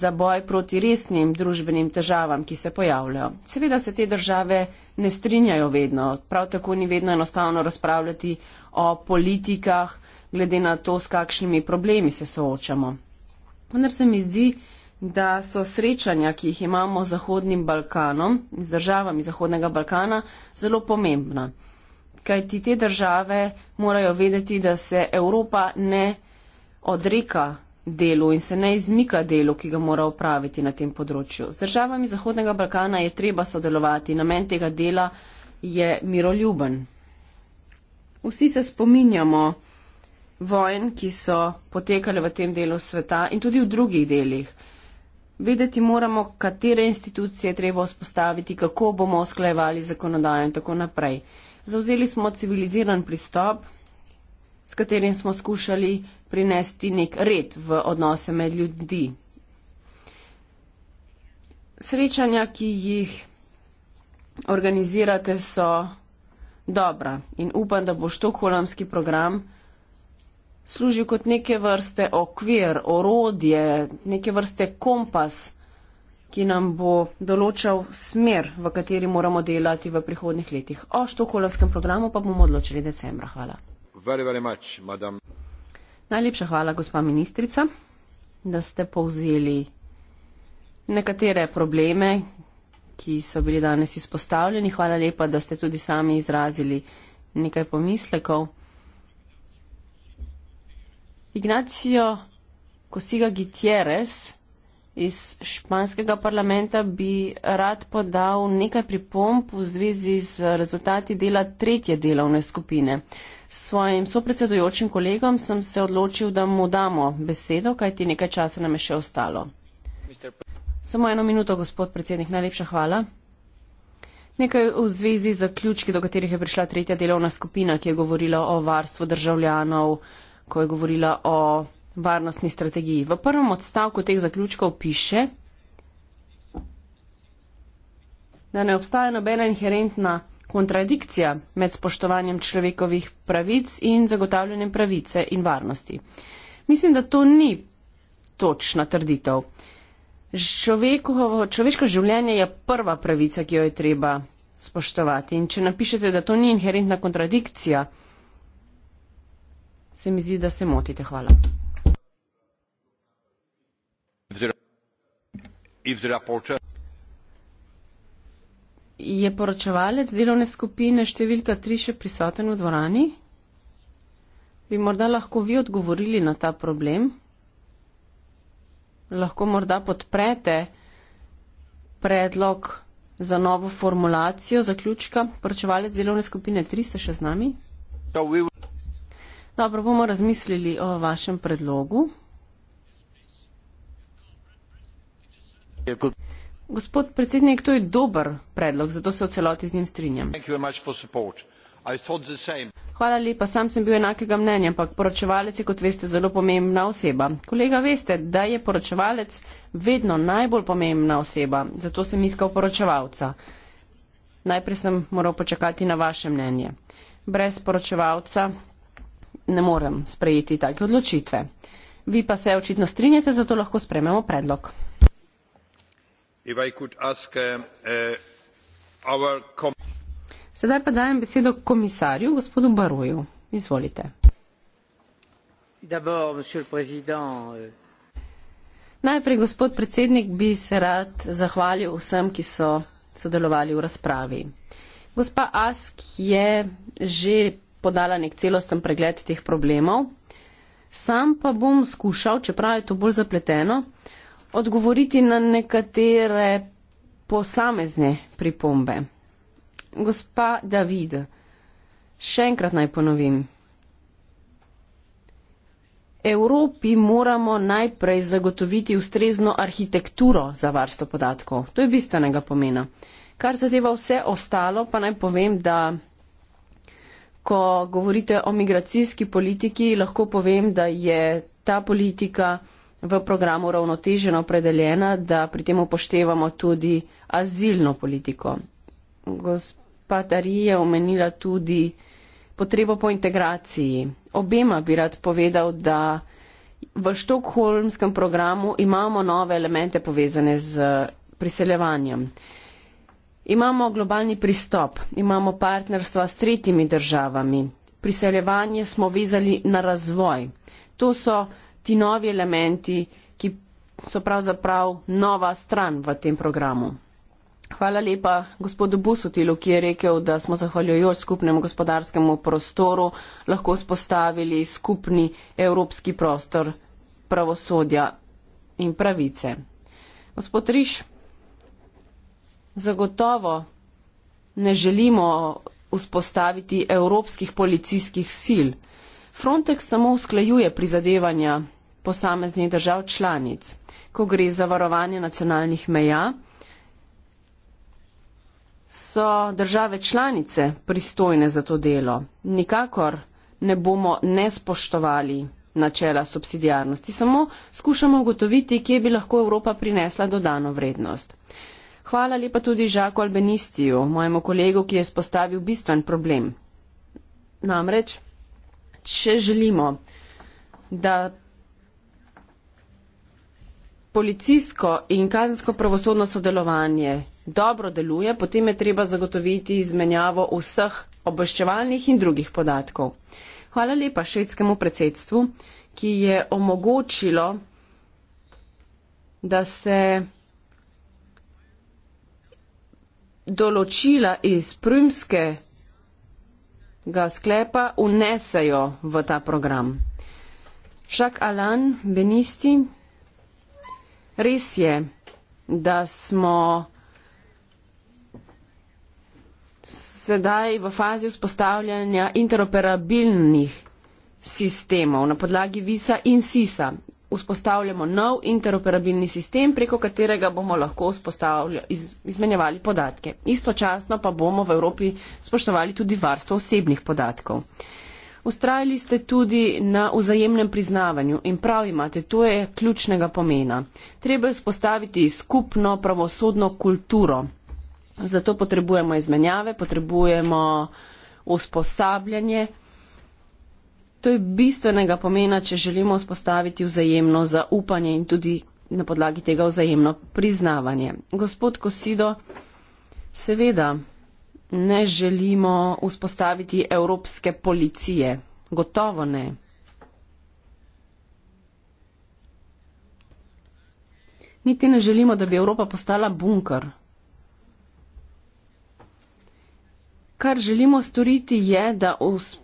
za boj proti resnim družbenim težavam, ki se pojavljajo. Seveda se te države ne strinjajo vedno, prav tako ni vedno enostavno razpravljati o politikah, glede na to, s kakšnimi problemi se soočamo. Vendar se mi zdi, da so srečanja, ki jih imamo z Zahodnim Balkanom, z državami Zahodnega Balkana, zelo pomembna. Kaj ti te države morajo vedeti, da se Evropa ne odreka delu in se ne izmika delu, ki ga mora upraviti na tem področju. Z državami Zahodnega Balkana je treba sodelovati. Namen tega dela je miroljuben. Vsi se spominjamo vojn, ki so potekale v tem delu sveta in tudi v drugih delih. Vedeti moramo, katere institucije treba vzpostaviti, kako bomo osklajevali zakonodajo in tako naprej. Zauzeli smo civiliziran pristop, s katerim smo skušali prinesti nek red v odnose med ljudi. Srečanja, ki jih organizirate, so dobra in upam, da bo štokholamski program služil kot neke vrste okvir, orodje, neke vrste kompas, ki nam bo določal smer, v kateri moramo delati v prihodnih letih. O štokolarskem programu pa bomo odločili decembra. Hvala. Very, very much, Najlepša hvala, gospa ministrica, da ste povzeli nekatere probleme, ki so bili danes izpostavljeni. Hvala lepa, da ste tudi sami izrazili nekaj pomislekov. Ignacio Kosiga Gutierrez iz španskega parlamenta bi rad podal nekaj pripomp v zvezi z rezultati dela tretje delovne skupine. S svojim sopredsedujočim kolegom sem se odločil, da mu damo besedo, kajti nekaj časa nam je še ostalo. Samo eno minuto, gospod predsednik, najlepša hvala. Nekaj v zvezi z zaključki, do katerih je prišla tretja delovna skupina, ki je govorila o varstvu državljanov, ko je govorila o varnostni strategiji. V prvem odstavku teh zaključkov piše, da ne obstaja nobena inherentna kontradikcija med spoštovanjem človekovih pravic in zagotavljanjem pravice in varnosti. Mislim, da to ni točna trditev. Človekovo, človeško življenje je prva pravica, ki jo je treba spoštovati. In če napišete, da to ni inherentna kontradikcija, Se mi zdi, da se motite. Hvala. Je poročevalec delovne skupine številka 3 še prisoten v dvorani? Bi morda lahko vi odgovorili na ta problem? Lahko morda podprete predlog za novo formulacijo zaključka? Poročevalec delovne skupine 3 ste še z nami? So, Dobro, bomo razmislili o vašem predlogu. Gospod predsednik, to je dober predlog, zato se v celoti z njim strinjam. Hvala lepa, sam sem bil enakega mnenja, ampak poročevalec je, kot veste, zelo pomembna oseba. Kolega, veste, da je poročevalec vedno najbolj pomembna oseba, zato sem iskal poročevalca. Najprej sem moral počakati na vaše mnenje. Brez poročevalca ne morem sprejeti take odločitve. Vi pa se očitno strinjate, zato lahko sprememo predlog. Ask, uh, uh Sedaj pa dajem besedo komisarju, gospodu Baroju. Izvolite. Euh- Najprej, gospod predsednik, bi se rad zahvalil vsem, ki so sodelovali v razpravi. Gospa Ask je že podala nek celosten pregled teh problemov. Sam pa bom skušal, čeprav je to bolj zapleteno, odgovoriti na nekatere posamezne pripombe. Gospa David, še enkrat naj ponovim. Evropi moramo najprej zagotoviti ustrezno arhitekturo za varstvo podatkov. To je bistvenega pomena. Kar zadeva vse ostalo, pa naj povem, da Ko govorite o migracijski politiki, lahko povem, da je ta politika v programu ravnoteženo opredeljena, da pri tem upoštevamo tudi azilno politiko. Gospa Tari je omenila tudi potrebo po integraciji. Obema bi rad povedal, da v štokholmskem programu imamo nove elemente povezane z priseljevanjem. Imamo globalni pristop, imamo partnerstva s tretjimi državami, priseljevanje smo vezali na razvoj. To so ti novi elementi, ki so pravzaprav nova stran v tem programu. Hvala lepa gospodu Busutilu, ki je rekel, da smo zahvaljujoč skupnemu gospodarskemu prostoru lahko spostavili skupni evropski prostor pravosodja in pravice. Gospod Riš, Zagotovo ne želimo vzpostaviti evropskih policijskih sil. Frontex samo usklajuje prizadevanja posameznih držav članic, ko gre za varovanje nacionalnih meja. So države članice pristojne za to delo? Nikakor ne bomo nespoštovali načela subsidijarnosti, samo skušamo ugotoviti, kje bi lahko Evropa prinesla dodano vrednost. Hvala lepa tudi Žaku Albenistiju, mojemu kolegu, ki je spostavil bistven problem. Namreč, če želimo, da policijsko in kazensko pravosodno sodelovanje dobro deluje, potem je treba zagotoviti izmenjavo vseh obveščevalnih in drugih podatkov. Hvala lepa švedskemu predsedstvu, ki je omogočilo, da se določila iz prümskega sklepa unesejo v ta program. Čak Alan, Benisti, res je, da smo sedaj v fazi vzpostavljanja interoperabilnih sistemov na podlagi visa in sisa vzpostavljamo nov interoperabilni sistem, preko katerega bomo lahko iz, izmenjevali podatke. Istočasno pa bomo v Evropi spoštovali tudi varstvo osebnih podatkov. Ustrajali ste tudi na vzajemnem priznavanju in prav imate, to je ključnega pomena. Treba je spostaviti skupno pravosodno kulturo. Zato potrebujemo izmenjave, potrebujemo usposabljanje, To je bistvenega pomena, če želimo vzpostaviti vzajemno zaupanje in tudi na podlagi tega vzajemno priznavanje. Gospod Kosido, seveda ne želimo vzpostaviti evropske policije. Gotovo ne. Niti ne želimo, da bi Evropa postala bunker. Kar želimo storiti je, da vzpostavimo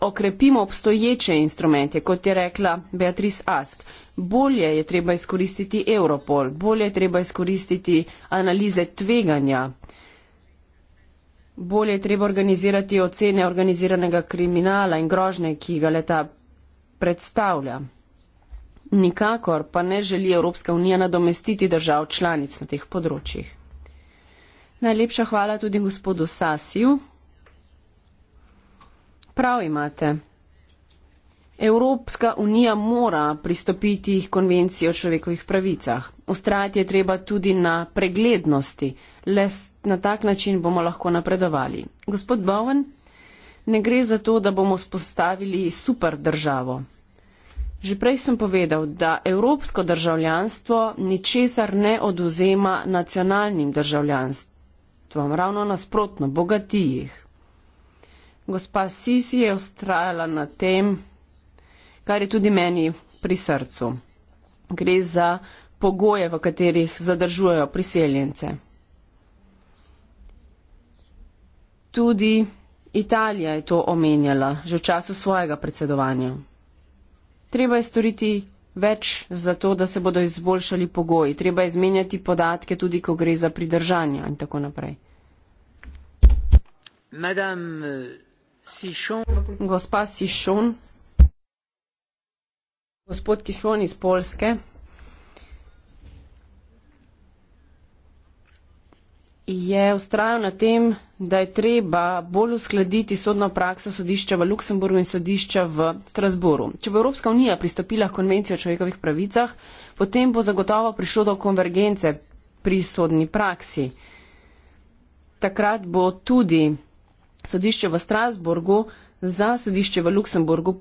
okrepimo obstoječe instrumente, kot je rekla Beatrice Ask. Bolje je treba izkoristiti Europol, bolje je treba izkoristiti analize tveganja, bolje je treba organizirati ocene organiziranega kriminala in grožne, ki ga leta predstavlja. Nikakor pa ne želi Evropska unija nadomestiti držav članic na teh področjih. Najlepša hvala tudi gospodu Sasiju prav imate. Evropska unija mora pristopiti k konvenciji o človekovih pravicah. Ustrajati je treba tudi na preglednosti. Le na tak način bomo lahko napredovali. Gospod Bowen, ne gre za to, da bomo spostavili super državo. Že prej sem povedal, da evropsko državljanstvo ničesar ne oduzema nacionalnim državljanstvom. Ravno nasprotno, bogati jih gospa Sisi je ustrajala na tem, kar je tudi meni pri srcu. Gre za pogoje, v katerih zadržujejo priseljence. Tudi Italija je to omenjala že v času svojega predsedovanja. Treba je storiti več za to, da se bodo izboljšali pogoji. Treba je izmenjati podatke tudi, ko gre za pridržanja in tako naprej. Madame... Gospa Sišon, gospod Kišon iz Poljske. Je ustrajal na tem, da je treba bolj uskladiti sodno prakso sodišča v Luksemburgu in sodišča v Strasburu. Če bo Evropska unija pristopila k konvenciji o človekovih pravicah, potem bo zagotovo prišlo do konvergence pri sodni praksi. Takrat bo tudi sodišče v Strasburgu za sodišče v Luksemburgu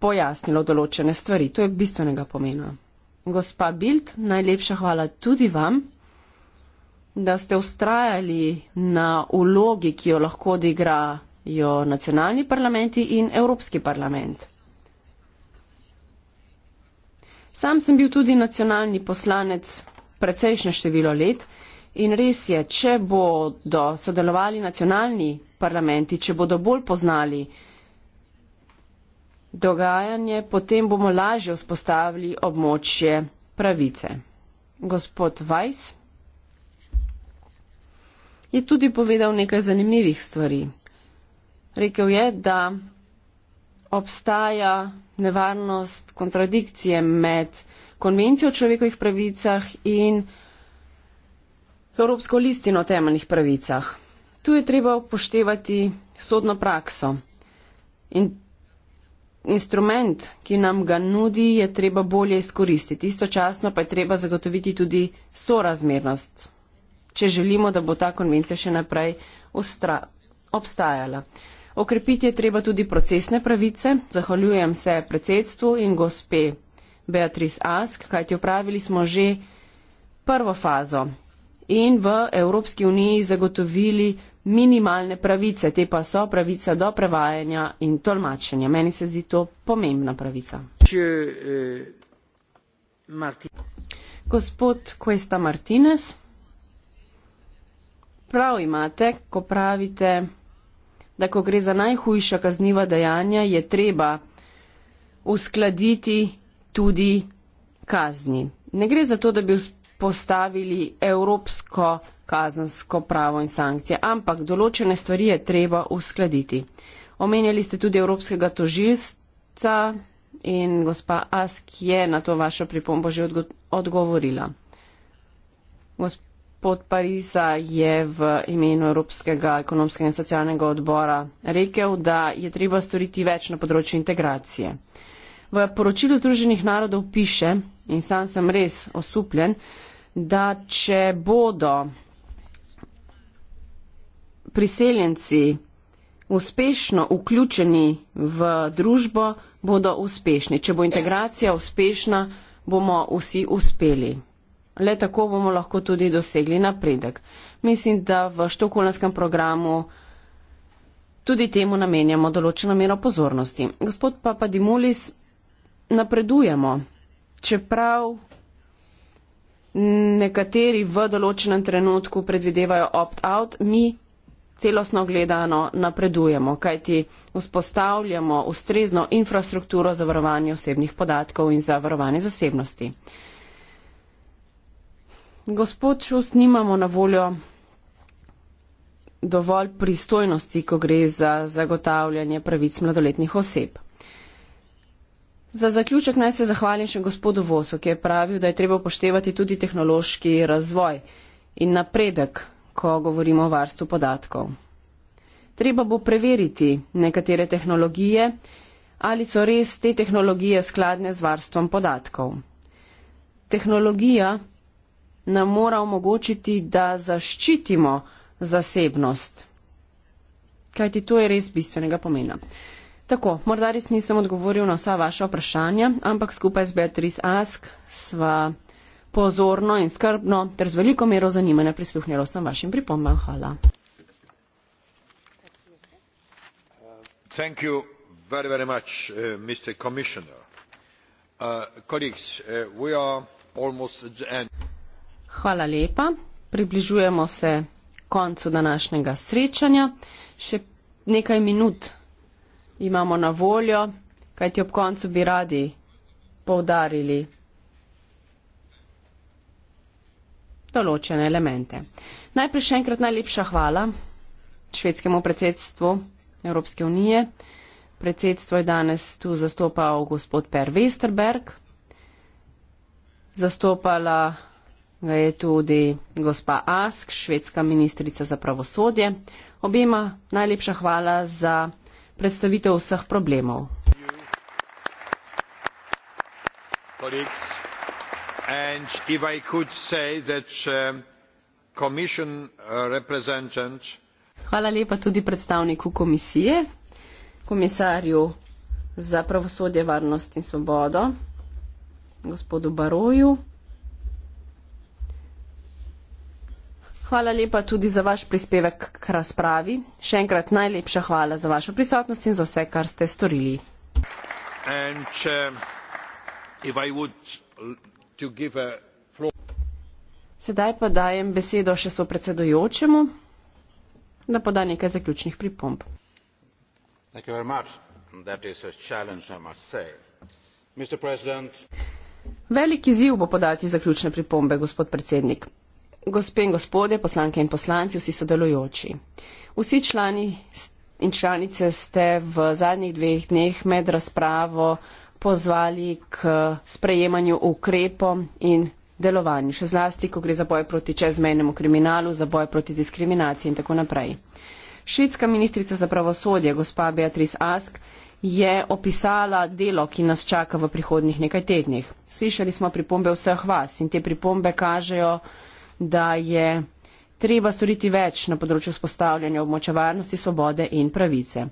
pojasnilo določene stvari. To je bistvenega pomena. Gospa Bild, najlepša hvala tudi vam, da ste ustrajali na ulogi, ki jo lahko odigrajo nacionalni parlamenti in Evropski parlament. Sam sem bil tudi nacionalni poslanec precejšnje število let. In res je, če bodo sodelovali nacionalni parlamenti, če bodo bolj poznali dogajanje, potem bomo lažje vzpostavili območje pravice. Gospod Vajs je tudi povedal nekaj zanimivih stvari. Rekel je, da obstaja nevarnost kontradikcije med konvencijo o človekovih pravicah in Evropsko listino o temeljnih pravicah. Tu je treba upoštevati sodno prakso. In instrument, ki nam ga nudi, je treba bolje izkoristiti. Istočasno pa je treba zagotoviti tudi sorazmernost, če želimo, da bo ta konvencija še naprej ostra, obstajala. Okrepiti je treba tudi procesne pravice. Zahvaljujem se predsedstvu in gospe Beatrice Ask, kajti upravili smo že prvo fazo in v Evropski uniji zagotovili minimalne pravice, te pa so pravica do prevajanja in tolmačenja. Meni se zdi to pomembna pravica. Gospod Kuesta Martinez, prav imate, ko pravite, da ko gre za najhujša kazniva dejanja, je treba uskladiti tudi kazni. Ne gre za to, da bi postavili evropsko kazansko pravo in sankcije, ampak določene stvari je treba uskladiti. Omenjali ste tudi evropskega tožilca in gospa Ask je na to vašo pripombo že odgo odgovorila. Gospod Pariza je v imenu Evropskega ekonomskega in socialnega odbora rekel, da je treba storiti več na področju integracije. V poročilu Združenih narodov piše, in sam sem res osupljen, da če bodo priseljenci uspešno vključeni v družbo, bodo uspešni. Če bo integracija uspešna, bomo vsi uspeli. Le tako bomo lahko tudi dosegli napredek. Mislim, da v štokolanskem programu tudi temu namenjamo določeno mero pozornosti. Gospod Papa Dimulis, napredujemo. Čeprav nekateri v določenem trenutku predvidevajo opt-out, mi celosno gledano napredujemo, kajti vzpostavljamo ustrezno infrastrukturo za varovanje osebnih podatkov in za varovanje zasebnosti. Gospod Šust, nimamo na voljo dovolj pristojnosti, ko gre za zagotavljanje pravic mladoletnih oseb. Za zaključek naj se zahvalim še gospodu Vosu, ki je pravil, da je treba upoštevati tudi tehnološki razvoj in napredek, ko govorimo o varstvu podatkov. Treba bo preveriti nekatere tehnologije, ali so res te tehnologije skladne z varstvom podatkov. Tehnologija nam mora omogočiti, da zaščitimo zasebnost, kajti to je res bistvenega pomena. Tako, morda res nisem odgovoril na vsa vaša vprašanja, ampak skupaj z Beatrice Ask sva pozorno in skrbno ter z veliko mero zanimanja prisluhnila vsem vašim pripombam. Hvala. Thank you very, very much, uh, Mr. Commissioner. Uh, colleagues, uh, we are almost at the end. Hvala lepa. Približujemo se koncu današnjega srečanja. Še nekaj minut imamo na voljo, kajti ob koncu bi radi poudarili določene elemente. Najprej še enkrat najlepša hvala švedskemu predsedstvu Evropske unije. Predsedstvo je danes tu zastopal gospod Per Westerberg. Zastopala ga je tudi gospa Ask, švedska ministrica za pravosodje. Obima najlepša hvala za predstavitev vseh problemov. Um, uh, Hvala lepa tudi predstavniku komisije, komisarju za pravosodje, varnost in svobodo, gospodu Baroju. Hvala lepa tudi za vaš prispevek k razpravi. Še enkrat najlepša hvala za vašo prisotnost in za vse, kar ste storili. Um, uh, Sedaj pa dajem besedo še sopredsedujočemu, da poda nekaj zaključnih pripomb. Velik izziv bo podati zaključne pripombe, gospod predsednik gospe in gospode, poslanke in poslanci, vsi sodelujoči. Vsi člani in članice ste v zadnjih dveh dneh med razpravo pozvali k sprejemanju ukrepov in delovanju, še zlasti, ko gre za boj proti čezmejnemu kriminalu, za boj proti diskriminaciji in tako naprej. Švedska ministrica za pravosodje, gospa Beatrice Ask, je opisala delo, ki nas čaka v prihodnih nekaj tednih. Slišali smo pripombe vseh vas in te pripombe kažejo, da je treba storiti več na področju spostavljanja območja varnosti, svobode in pravice.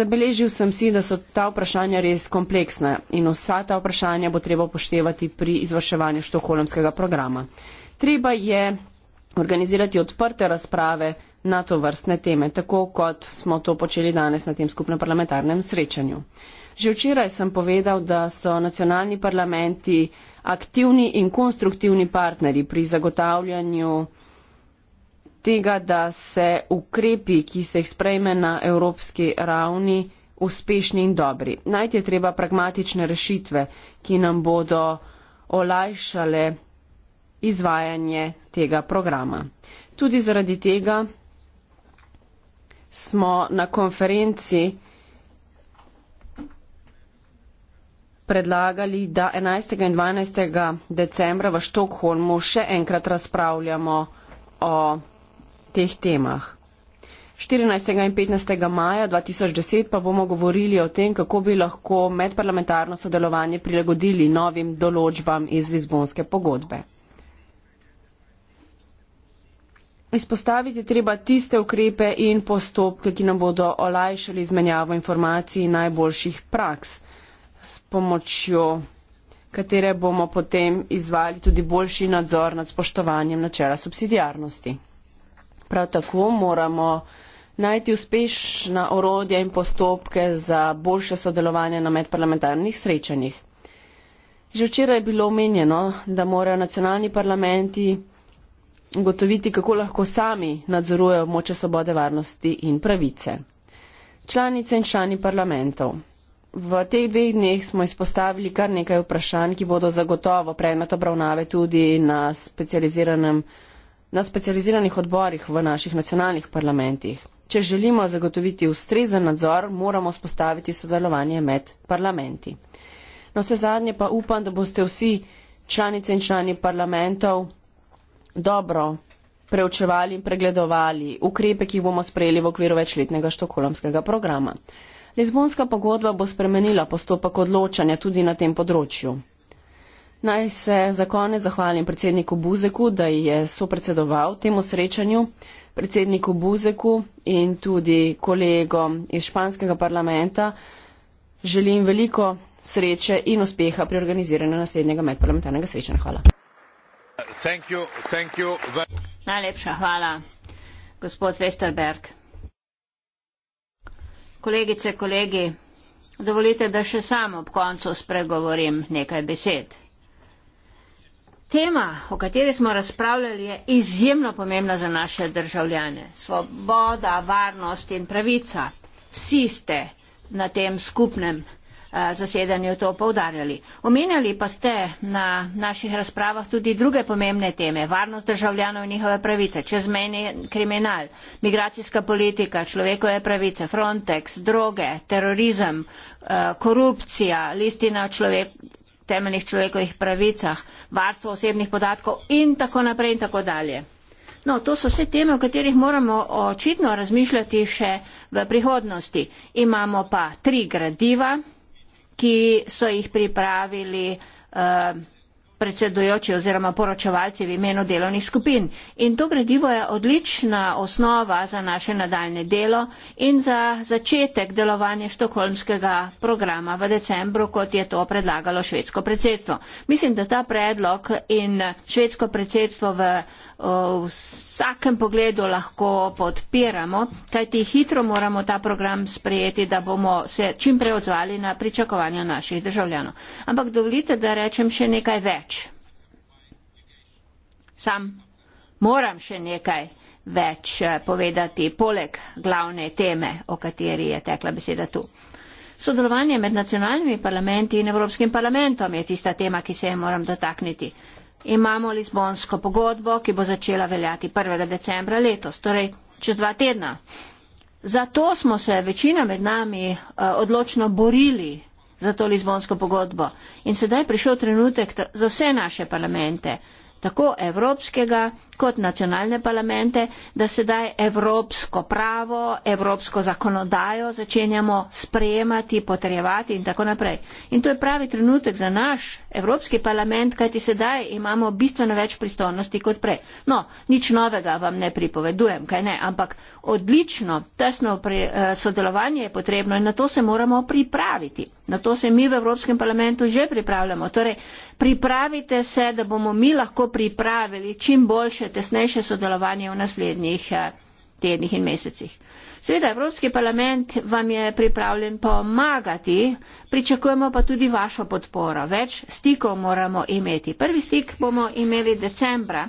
Zabeležil sem si, da so ta vprašanja res kompleksna in vsa ta vprašanja bo treba upoštevati pri izvrševanju štokolemskega programa. Treba je organizirati odprte razprave na to vrstne teme, tako kot smo to počeli danes na tem skupnem parlamentarnem srečanju. Že včeraj sem povedal, da so nacionalni parlamenti aktivni in konstruktivni partneri pri zagotavljanju tega, da se ukrepi, ki se jih sprejme na evropski ravni, uspešni in dobri. Najti je treba pragmatične rešitve, ki nam bodo olajšale izvajanje tega programa. Tudi zaradi tega smo na konferenci predlagali, da 11. in 12. decembra v Štokholmu še enkrat razpravljamo o teh temah. 14. in 15. maja 2010 pa bomo govorili o tem, kako bi lahko medparlamentarno sodelovanje prilagodili novim določbam iz Lizbonske pogodbe. Izpostaviti treba tiste ukrepe in postopke, ki nam bodo olajšali izmenjavo informacij in najboljših praks s pomočjo katere bomo potem izvali tudi boljši nadzor nad spoštovanjem načela subsidijarnosti. Prav tako moramo najti uspešna orodja in postopke za boljše sodelovanje na medparlamentarnih srečanjih. Že včeraj je bilo omenjeno, da morajo nacionalni parlamenti ugotoviti, kako lahko sami nadzorujejo moče svobode, varnosti in pravice. Članice in člani parlamentov. V teh dveh dneh smo izpostavili kar nekaj vprašanj, ki bodo zagotovo predmet obravnave tudi na, na specializiranih odborih v naših nacionalnih parlamentih. Če želimo zagotoviti ustrezen nadzor, moramo spostaviti sodelovanje med parlamenti. No vse zadnje pa upam, da boste vsi članice in člani parlamentov dobro preučevali in pregledovali ukrepe, ki jih bomo sprejeli v okviru večletnega štokolamskega programa. Lizbonska pogodba bo spremenila postopek odločanja tudi na tem področju. Naj se za konec zahvalim predsedniku Buzeku, da je sopredsedoval temu srečanju, predsedniku Buzeku in tudi kolegom iz španskega parlamenta. Želim veliko sreče in uspeha pri organiziranju naslednjega medparlamentarnega srečanja. Hvala. Thank you, thank you. Najlepša hvala, gospod Westerberg. Kolegice, kolegi, dovolite, da še sam ob koncu spregovorim nekaj besed. Tema, o kateri smo razpravljali, je izjemno pomembna za naše državljane. Svoboda, varnost in pravica. Vsi ste na tem skupnem zasedanju to povdarjali. Omenjali pa ste na naših razpravah tudi druge pomembne teme, varnost državljanov in njihove pravice, čezmeni kriminal, migracijska politika, človekove pravice, Frontex, droge, terorizem, eh, korupcija, listina človek, temeljnih človekovih pravicah, varstvo osebnih podatkov in tako naprej in tako dalje. No, to so vse teme, o katerih moramo očitno razmišljati še v prihodnosti. Imamo pa tri gradiva, ki so jih pripravili uh, predsedujoči oziroma poročevalci v imenu delovnih skupin. In to gradivo je odlična osnova za naše nadaljne delo in za začetek delovanja štokholmskega programa v decembru, kot je to predlagalo švedsko predsedstvo. Mislim, da ta predlog in švedsko predsedstvo v v vsakem pogledu lahko podpiramo, kajti hitro moramo ta program sprejeti, da bomo se čim prej odzvali na pričakovanja naših državljanov. Ampak dovolite, da rečem še nekaj več. Sam moram še nekaj več eh, povedati poleg glavne teme, o kateri je tekla beseda tu. Sodelovanje med nacionalnimi parlamenti in Evropskim parlamentom je tista tema, ki se je moram dotakniti imamo Lizbonsko pogodbo, ki bo začela veljati 1. decembra letos, torej čez dva tedna. Zato smo se večina med nami eh, odločno borili za to Lizbonsko pogodbo. In sedaj je prišel trenutek za vse naše parlamente, tako evropskega, kot nacionalne parlamente, da sedaj evropsko pravo, evropsko zakonodajo začenjamo sprejemati, potrjevati in tako naprej. In to je pravi trenutek za naš evropski parlament, kajti sedaj imamo bistveno več pristojnosti kot prej. No, nič novega vam ne pripovedujem, kaj ne, ampak odlično, tesno pri, eh, sodelovanje je potrebno in na to se moramo pripraviti. Na to se mi v Evropskem parlamentu že pripravljamo. Torej, pripravite se, da bomo mi lahko pripravili čim boljše tesnejše sodelovanje v naslednjih eh, tednih in mesecih. Sveda, Evropski parlament vam je pripravljen pomagati, pričakujemo pa tudi vašo podporo. Več stikov moramo imeti. Prvi stik bomo imeli decembra.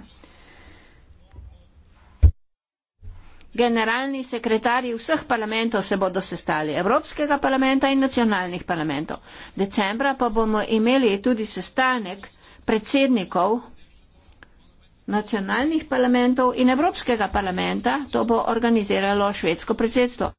Generalni sekretarji vseh parlamentov se bodo sestali, Evropskega parlamenta in nacionalnih parlamentov. Decembra pa bomo imeli tudi sestanek predsednikov nacionalnih parlamentov in Evropskega parlamenta, to bo organiziralo švedsko predsedstvo.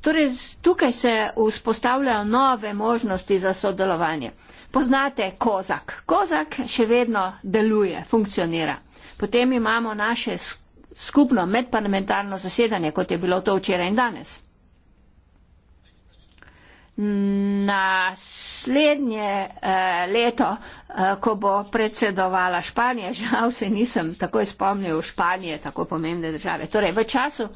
Torej, tukaj se vzpostavljajo nove možnosti za sodelovanje. Poznate Kozak. Kozak še vedno deluje, funkcionira. Potem imamo naše skupno medparlamentarno zasedanje, kot je bilo to včeraj in danes naslednje eh, leto, eh, ko bo predsedovala Španija, [LAUGHS] žal se nisem takoj spomnil Španije, tako pomembne države. Torej, v času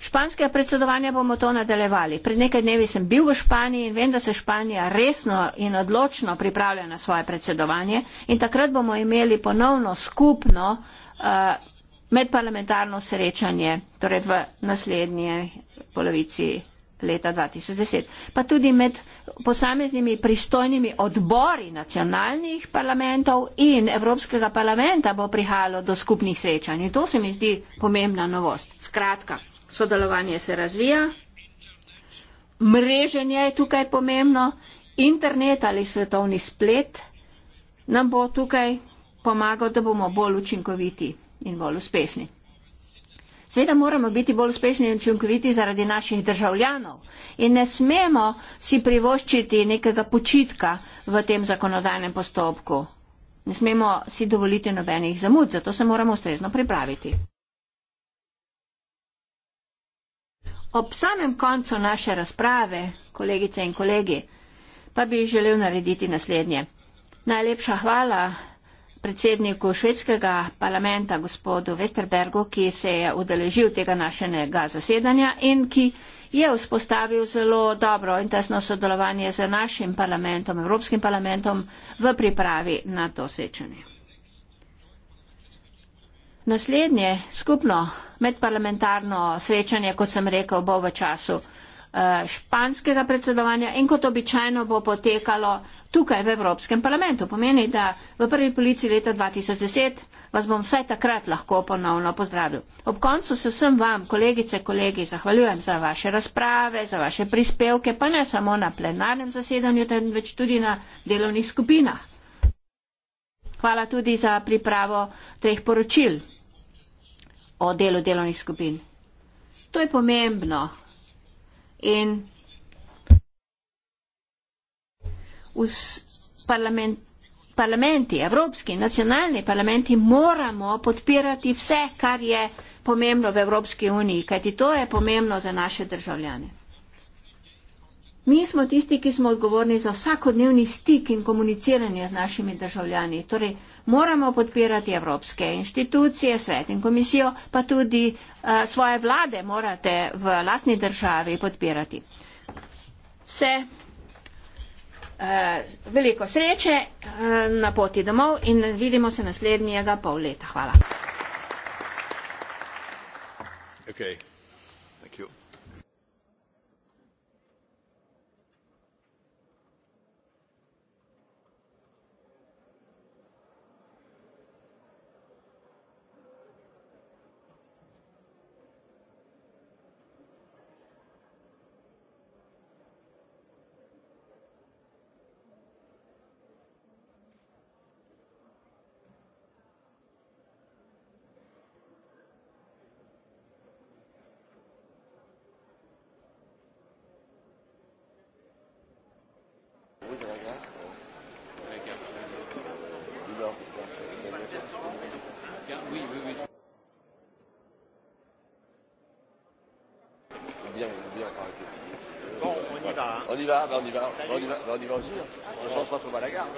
španskega predsedovanja bomo to nadaljevali. Pred nekaj dnevi sem bil v Španiji in vem, da se Španija resno in odločno pripravlja na svoje predsedovanje in takrat bomo imeli ponovno skupno eh, medparlamentarno srečanje, torej v naslednji polovici leta 2010. Pa tudi med posameznimi pristojnimi odbori nacionalnih parlamentov in Evropskega parlamenta bo prihajalo do skupnih srečanj. In to se mi zdi pomembna novost. Skratka, sodelovanje se razvija, mreženje je tukaj pomembno, internet ali svetovni splet nam bo tukaj pomagal, da bomo bolj učinkoviti in bolj uspešni. Seveda moramo biti bolj uspešni in učinkoviti zaradi naših državljanov in ne smemo si privoščiti nekega počitka v tem zakonodajnem postopku. Ne smemo si dovoliti nobenih zamud, zato se moramo ustrezno pripraviti. Ob samem koncu naše razprave, kolegice in kolegi, pa bi želel narediti naslednje. Najlepša hvala predsedniku švedskega parlamenta gospodu Westerbergu, ki se je udeležil tega našega zasedanja in ki je vzpostavil zelo dobro in tesno sodelovanje z našim parlamentom, Evropskim parlamentom v pripravi na to srečanje. Naslednje skupno medparlamentarno srečanje, kot sem rekel, bo v času eh, španskega predsedovanja in kot običajno bo potekalo tukaj v Evropskem parlamentu. Pomeni, da v prvi polici leta 2010 vas bom vsaj takrat lahko ponovno pozdravil. Ob koncu se vsem vam, kolegice, kolegi, zahvaljujem za vaše razprave, za vaše prispevke, pa ne samo na plenarnem zasedanju, temveč tudi na delovnih skupinah. Hvala tudi za pripravo teh poročil o delu delovnih skupin. To je pomembno. In parlament, parlamenti, evropski, nacionalni parlamenti moramo podpirati vse, kar je pomembno v Evropski uniji, kajti to je pomembno za naše državljane. Mi smo tisti, ki smo odgovorni za vsakodnevni stik in komuniciranje z našimi državljani. Torej, moramo podpirati evropske inštitucije, svet in komisijo, pa tudi uh, svoje vlade morate v lasni državi podpirati. Vse. Eh, veliko sreče eh, na poti domov in vidimo se naslednjega pol leta. Hvala. Okay. on y va, on y va, on y va, on y va aussi. Je change pas trop à la gare.